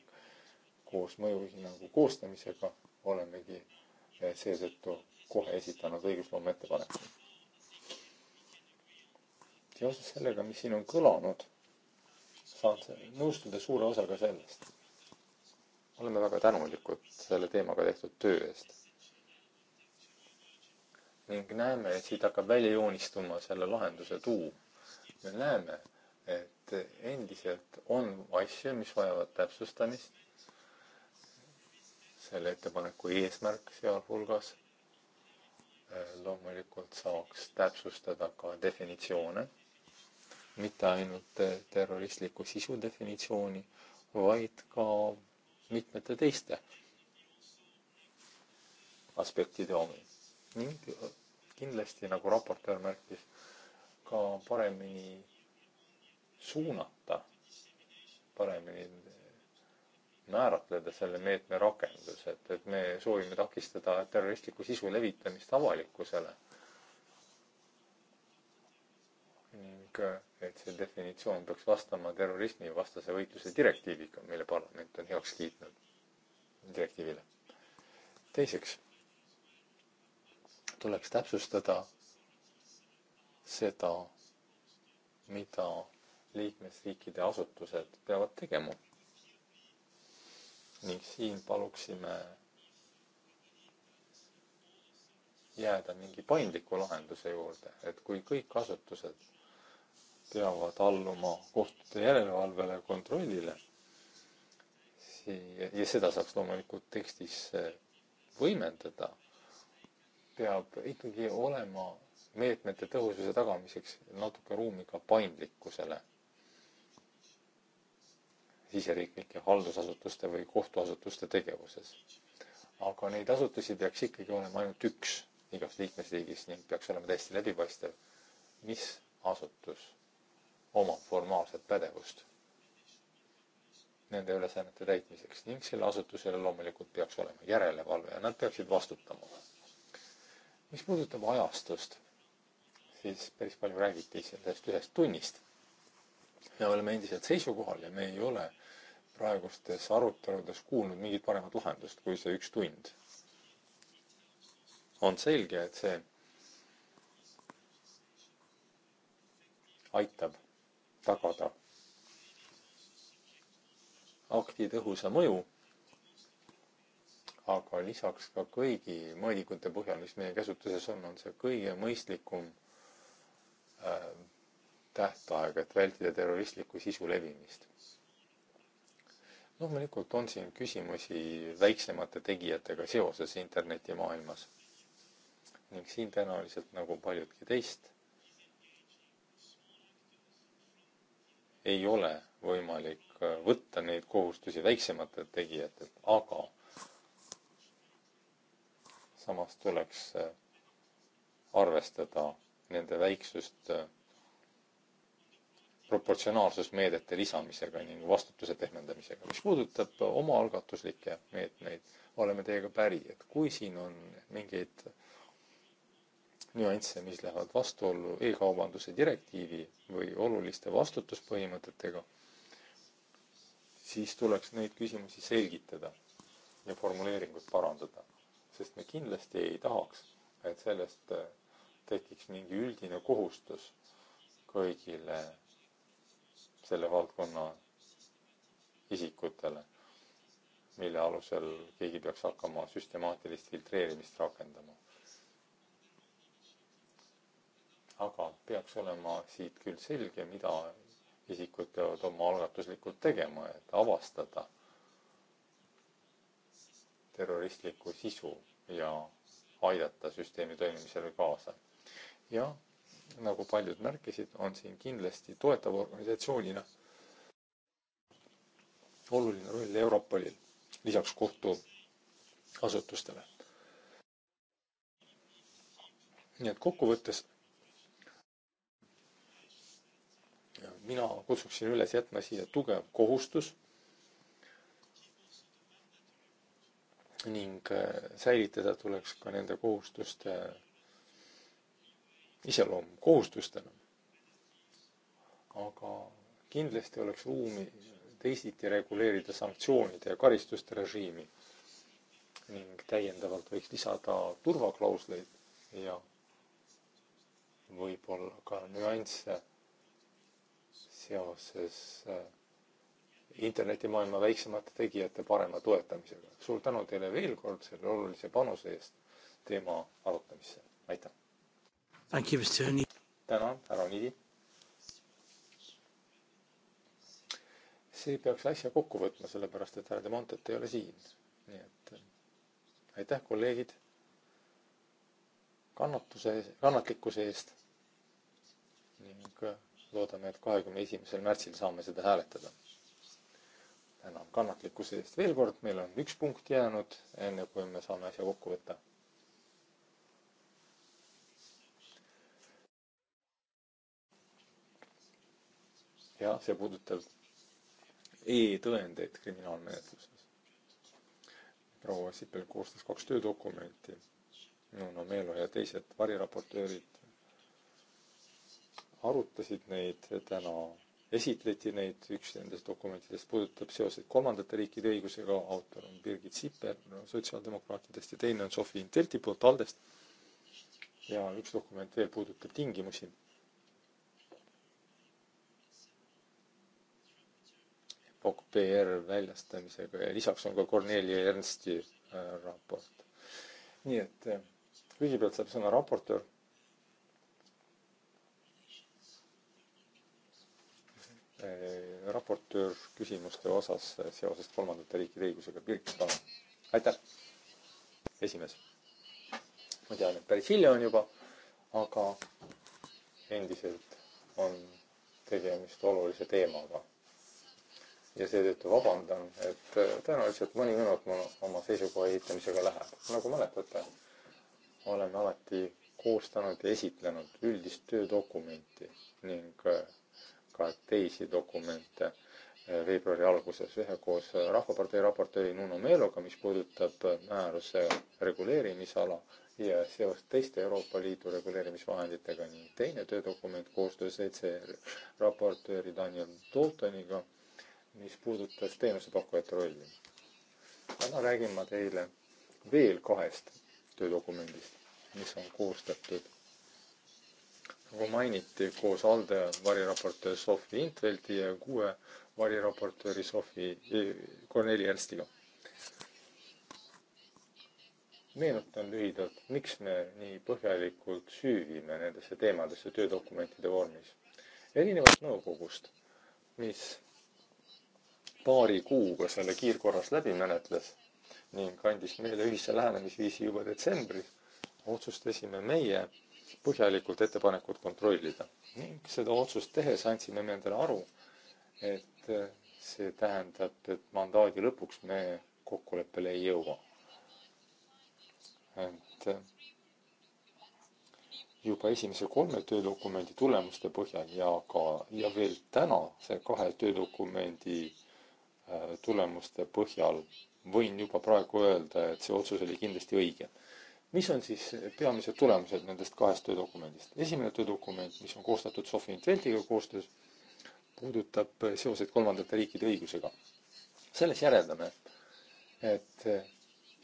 koos mõjuhinnangu koostamisega olemegi eh, seetõttu kohe esitanud õigusloome ettepaneku. seoses sellega, mis siin on kõlanud, saan nõustuda suure osaga sellest. oleme väga tänulikud selle teemaga tehtud töö eest ning näeme, et siit hakkab välja joonistuma selle lahenduse tuum me näeme, et endiselt on asju, mis vajavad täpsustamist. selle ettepaneku eesmärk sealhulgas äh, loomulikult saaks täpsustada ka definitsioone, mitte ainult äh, terroristliku sisu definitsiooni, vaid ka mitmete teiste aspektide omi ning kindlasti, nagu raportöör märkis ka paremini suunata, paremini määratleda selle meetme rakendus, et, et me soovime takistada terroristliku sisu levitamist avalikkusele. ning et see definitsioon peaks vastama terrorismivastase võitluse direktiiviga, mille parlament on heaks kiitnud, direktiivile. teiseks tuleks täpsustada seda, mida liikmesriikide asutused peavad tegema. ning siin paluksime jääda mingi paindliku lahenduse juurde, et kui kõik asutused peavad alluma kohtute järelevalvele ja kontrollile, ja seda saaks loomulikult tekstis võimendada, peab ikkagi olema meetmete tõhususe tagamiseks natuke ruumi ka paindlikkusele siseriiklike haldusasutuste või kohtuasutuste tegevuses. aga neid asutusi peaks ikkagi olema ainult üks igas liikmesriigis ning peaks olema täiesti läbipaistev, mis asutus omab formaalset pädevust nende ülesannete täitmiseks ning selle asutusele loomulikult peaks olema järelevalve ja nad peaksid vastutama. mis puudutab ajastust siis päris palju räägiti sellest ühest tunnist. me oleme endiselt seisukohal ja me ei ole praegustes aruteludes kuulnud mingit paremat lahendust kui see üks tund. on selge, et see aitab tagada akti tõhusa mõju, aga lisaks ka kõigi mõõdikute põhjal, mis meie käsutuses on, on see kõige mõistlikum Äh, tähtaega, et vältida terroristliku sisu levimist. loomulikult on siin küsimusi väiksemate tegijatega seoses internetimaailmas ning siin tõenäoliselt nagu paljudki teist ei ole võimalik äh, võtta neid kohustusi väiksematelt tegijatelt, aga samas tuleks äh, arvestada nende väiksust äh, proportsionaalsusmeedete lisamisega ning vastutuse pehmendamisega. mis puudutab omaalgatuslikke meetmeid, oleme teiega päri, et kui siin on mingeid nüansse, mis lähevad vastuollu e-kaubanduse direktiivi või oluliste vastutuspõhimõtetega, siis tuleks neid küsimusi selgitada ja formuleeringut parandada, sest me kindlasti ei tahaks, et sellest äh, tekiks mingi üldine kohustus kõigile selle valdkonna isikutele, mille alusel keegi peaks hakkama süstemaatilist filtreerimist rakendama. aga peaks olema siit küll selge, mida isikud peavad oma algatuslikult tegema, et avastada terroristlikku sisu ja aidata süsteemi toimimisele kaasa ja nagu paljud märkisid, on siin kindlasti toetava organisatsioonina oluline roll Europolil, lisaks kohtuasutustele. nii et kokkuvõttes mina kutsuksin üles jätma siia tugev kohustus ning äh, säilitada tuleks ka nende kohustuste iseloomu kohustustena. aga kindlasti oleks ruumi teisiti reguleerida sanktsioonide ja karistuste režiimi ning täiendavalt võiks lisada turvaklausleid ja võib-olla ka nüansse seoses äh, internetimaailma väiksemate tegijate parema toetamisega. suur tänu teile veel kord selle olulise panuse eest teema arutamisse, aitäh! tänan, härra Niidi. see peaks asja kokku võtma, sellepärast et härra Demontet ei ole siin. nii et äh, aitäh, kolleegid, kannatuse, kannatlikkuse eest ning äh, loodame, et kahekümne esimesel märtsil saame seda hääletada. tänan kannatlikkuse eest veel kord, meil on üks punkt jäänud, enne kui me saame asja kokku võtta ja see puudutab e-tõendeid kriminaalmenetluses. proua Sipel koostas kaks töödokumenti, Nuno Meelo ja teised variraportöörid arutasid neid täna, esitleti neid, üks nendest dokumentidest puudutab seoseid kolmandate riikide õigusega, autor on Birgit Sipel no, sotsiaaldemokraatidest ja teine on Sofi Interti poolt Aldest. ja üks dokument veel puudutab tingimusi OCPR väljastamisega ja lisaks on ka Kornelia Ernsti äh, raport. nii et äh, kõigepealt saab sõna raportöör. Äh, raportöör küsimuste osas seoses kolmandate riikide õigusega, Birgit, palun. aitäh, esimees. ma tean, et päris hilja on juba, aga endiselt on tegemist olulise teemaga ja seetõttu vabandan, et äh, tõenäoliselt mõni minut mul oma seisukoha esitamisega läheb. nagu mäletate, oleme alati koostanud ja esitlenud üldist töödokumenti ning äh, ka teisi dokumente äh, veebruari alguses ühekoos Rahvapartei raportööri Nuno Meeloga, mis puudutab määruse reguleerimisala ja seost teiste Euroopa Liidu reguleerimisvahenditega ning teine töödokument koostöös ECR raportööri Daniel Daltoniga mis puudutas teenusepakkujate rolli. täna räägin ma teile veel kahest töödokumendist, mis on koostatud. nagu mainiti, koos ALDE variraportöör Sofi Intveldi ja kuue variraportööri Sofi Korneli Ernstiga. meenutan lühidalt, miks me nii põhjalikult süüvime nendesse teemadesse töödokumentide vormis. erinevalt nõukogust, mis paari kuuga selle kiirkorras läbi menetles ning andis meile ühise lähenemisviisi juba detsembris, otsustasime meie põhjalikult ettepanekut kontrollida ning seda otsust tehes andsime me endale aru, et äh, see tähendab, et mandaadi lõpuks me kokkuleppele ei jõua. et äh, juba esimese kolme töödokumendi tulemuste põhjal ja ka, ja veel tänase kahe töödokumendi Äh, tulemuste põhjal võin juba praegu öelda, et see otsus oli kindlasti õige. mis on siis peamised tulemused nendest kahest töödokumendist? esimene töödokument, mis on koostatud Sofi Intveldiga koostöös, puudutab seoseid kolmandate riikide õigusega. selles järeldame, et eh,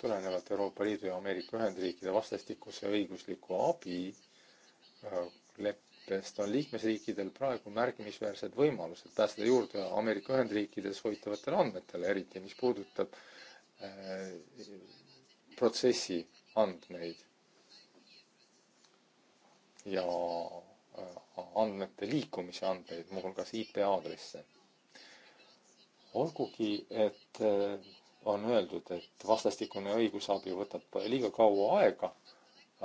tulenevalt Euroopa Liidu ja Ameerika Ühendriikide vastastikuse õigusliku abi eh, lep-, küljest on liikmesriikidel praegu märkimisväärsed võimalused pääseda juurde Ameerika Ühendriikides hoitavatele andmetele, eriti mis puudutab äh, protsessi andmeid ja äh, andmete liikumise andmeid, muuhulgas IP aadresse. olgugi, et äh, on öeldud, et vastastikune õigusabi võtab liiga kaua aega,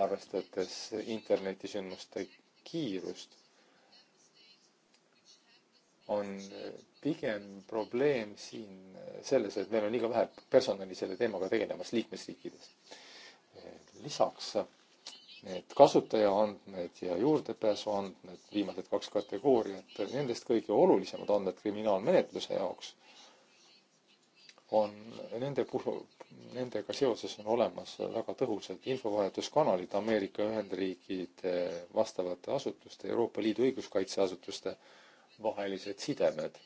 arvestades internetisündmuste kiirust, on äh, pigem probleem siin äh, selles, et meil on liiga vähe personali selle teemaga tegelemas liikmesriikides. Äh, lisaks need kasutajaandmed ja juurdepääsuandmed, viimased kaks kategooriat, nendest kõige olulisemad andmed kriminaalmenetluse jaoks on nende puhul, nendega seoses on olemas väga tõhusad infovahetuskanalid Ameerika Ühendriikide vastavate asutuste, Euroopa Liidu õiguskaitseasutuste vahelised sidemed.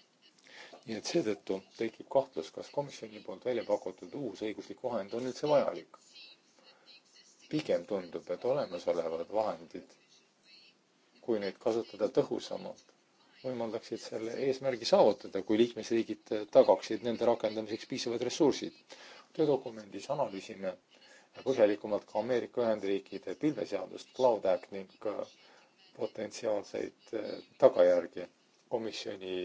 nii et seetõttu tekib kahtlus, kas komisjoni poolt välja pakutud uus õiguslik vahend on üldse vajalik. pigem tundub, et olemasolevad vahendid, kui neid kasutada tõhusamalt, võimaldaksid selle eesmärgi saavutada, kui liikmesriigid tagaksid nende rakendamiseks piisavad ressursid töödokumendis analüüsime põhjalikumalt ka Ameerika Ühendriikide pilveseadust Cloud Act ning potentsiaalseid eh, tagajärgi komisjoni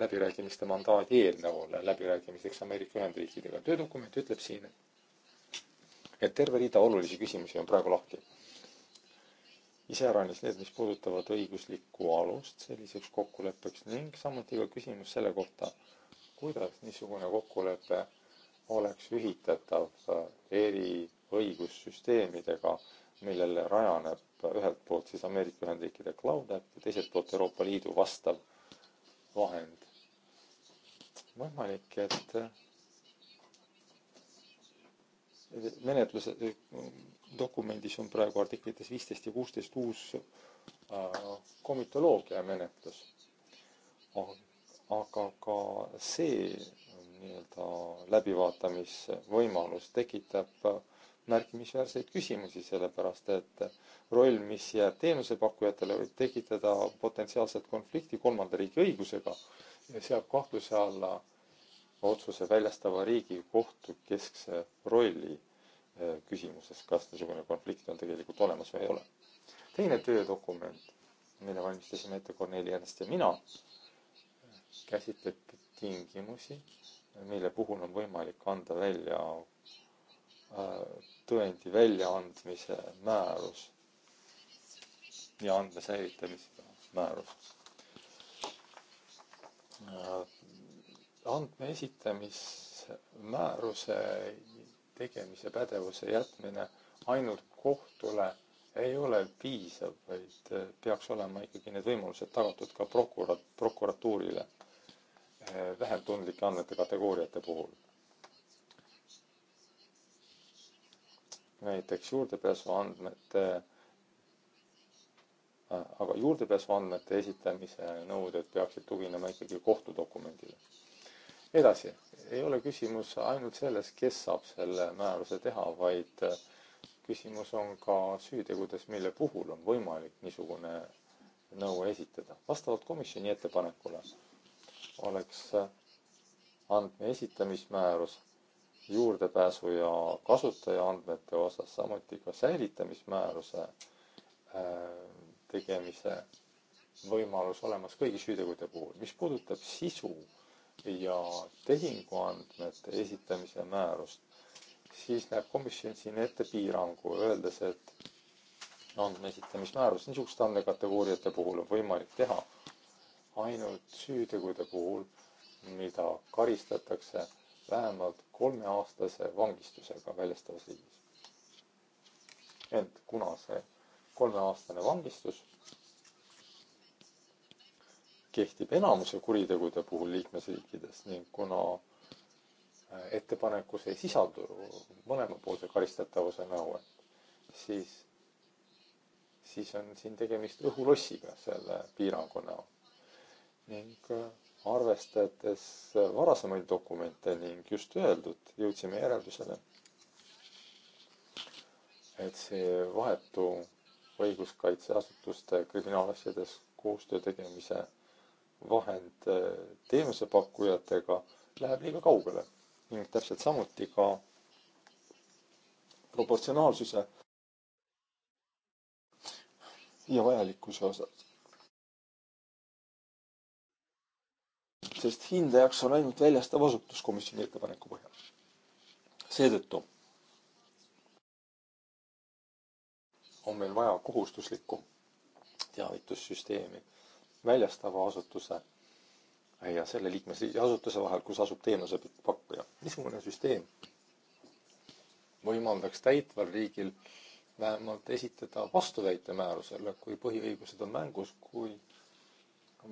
läbirääkimiste mandaadi eelnõule läbirääkimiseks Ameerika Ühendriikidega. töödokument ütleb siin, et terve rida olulisi küsimusi on praegu lahti. iseäranis need, mis puudutavad õiguslikku alust selliseks kokkuleppeks ning samuti ka küsimus selle kohta, kuidas niisugune kokkulepe oleks ühitatav eri õigussüsteemidega, millele rajaneb ühelt poolt siis Ameerika Ühendriikide Cloud Act ja teiselt poolt Euroopa Liidu vastav vahend. võimalik, et eh, menetluse eh, dokumendis on praegu artiklites viisteist ja kuusteist uus eh, komitoloogia menetlus. aga ka see nii-öelda läbivaatamisvõimalus tekitab märkimisväärseid küsimusi, sellepärast et roll, mis jääb teenusepakkujatele, võib tekitada potentsiaalset konflikti kolmanda riigi õigusega ja seab kahtluse alla otsuse väljastava riigi kohtukeskse rolli eh, küsimuses, kas niisugune konflikt on tegelikult olemas või ei ole. teine töödokument, mille valmistasime ette Korneli Ernst ja mina, käsitleb tingimusi, mille puhul on võimalik anda välja äh, tõendi väljaandmise määrus ja andme säilitamise määrus. Äh, andme esitamismääruse tegemise pädevuse jätmine ainult kohtule ei ole piisav, vaid äh, peaks olema ikkagi need võimalused tagatud ka prokurat-, prokuratuurile Eh, vähem tundlike andmete kategooriate puhul. näiteks juurdepääsu andmete, ah, aga juurdepääsu andmete esitamise nõuded peaksid tuginema ikkagi kohtudokumendile. edasi, ei ole küsimus ainult selles, kes saab selle määruse teha, vaid eh, küsimus on ka süütegudes, mille puhul on võimalik niisugune nõue esitada vastavalt komisjoni ettepanekule oleks äh, andme esitamismäärus juurdepääsu ja kasutajaandmete osas, samuti ka säilitamismääruse äh, tegemise võimalus olemas kõigi süütegude puhul. mis puudutab sisu ja tehinguandmete esitamise määrust, siis näeb komisjon siin ette piirangu, öeldes, et andme esitamismäärus niisuguste andmekategooriate puhul on võimalik teha ainult süütegude puhul, mida karistatakse vähemalt kolmeaastase vangistusega väljastavas riigis. ent kuna see kolmeaastane vangistus kehtib enamuse kuritegude puhul liikmesriikides ning kuna äh, ettepanekus ei sisaldu mõlemapoolse karistatavuse nõuet, siis, siis on siin tegemist õhulossiga selle piirangu näol ning äh, arvestades äh, varasemaid dokumente ning just öeldut, jõudsime järeldusele, et see vahetu õiguskaitseasutuste kriminaalasjades koostöö tegemise vahend äh, teenusepakkujatega läheb liiga kaugele ning täpselt samuti ka proportsionaalsuse ja vajalikkuse osas sest hindajaks on ainult väljastav asutus komisjoni ettepaneku põhjal. seetõttu on meil vaja kohustuslikku teavitussüsteemi väljastava asutuse ja selle liikmesriigi asutuse vahel, kus asub teenusepakkuja. niisugune süsteem võimaldaks täitval riigil vähemalt esitada vastuväite määrusele, kui põhiõigused on mängus, kuid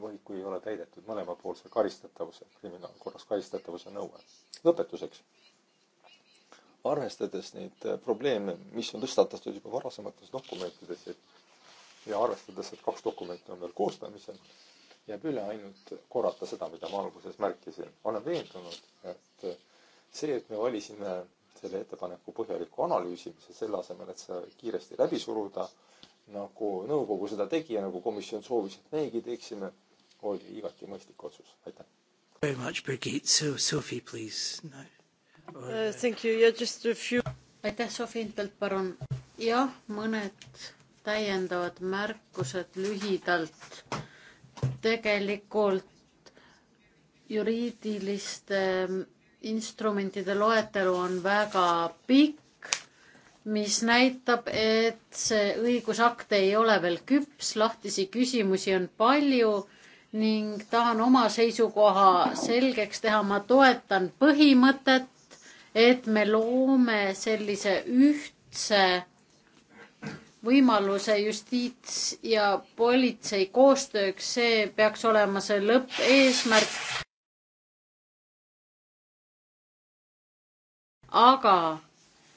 või kui ei ole täidetud mõlemapoolse karistatavuse, kriminaalkorras karistatavuse nõue. lõpetuseks, arvestades neid äh, probleeme, mis on tõstatatud juba varasemates dokumentides, et ja arvestades, et kaks dokumenti on veel koostamisel, jääb üle ainult korrata seda, mida ma alguses märkisin. olen veendunud, et äh, see, et me valisime selle ettepaneku põhjaliku analüüsimise, selle asemel, et see kiiresti läbi suruda, nagu nõukogu seda tegi ja nagu komisjon soovis, et meiegi teeksime, oli igati mõistlik otsus, aitäh. Very much Birgit, so Sophie please no.. Uh, uh, thank you, yeah just a few. aitäh, Sofi Intelt, palun. jah, mõned täiendavad märkused lühidalt. tegelikult juriidiliste mm, instrumentide loetelu on väga pikk, mis näitab, et see õigusakt ei ole veel küps, lahtisi küsimusi on palju ning tahan oma seisukoha selgeks teha, ma toetan põhimõtet, et me loome sellise ühtse võimaluse justiits ja politsei koostööks, see peaks olema see lõppeesmärk. aga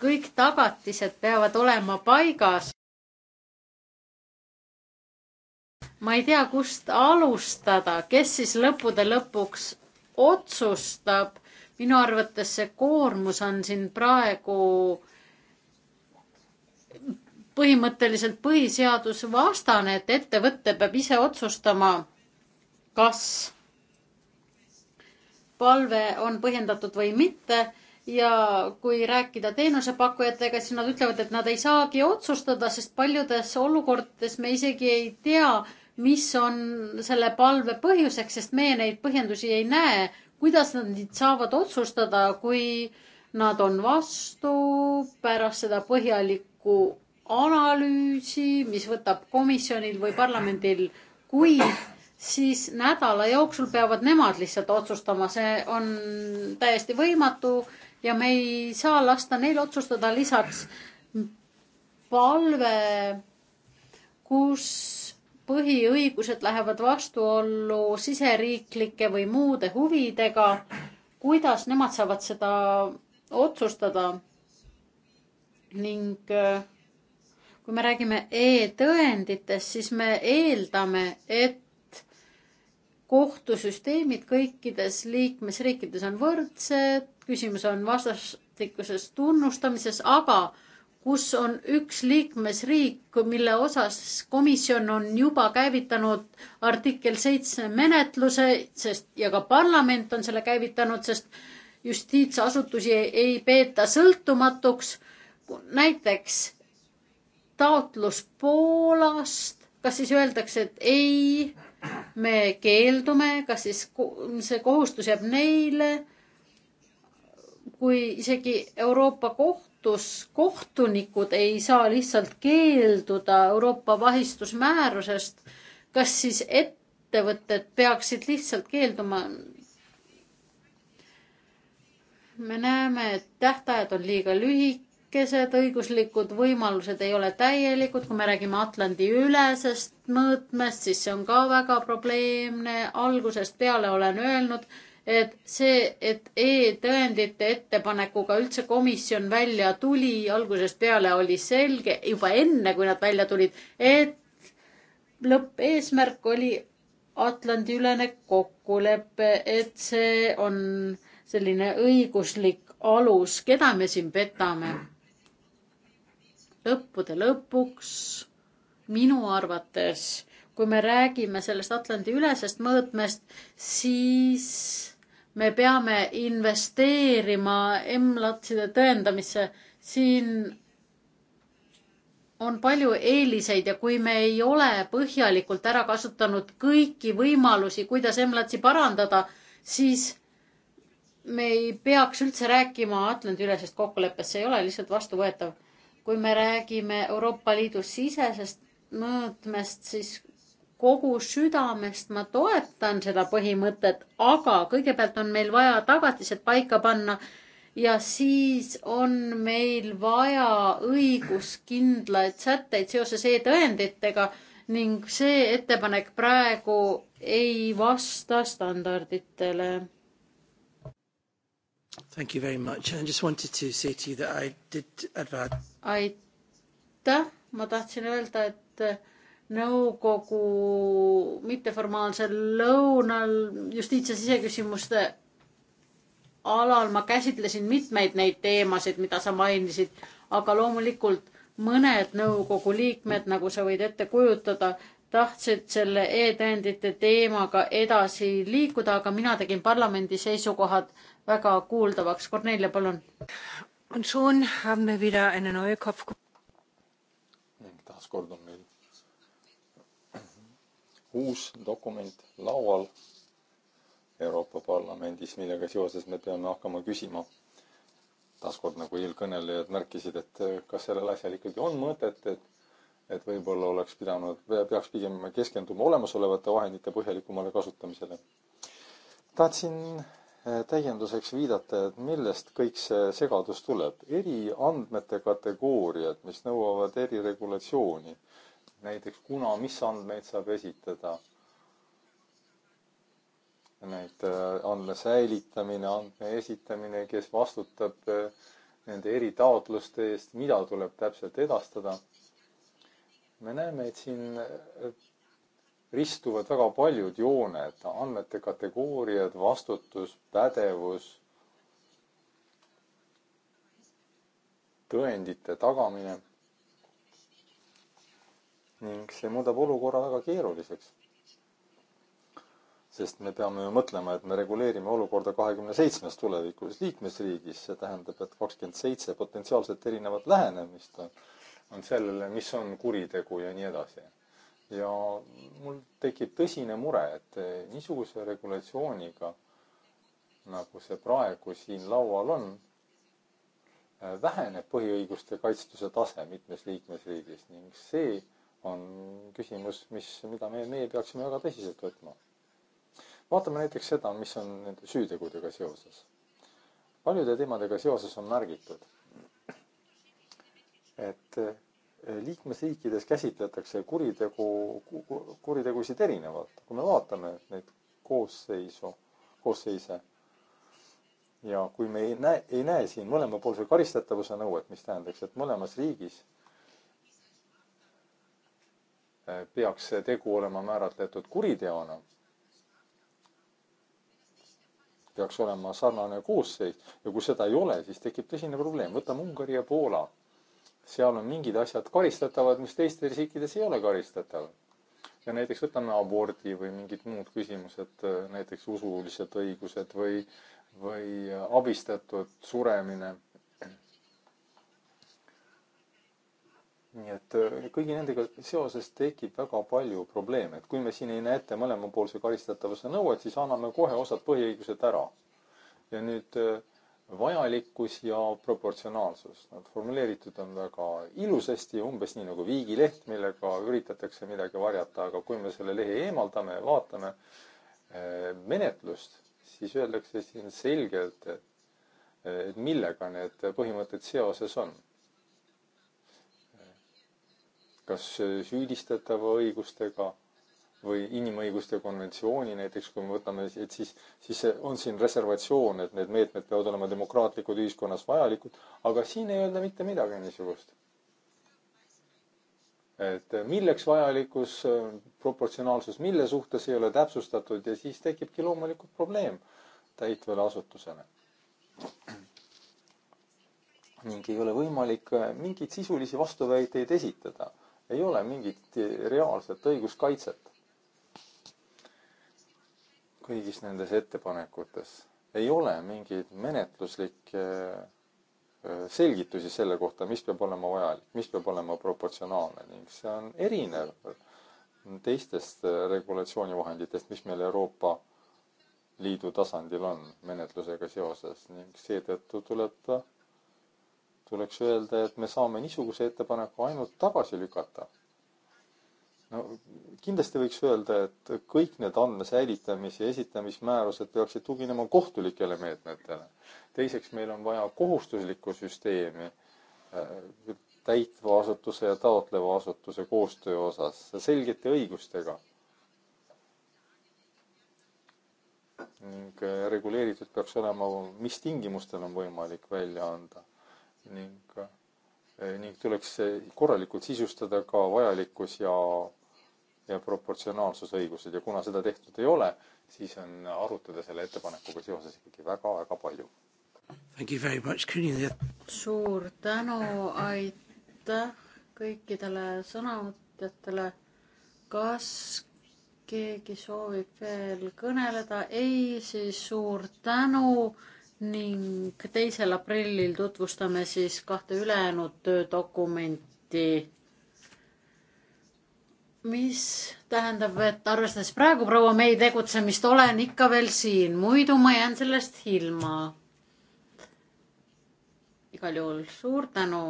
kõik tagatised peavad olema paigas. ma ei tea, kust alustada, kes siis lõppude lõpuks otsustab. minu arvates see koormus on siin praegu põhimõtteliselt põhiseadusvastane, et ettevõte peab ise otsustama, kas palve on põhjendatud või mitte ja kui rääkida teenusepakkujatega, siis nad ütlevad, et nad ei saagi otsustada, sest paljudes olukordades me isegi ei tea, mis on selle palve põhjuseks, sest meie neid põhjendusi ei näe. kuidas nad nüüd saavad otsustada, kui nad on vastu pärast seda põhjalikku analüüsi, mis võtab komisjonil või parlamendil kuid, siis nädala jooksul peavad nemad lihtsalt otsustama, see on täiesti võimatu ja me ei saa lasta neil otsustada lisaks palve, kus põhiõigused lähevad vastuollu siseriiklike või muude huvidega, kuidas nemad saavad seda otsustada? ning äh, kui me räägime e-tõenditest, siis me eeldame, et kohtusüsteemid kõikides liikmesriikides on võrdsed, küsimus on vastastikuses tunnustamises, aga kus on üks liikmesriik, mille osas komisjon on juba käivitanud artikkel seitse menetluse, sest ja ka parlament on selle käivitanud, sest justiitsasutusi ei, ei peeta sõltumatuks. näiteks taotlus Poolast, kas siis öeldakse, et ei, me keeldume, kas siis see kohustus jääb neile? kui isegi Euroopa kohus vahistuskohtunikud ei saa lihtsalt keelduda Euroopa vahistusmäärusest, kas siis ettevõtted peaksid lihtsalt keelduma? me näeme, et tähtajad on liiga lühikesed, õiguslikud võimalused ei ole täielikud, kui me räägime Atlandi ülesest mõõtmest, siis see on ka väga probleemne. algusest peale olen öelnud et see, et e-tõendite ettepanekuga üldse komisjon välja tuli, algusest peale oli selge, juba enne, kui nad välja tulid, et lõppeesmärk oli Atlandi-ülene kokkulepe, et see on selline õiguslik alus, keda me siin petame. lõppude lõpuks minu arvates, kui me räägime sellest Atlandi-ülesest mõõtmest, siis me peame investeerima M-latside tõendamisse. siin on palju eeliseid ja kui me ei ole põhjalikult ära kasutanud kõiki võimalusi, kuidas M-latsi parandada, siis me ei peaks üldse rääkima Atlandi-ülesest kokkuleppest, see ei ole lihtsalt vastuvõetav. kui me räägime Euroopa Liidu sisesest mõõtmest, siis kogu südamest ma toetan seda põhimõtet, aga kõigepealt on meil vaja tagatised paika panna ja siis on meil vaja õiguskindlaid sätteid seoses e-tõenditega ning see ettepanek praegu ei vasta standarditele. Thank you very much and I just wanted to say to you that I did advance. aitäh, ma tahtsin öelda, et nõukogu mitteformaalsel lõunal justiits- ja siseküsimuste alal ma käsitlesin mitmeid neid teemasid, mida sa mainisid, aga loomulikult mõned nõukogu liikmed, nagu sa võid ette kujutada, tahtsid selle e-tõendite teemaga edasi liikuda, aga mina tegin parlamendi seisukohad väga kuuldavaks. Kornelia, palun. ning taas kord on uus dokument laual Euroopa Parlamendis, millega seoses me peame hakkama küsima, taaskord nagu eelkõnelejad märkisid, et eh, kas sellel asjal ikkagi on mõtet, et et võib-olla oleks pidanud, peaks pigem keskenduma olemasolevate vahendite põhjalikumale kasutamisele. tahtsin eh, täienduseks viidata, et millest kõik see segadus tuleb. eriandmete kategooriad, mis nõuavad eriregulatsiooni näiteks kuna, mis andmeid saab esitada. Neid äh, andme säilitamine, andme esitamine, kes vastutab äh, nende eritaotluste eest, mida tuleb täpselt edastada. me näeme, et siin äh, ristuvad väga paljud jooned, andmete kategooriad, vastutus, pädevus, tõendite tagamine ning see muudab olukorra väga keeruliseks. sest me peame ju mõtlema, et me reguleerime olukorda kahekümne seitsmes tulevikus liikmesriigis, see tähendab, et kakskümmend seitse potentsiaalselt erinevat lähenemist on, on sellele, mis on kuritegu ja nii edasi ja mul tekib tõsine mure, et niisuguse regulatsiooniga, nagu see praegu siin laual on, väheneb põhiõiguste kaitstuse tase mitmes liikmesriigis ning see on küsimus, mis, mida me, meie peaksime väga tõsiselt võtma. vaatame näiteks seda, mis on nende süütegudega seoses. paljude teemadega seoses on märgitud, et eh, liikmesriikides käsitletakse kuritegu, kuritegusid erinevalt. kui me vaatame neid koosseisu, koosseise ja kui me ei näe, ei näe siin mõlemapoolse karistatavuse nõuet, mis tähendaks, et mõlemas riigis peaks see tegu olema määratletud kuriteona, peaks olema sarnane koosseis ja kui seda ei ole, siis tekib tõsine probleem. võtame Ungari ja Poola. seal on mingid asjad karistatavad, mis teistes riikides ei ole karistatavad. ja näiteks võtame abordi või mingid muud küsimused, näiteks usulised õigused või, või abistatud suremine nii et äh, kõigi nendega seoses tekib väga palju probleeme, et kui me siin ei näe ette mõlemapoolse karistatavuse nõuet, siis anname kohe osad põhiõigused ära. ja nüüd äh, vajalikkus ja proportsionaalsus, nad formuleeritud on väga ilusasti, umbes nii nagu viigileht, millega üritatakse midagi varjata, aga kui me selle lehe eemaldame ja vaatame äh, menetlust, siis öeldakse siin selgelt, et millega need põhimõtted seoses on kas äh, süüdistatava õigustega või inimõiguste konventsiooni näiteks, kui me võtame, et siis, siis on siin reservatsioon, et need meetmed peavad olema demokraatlikud ühiskonnas vajalikud, aga siin ei öelda mitte midagi niisugust. et äh, milleks vajalikkus, äh, proportsionaalsus, mille suhtes ei ole täpsustatud ja siis tekibki loomulikult probleem täitvale asutusele. ning ei ole võimalik mingeid sisulisi vastuväiteid esitada ei ole mingit e, reaalset õiguskaitset kõigis nendes ettepanekutes. ei ole mingeid menetluslikke e, selgitusi selle kohta, mis peab olema vajalik, mis peab olema proportsionaalne ning see on erinev teistest e, regulatsioonivahenditest, mis meil Euroopa Liidu tasandil on menetlusega seoses ning seetõttu tuleb tuleks öelda, et me saame niisuguse ettepaneku ainult tagasi lükata. no kindlasti võiks öelda, et kõik need andme säilitamise ja esitamismäärused peaksid tuginema kohtulikele meetmetele. teiseks, meil on vaja kohustuslikku süsteemi äh, täitva asutuse ja taotleva asutuse koostöö osas selgete õigustega. ning äh, reguleeritud peaks olema, mis tingimustel on võimalik välja anda ning, eh, eh, ning tuleks korralikult sisustada ka vajalikkus ja, ja proportsionaalsusõigused ja kuna seda tehtud ei ole, siis on arutada selle ettepanekuga seoses ikkagi väga-väga palju. suur tänu, aitäh kõikidele sõnavõtjatele. kas keegi soovib veel kõneleda? ei, siis suur tänu ning teisel aprillil tutvustame siis kahte ülejäänud töödokumenti, mis tähendab, et arvestades praegu proua May tegutsemist, olen ikka veel siin, muidu ma jään sellest ilma. igal juhul suur tänu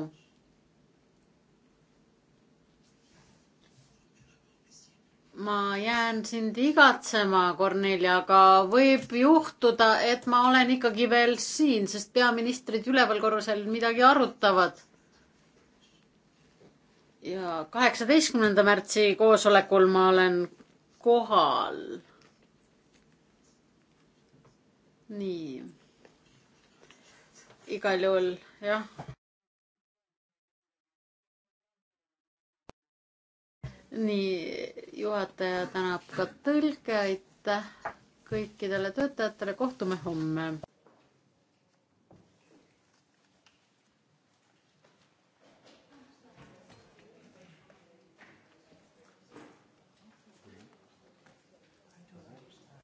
ma jään sind igatsema, Kornelia, aga võib juhtuda, et ma olen ikkagi veel siin, sest peaministrid üleval korrusel midagi arutavad. ja kaheksateistkümnenda märtsi koosolekul ma olen kohal. nii. igal juhul jah. nii juhataja tänab ka tõlge, aitäh kõikidele töötajatele, kohtume homme.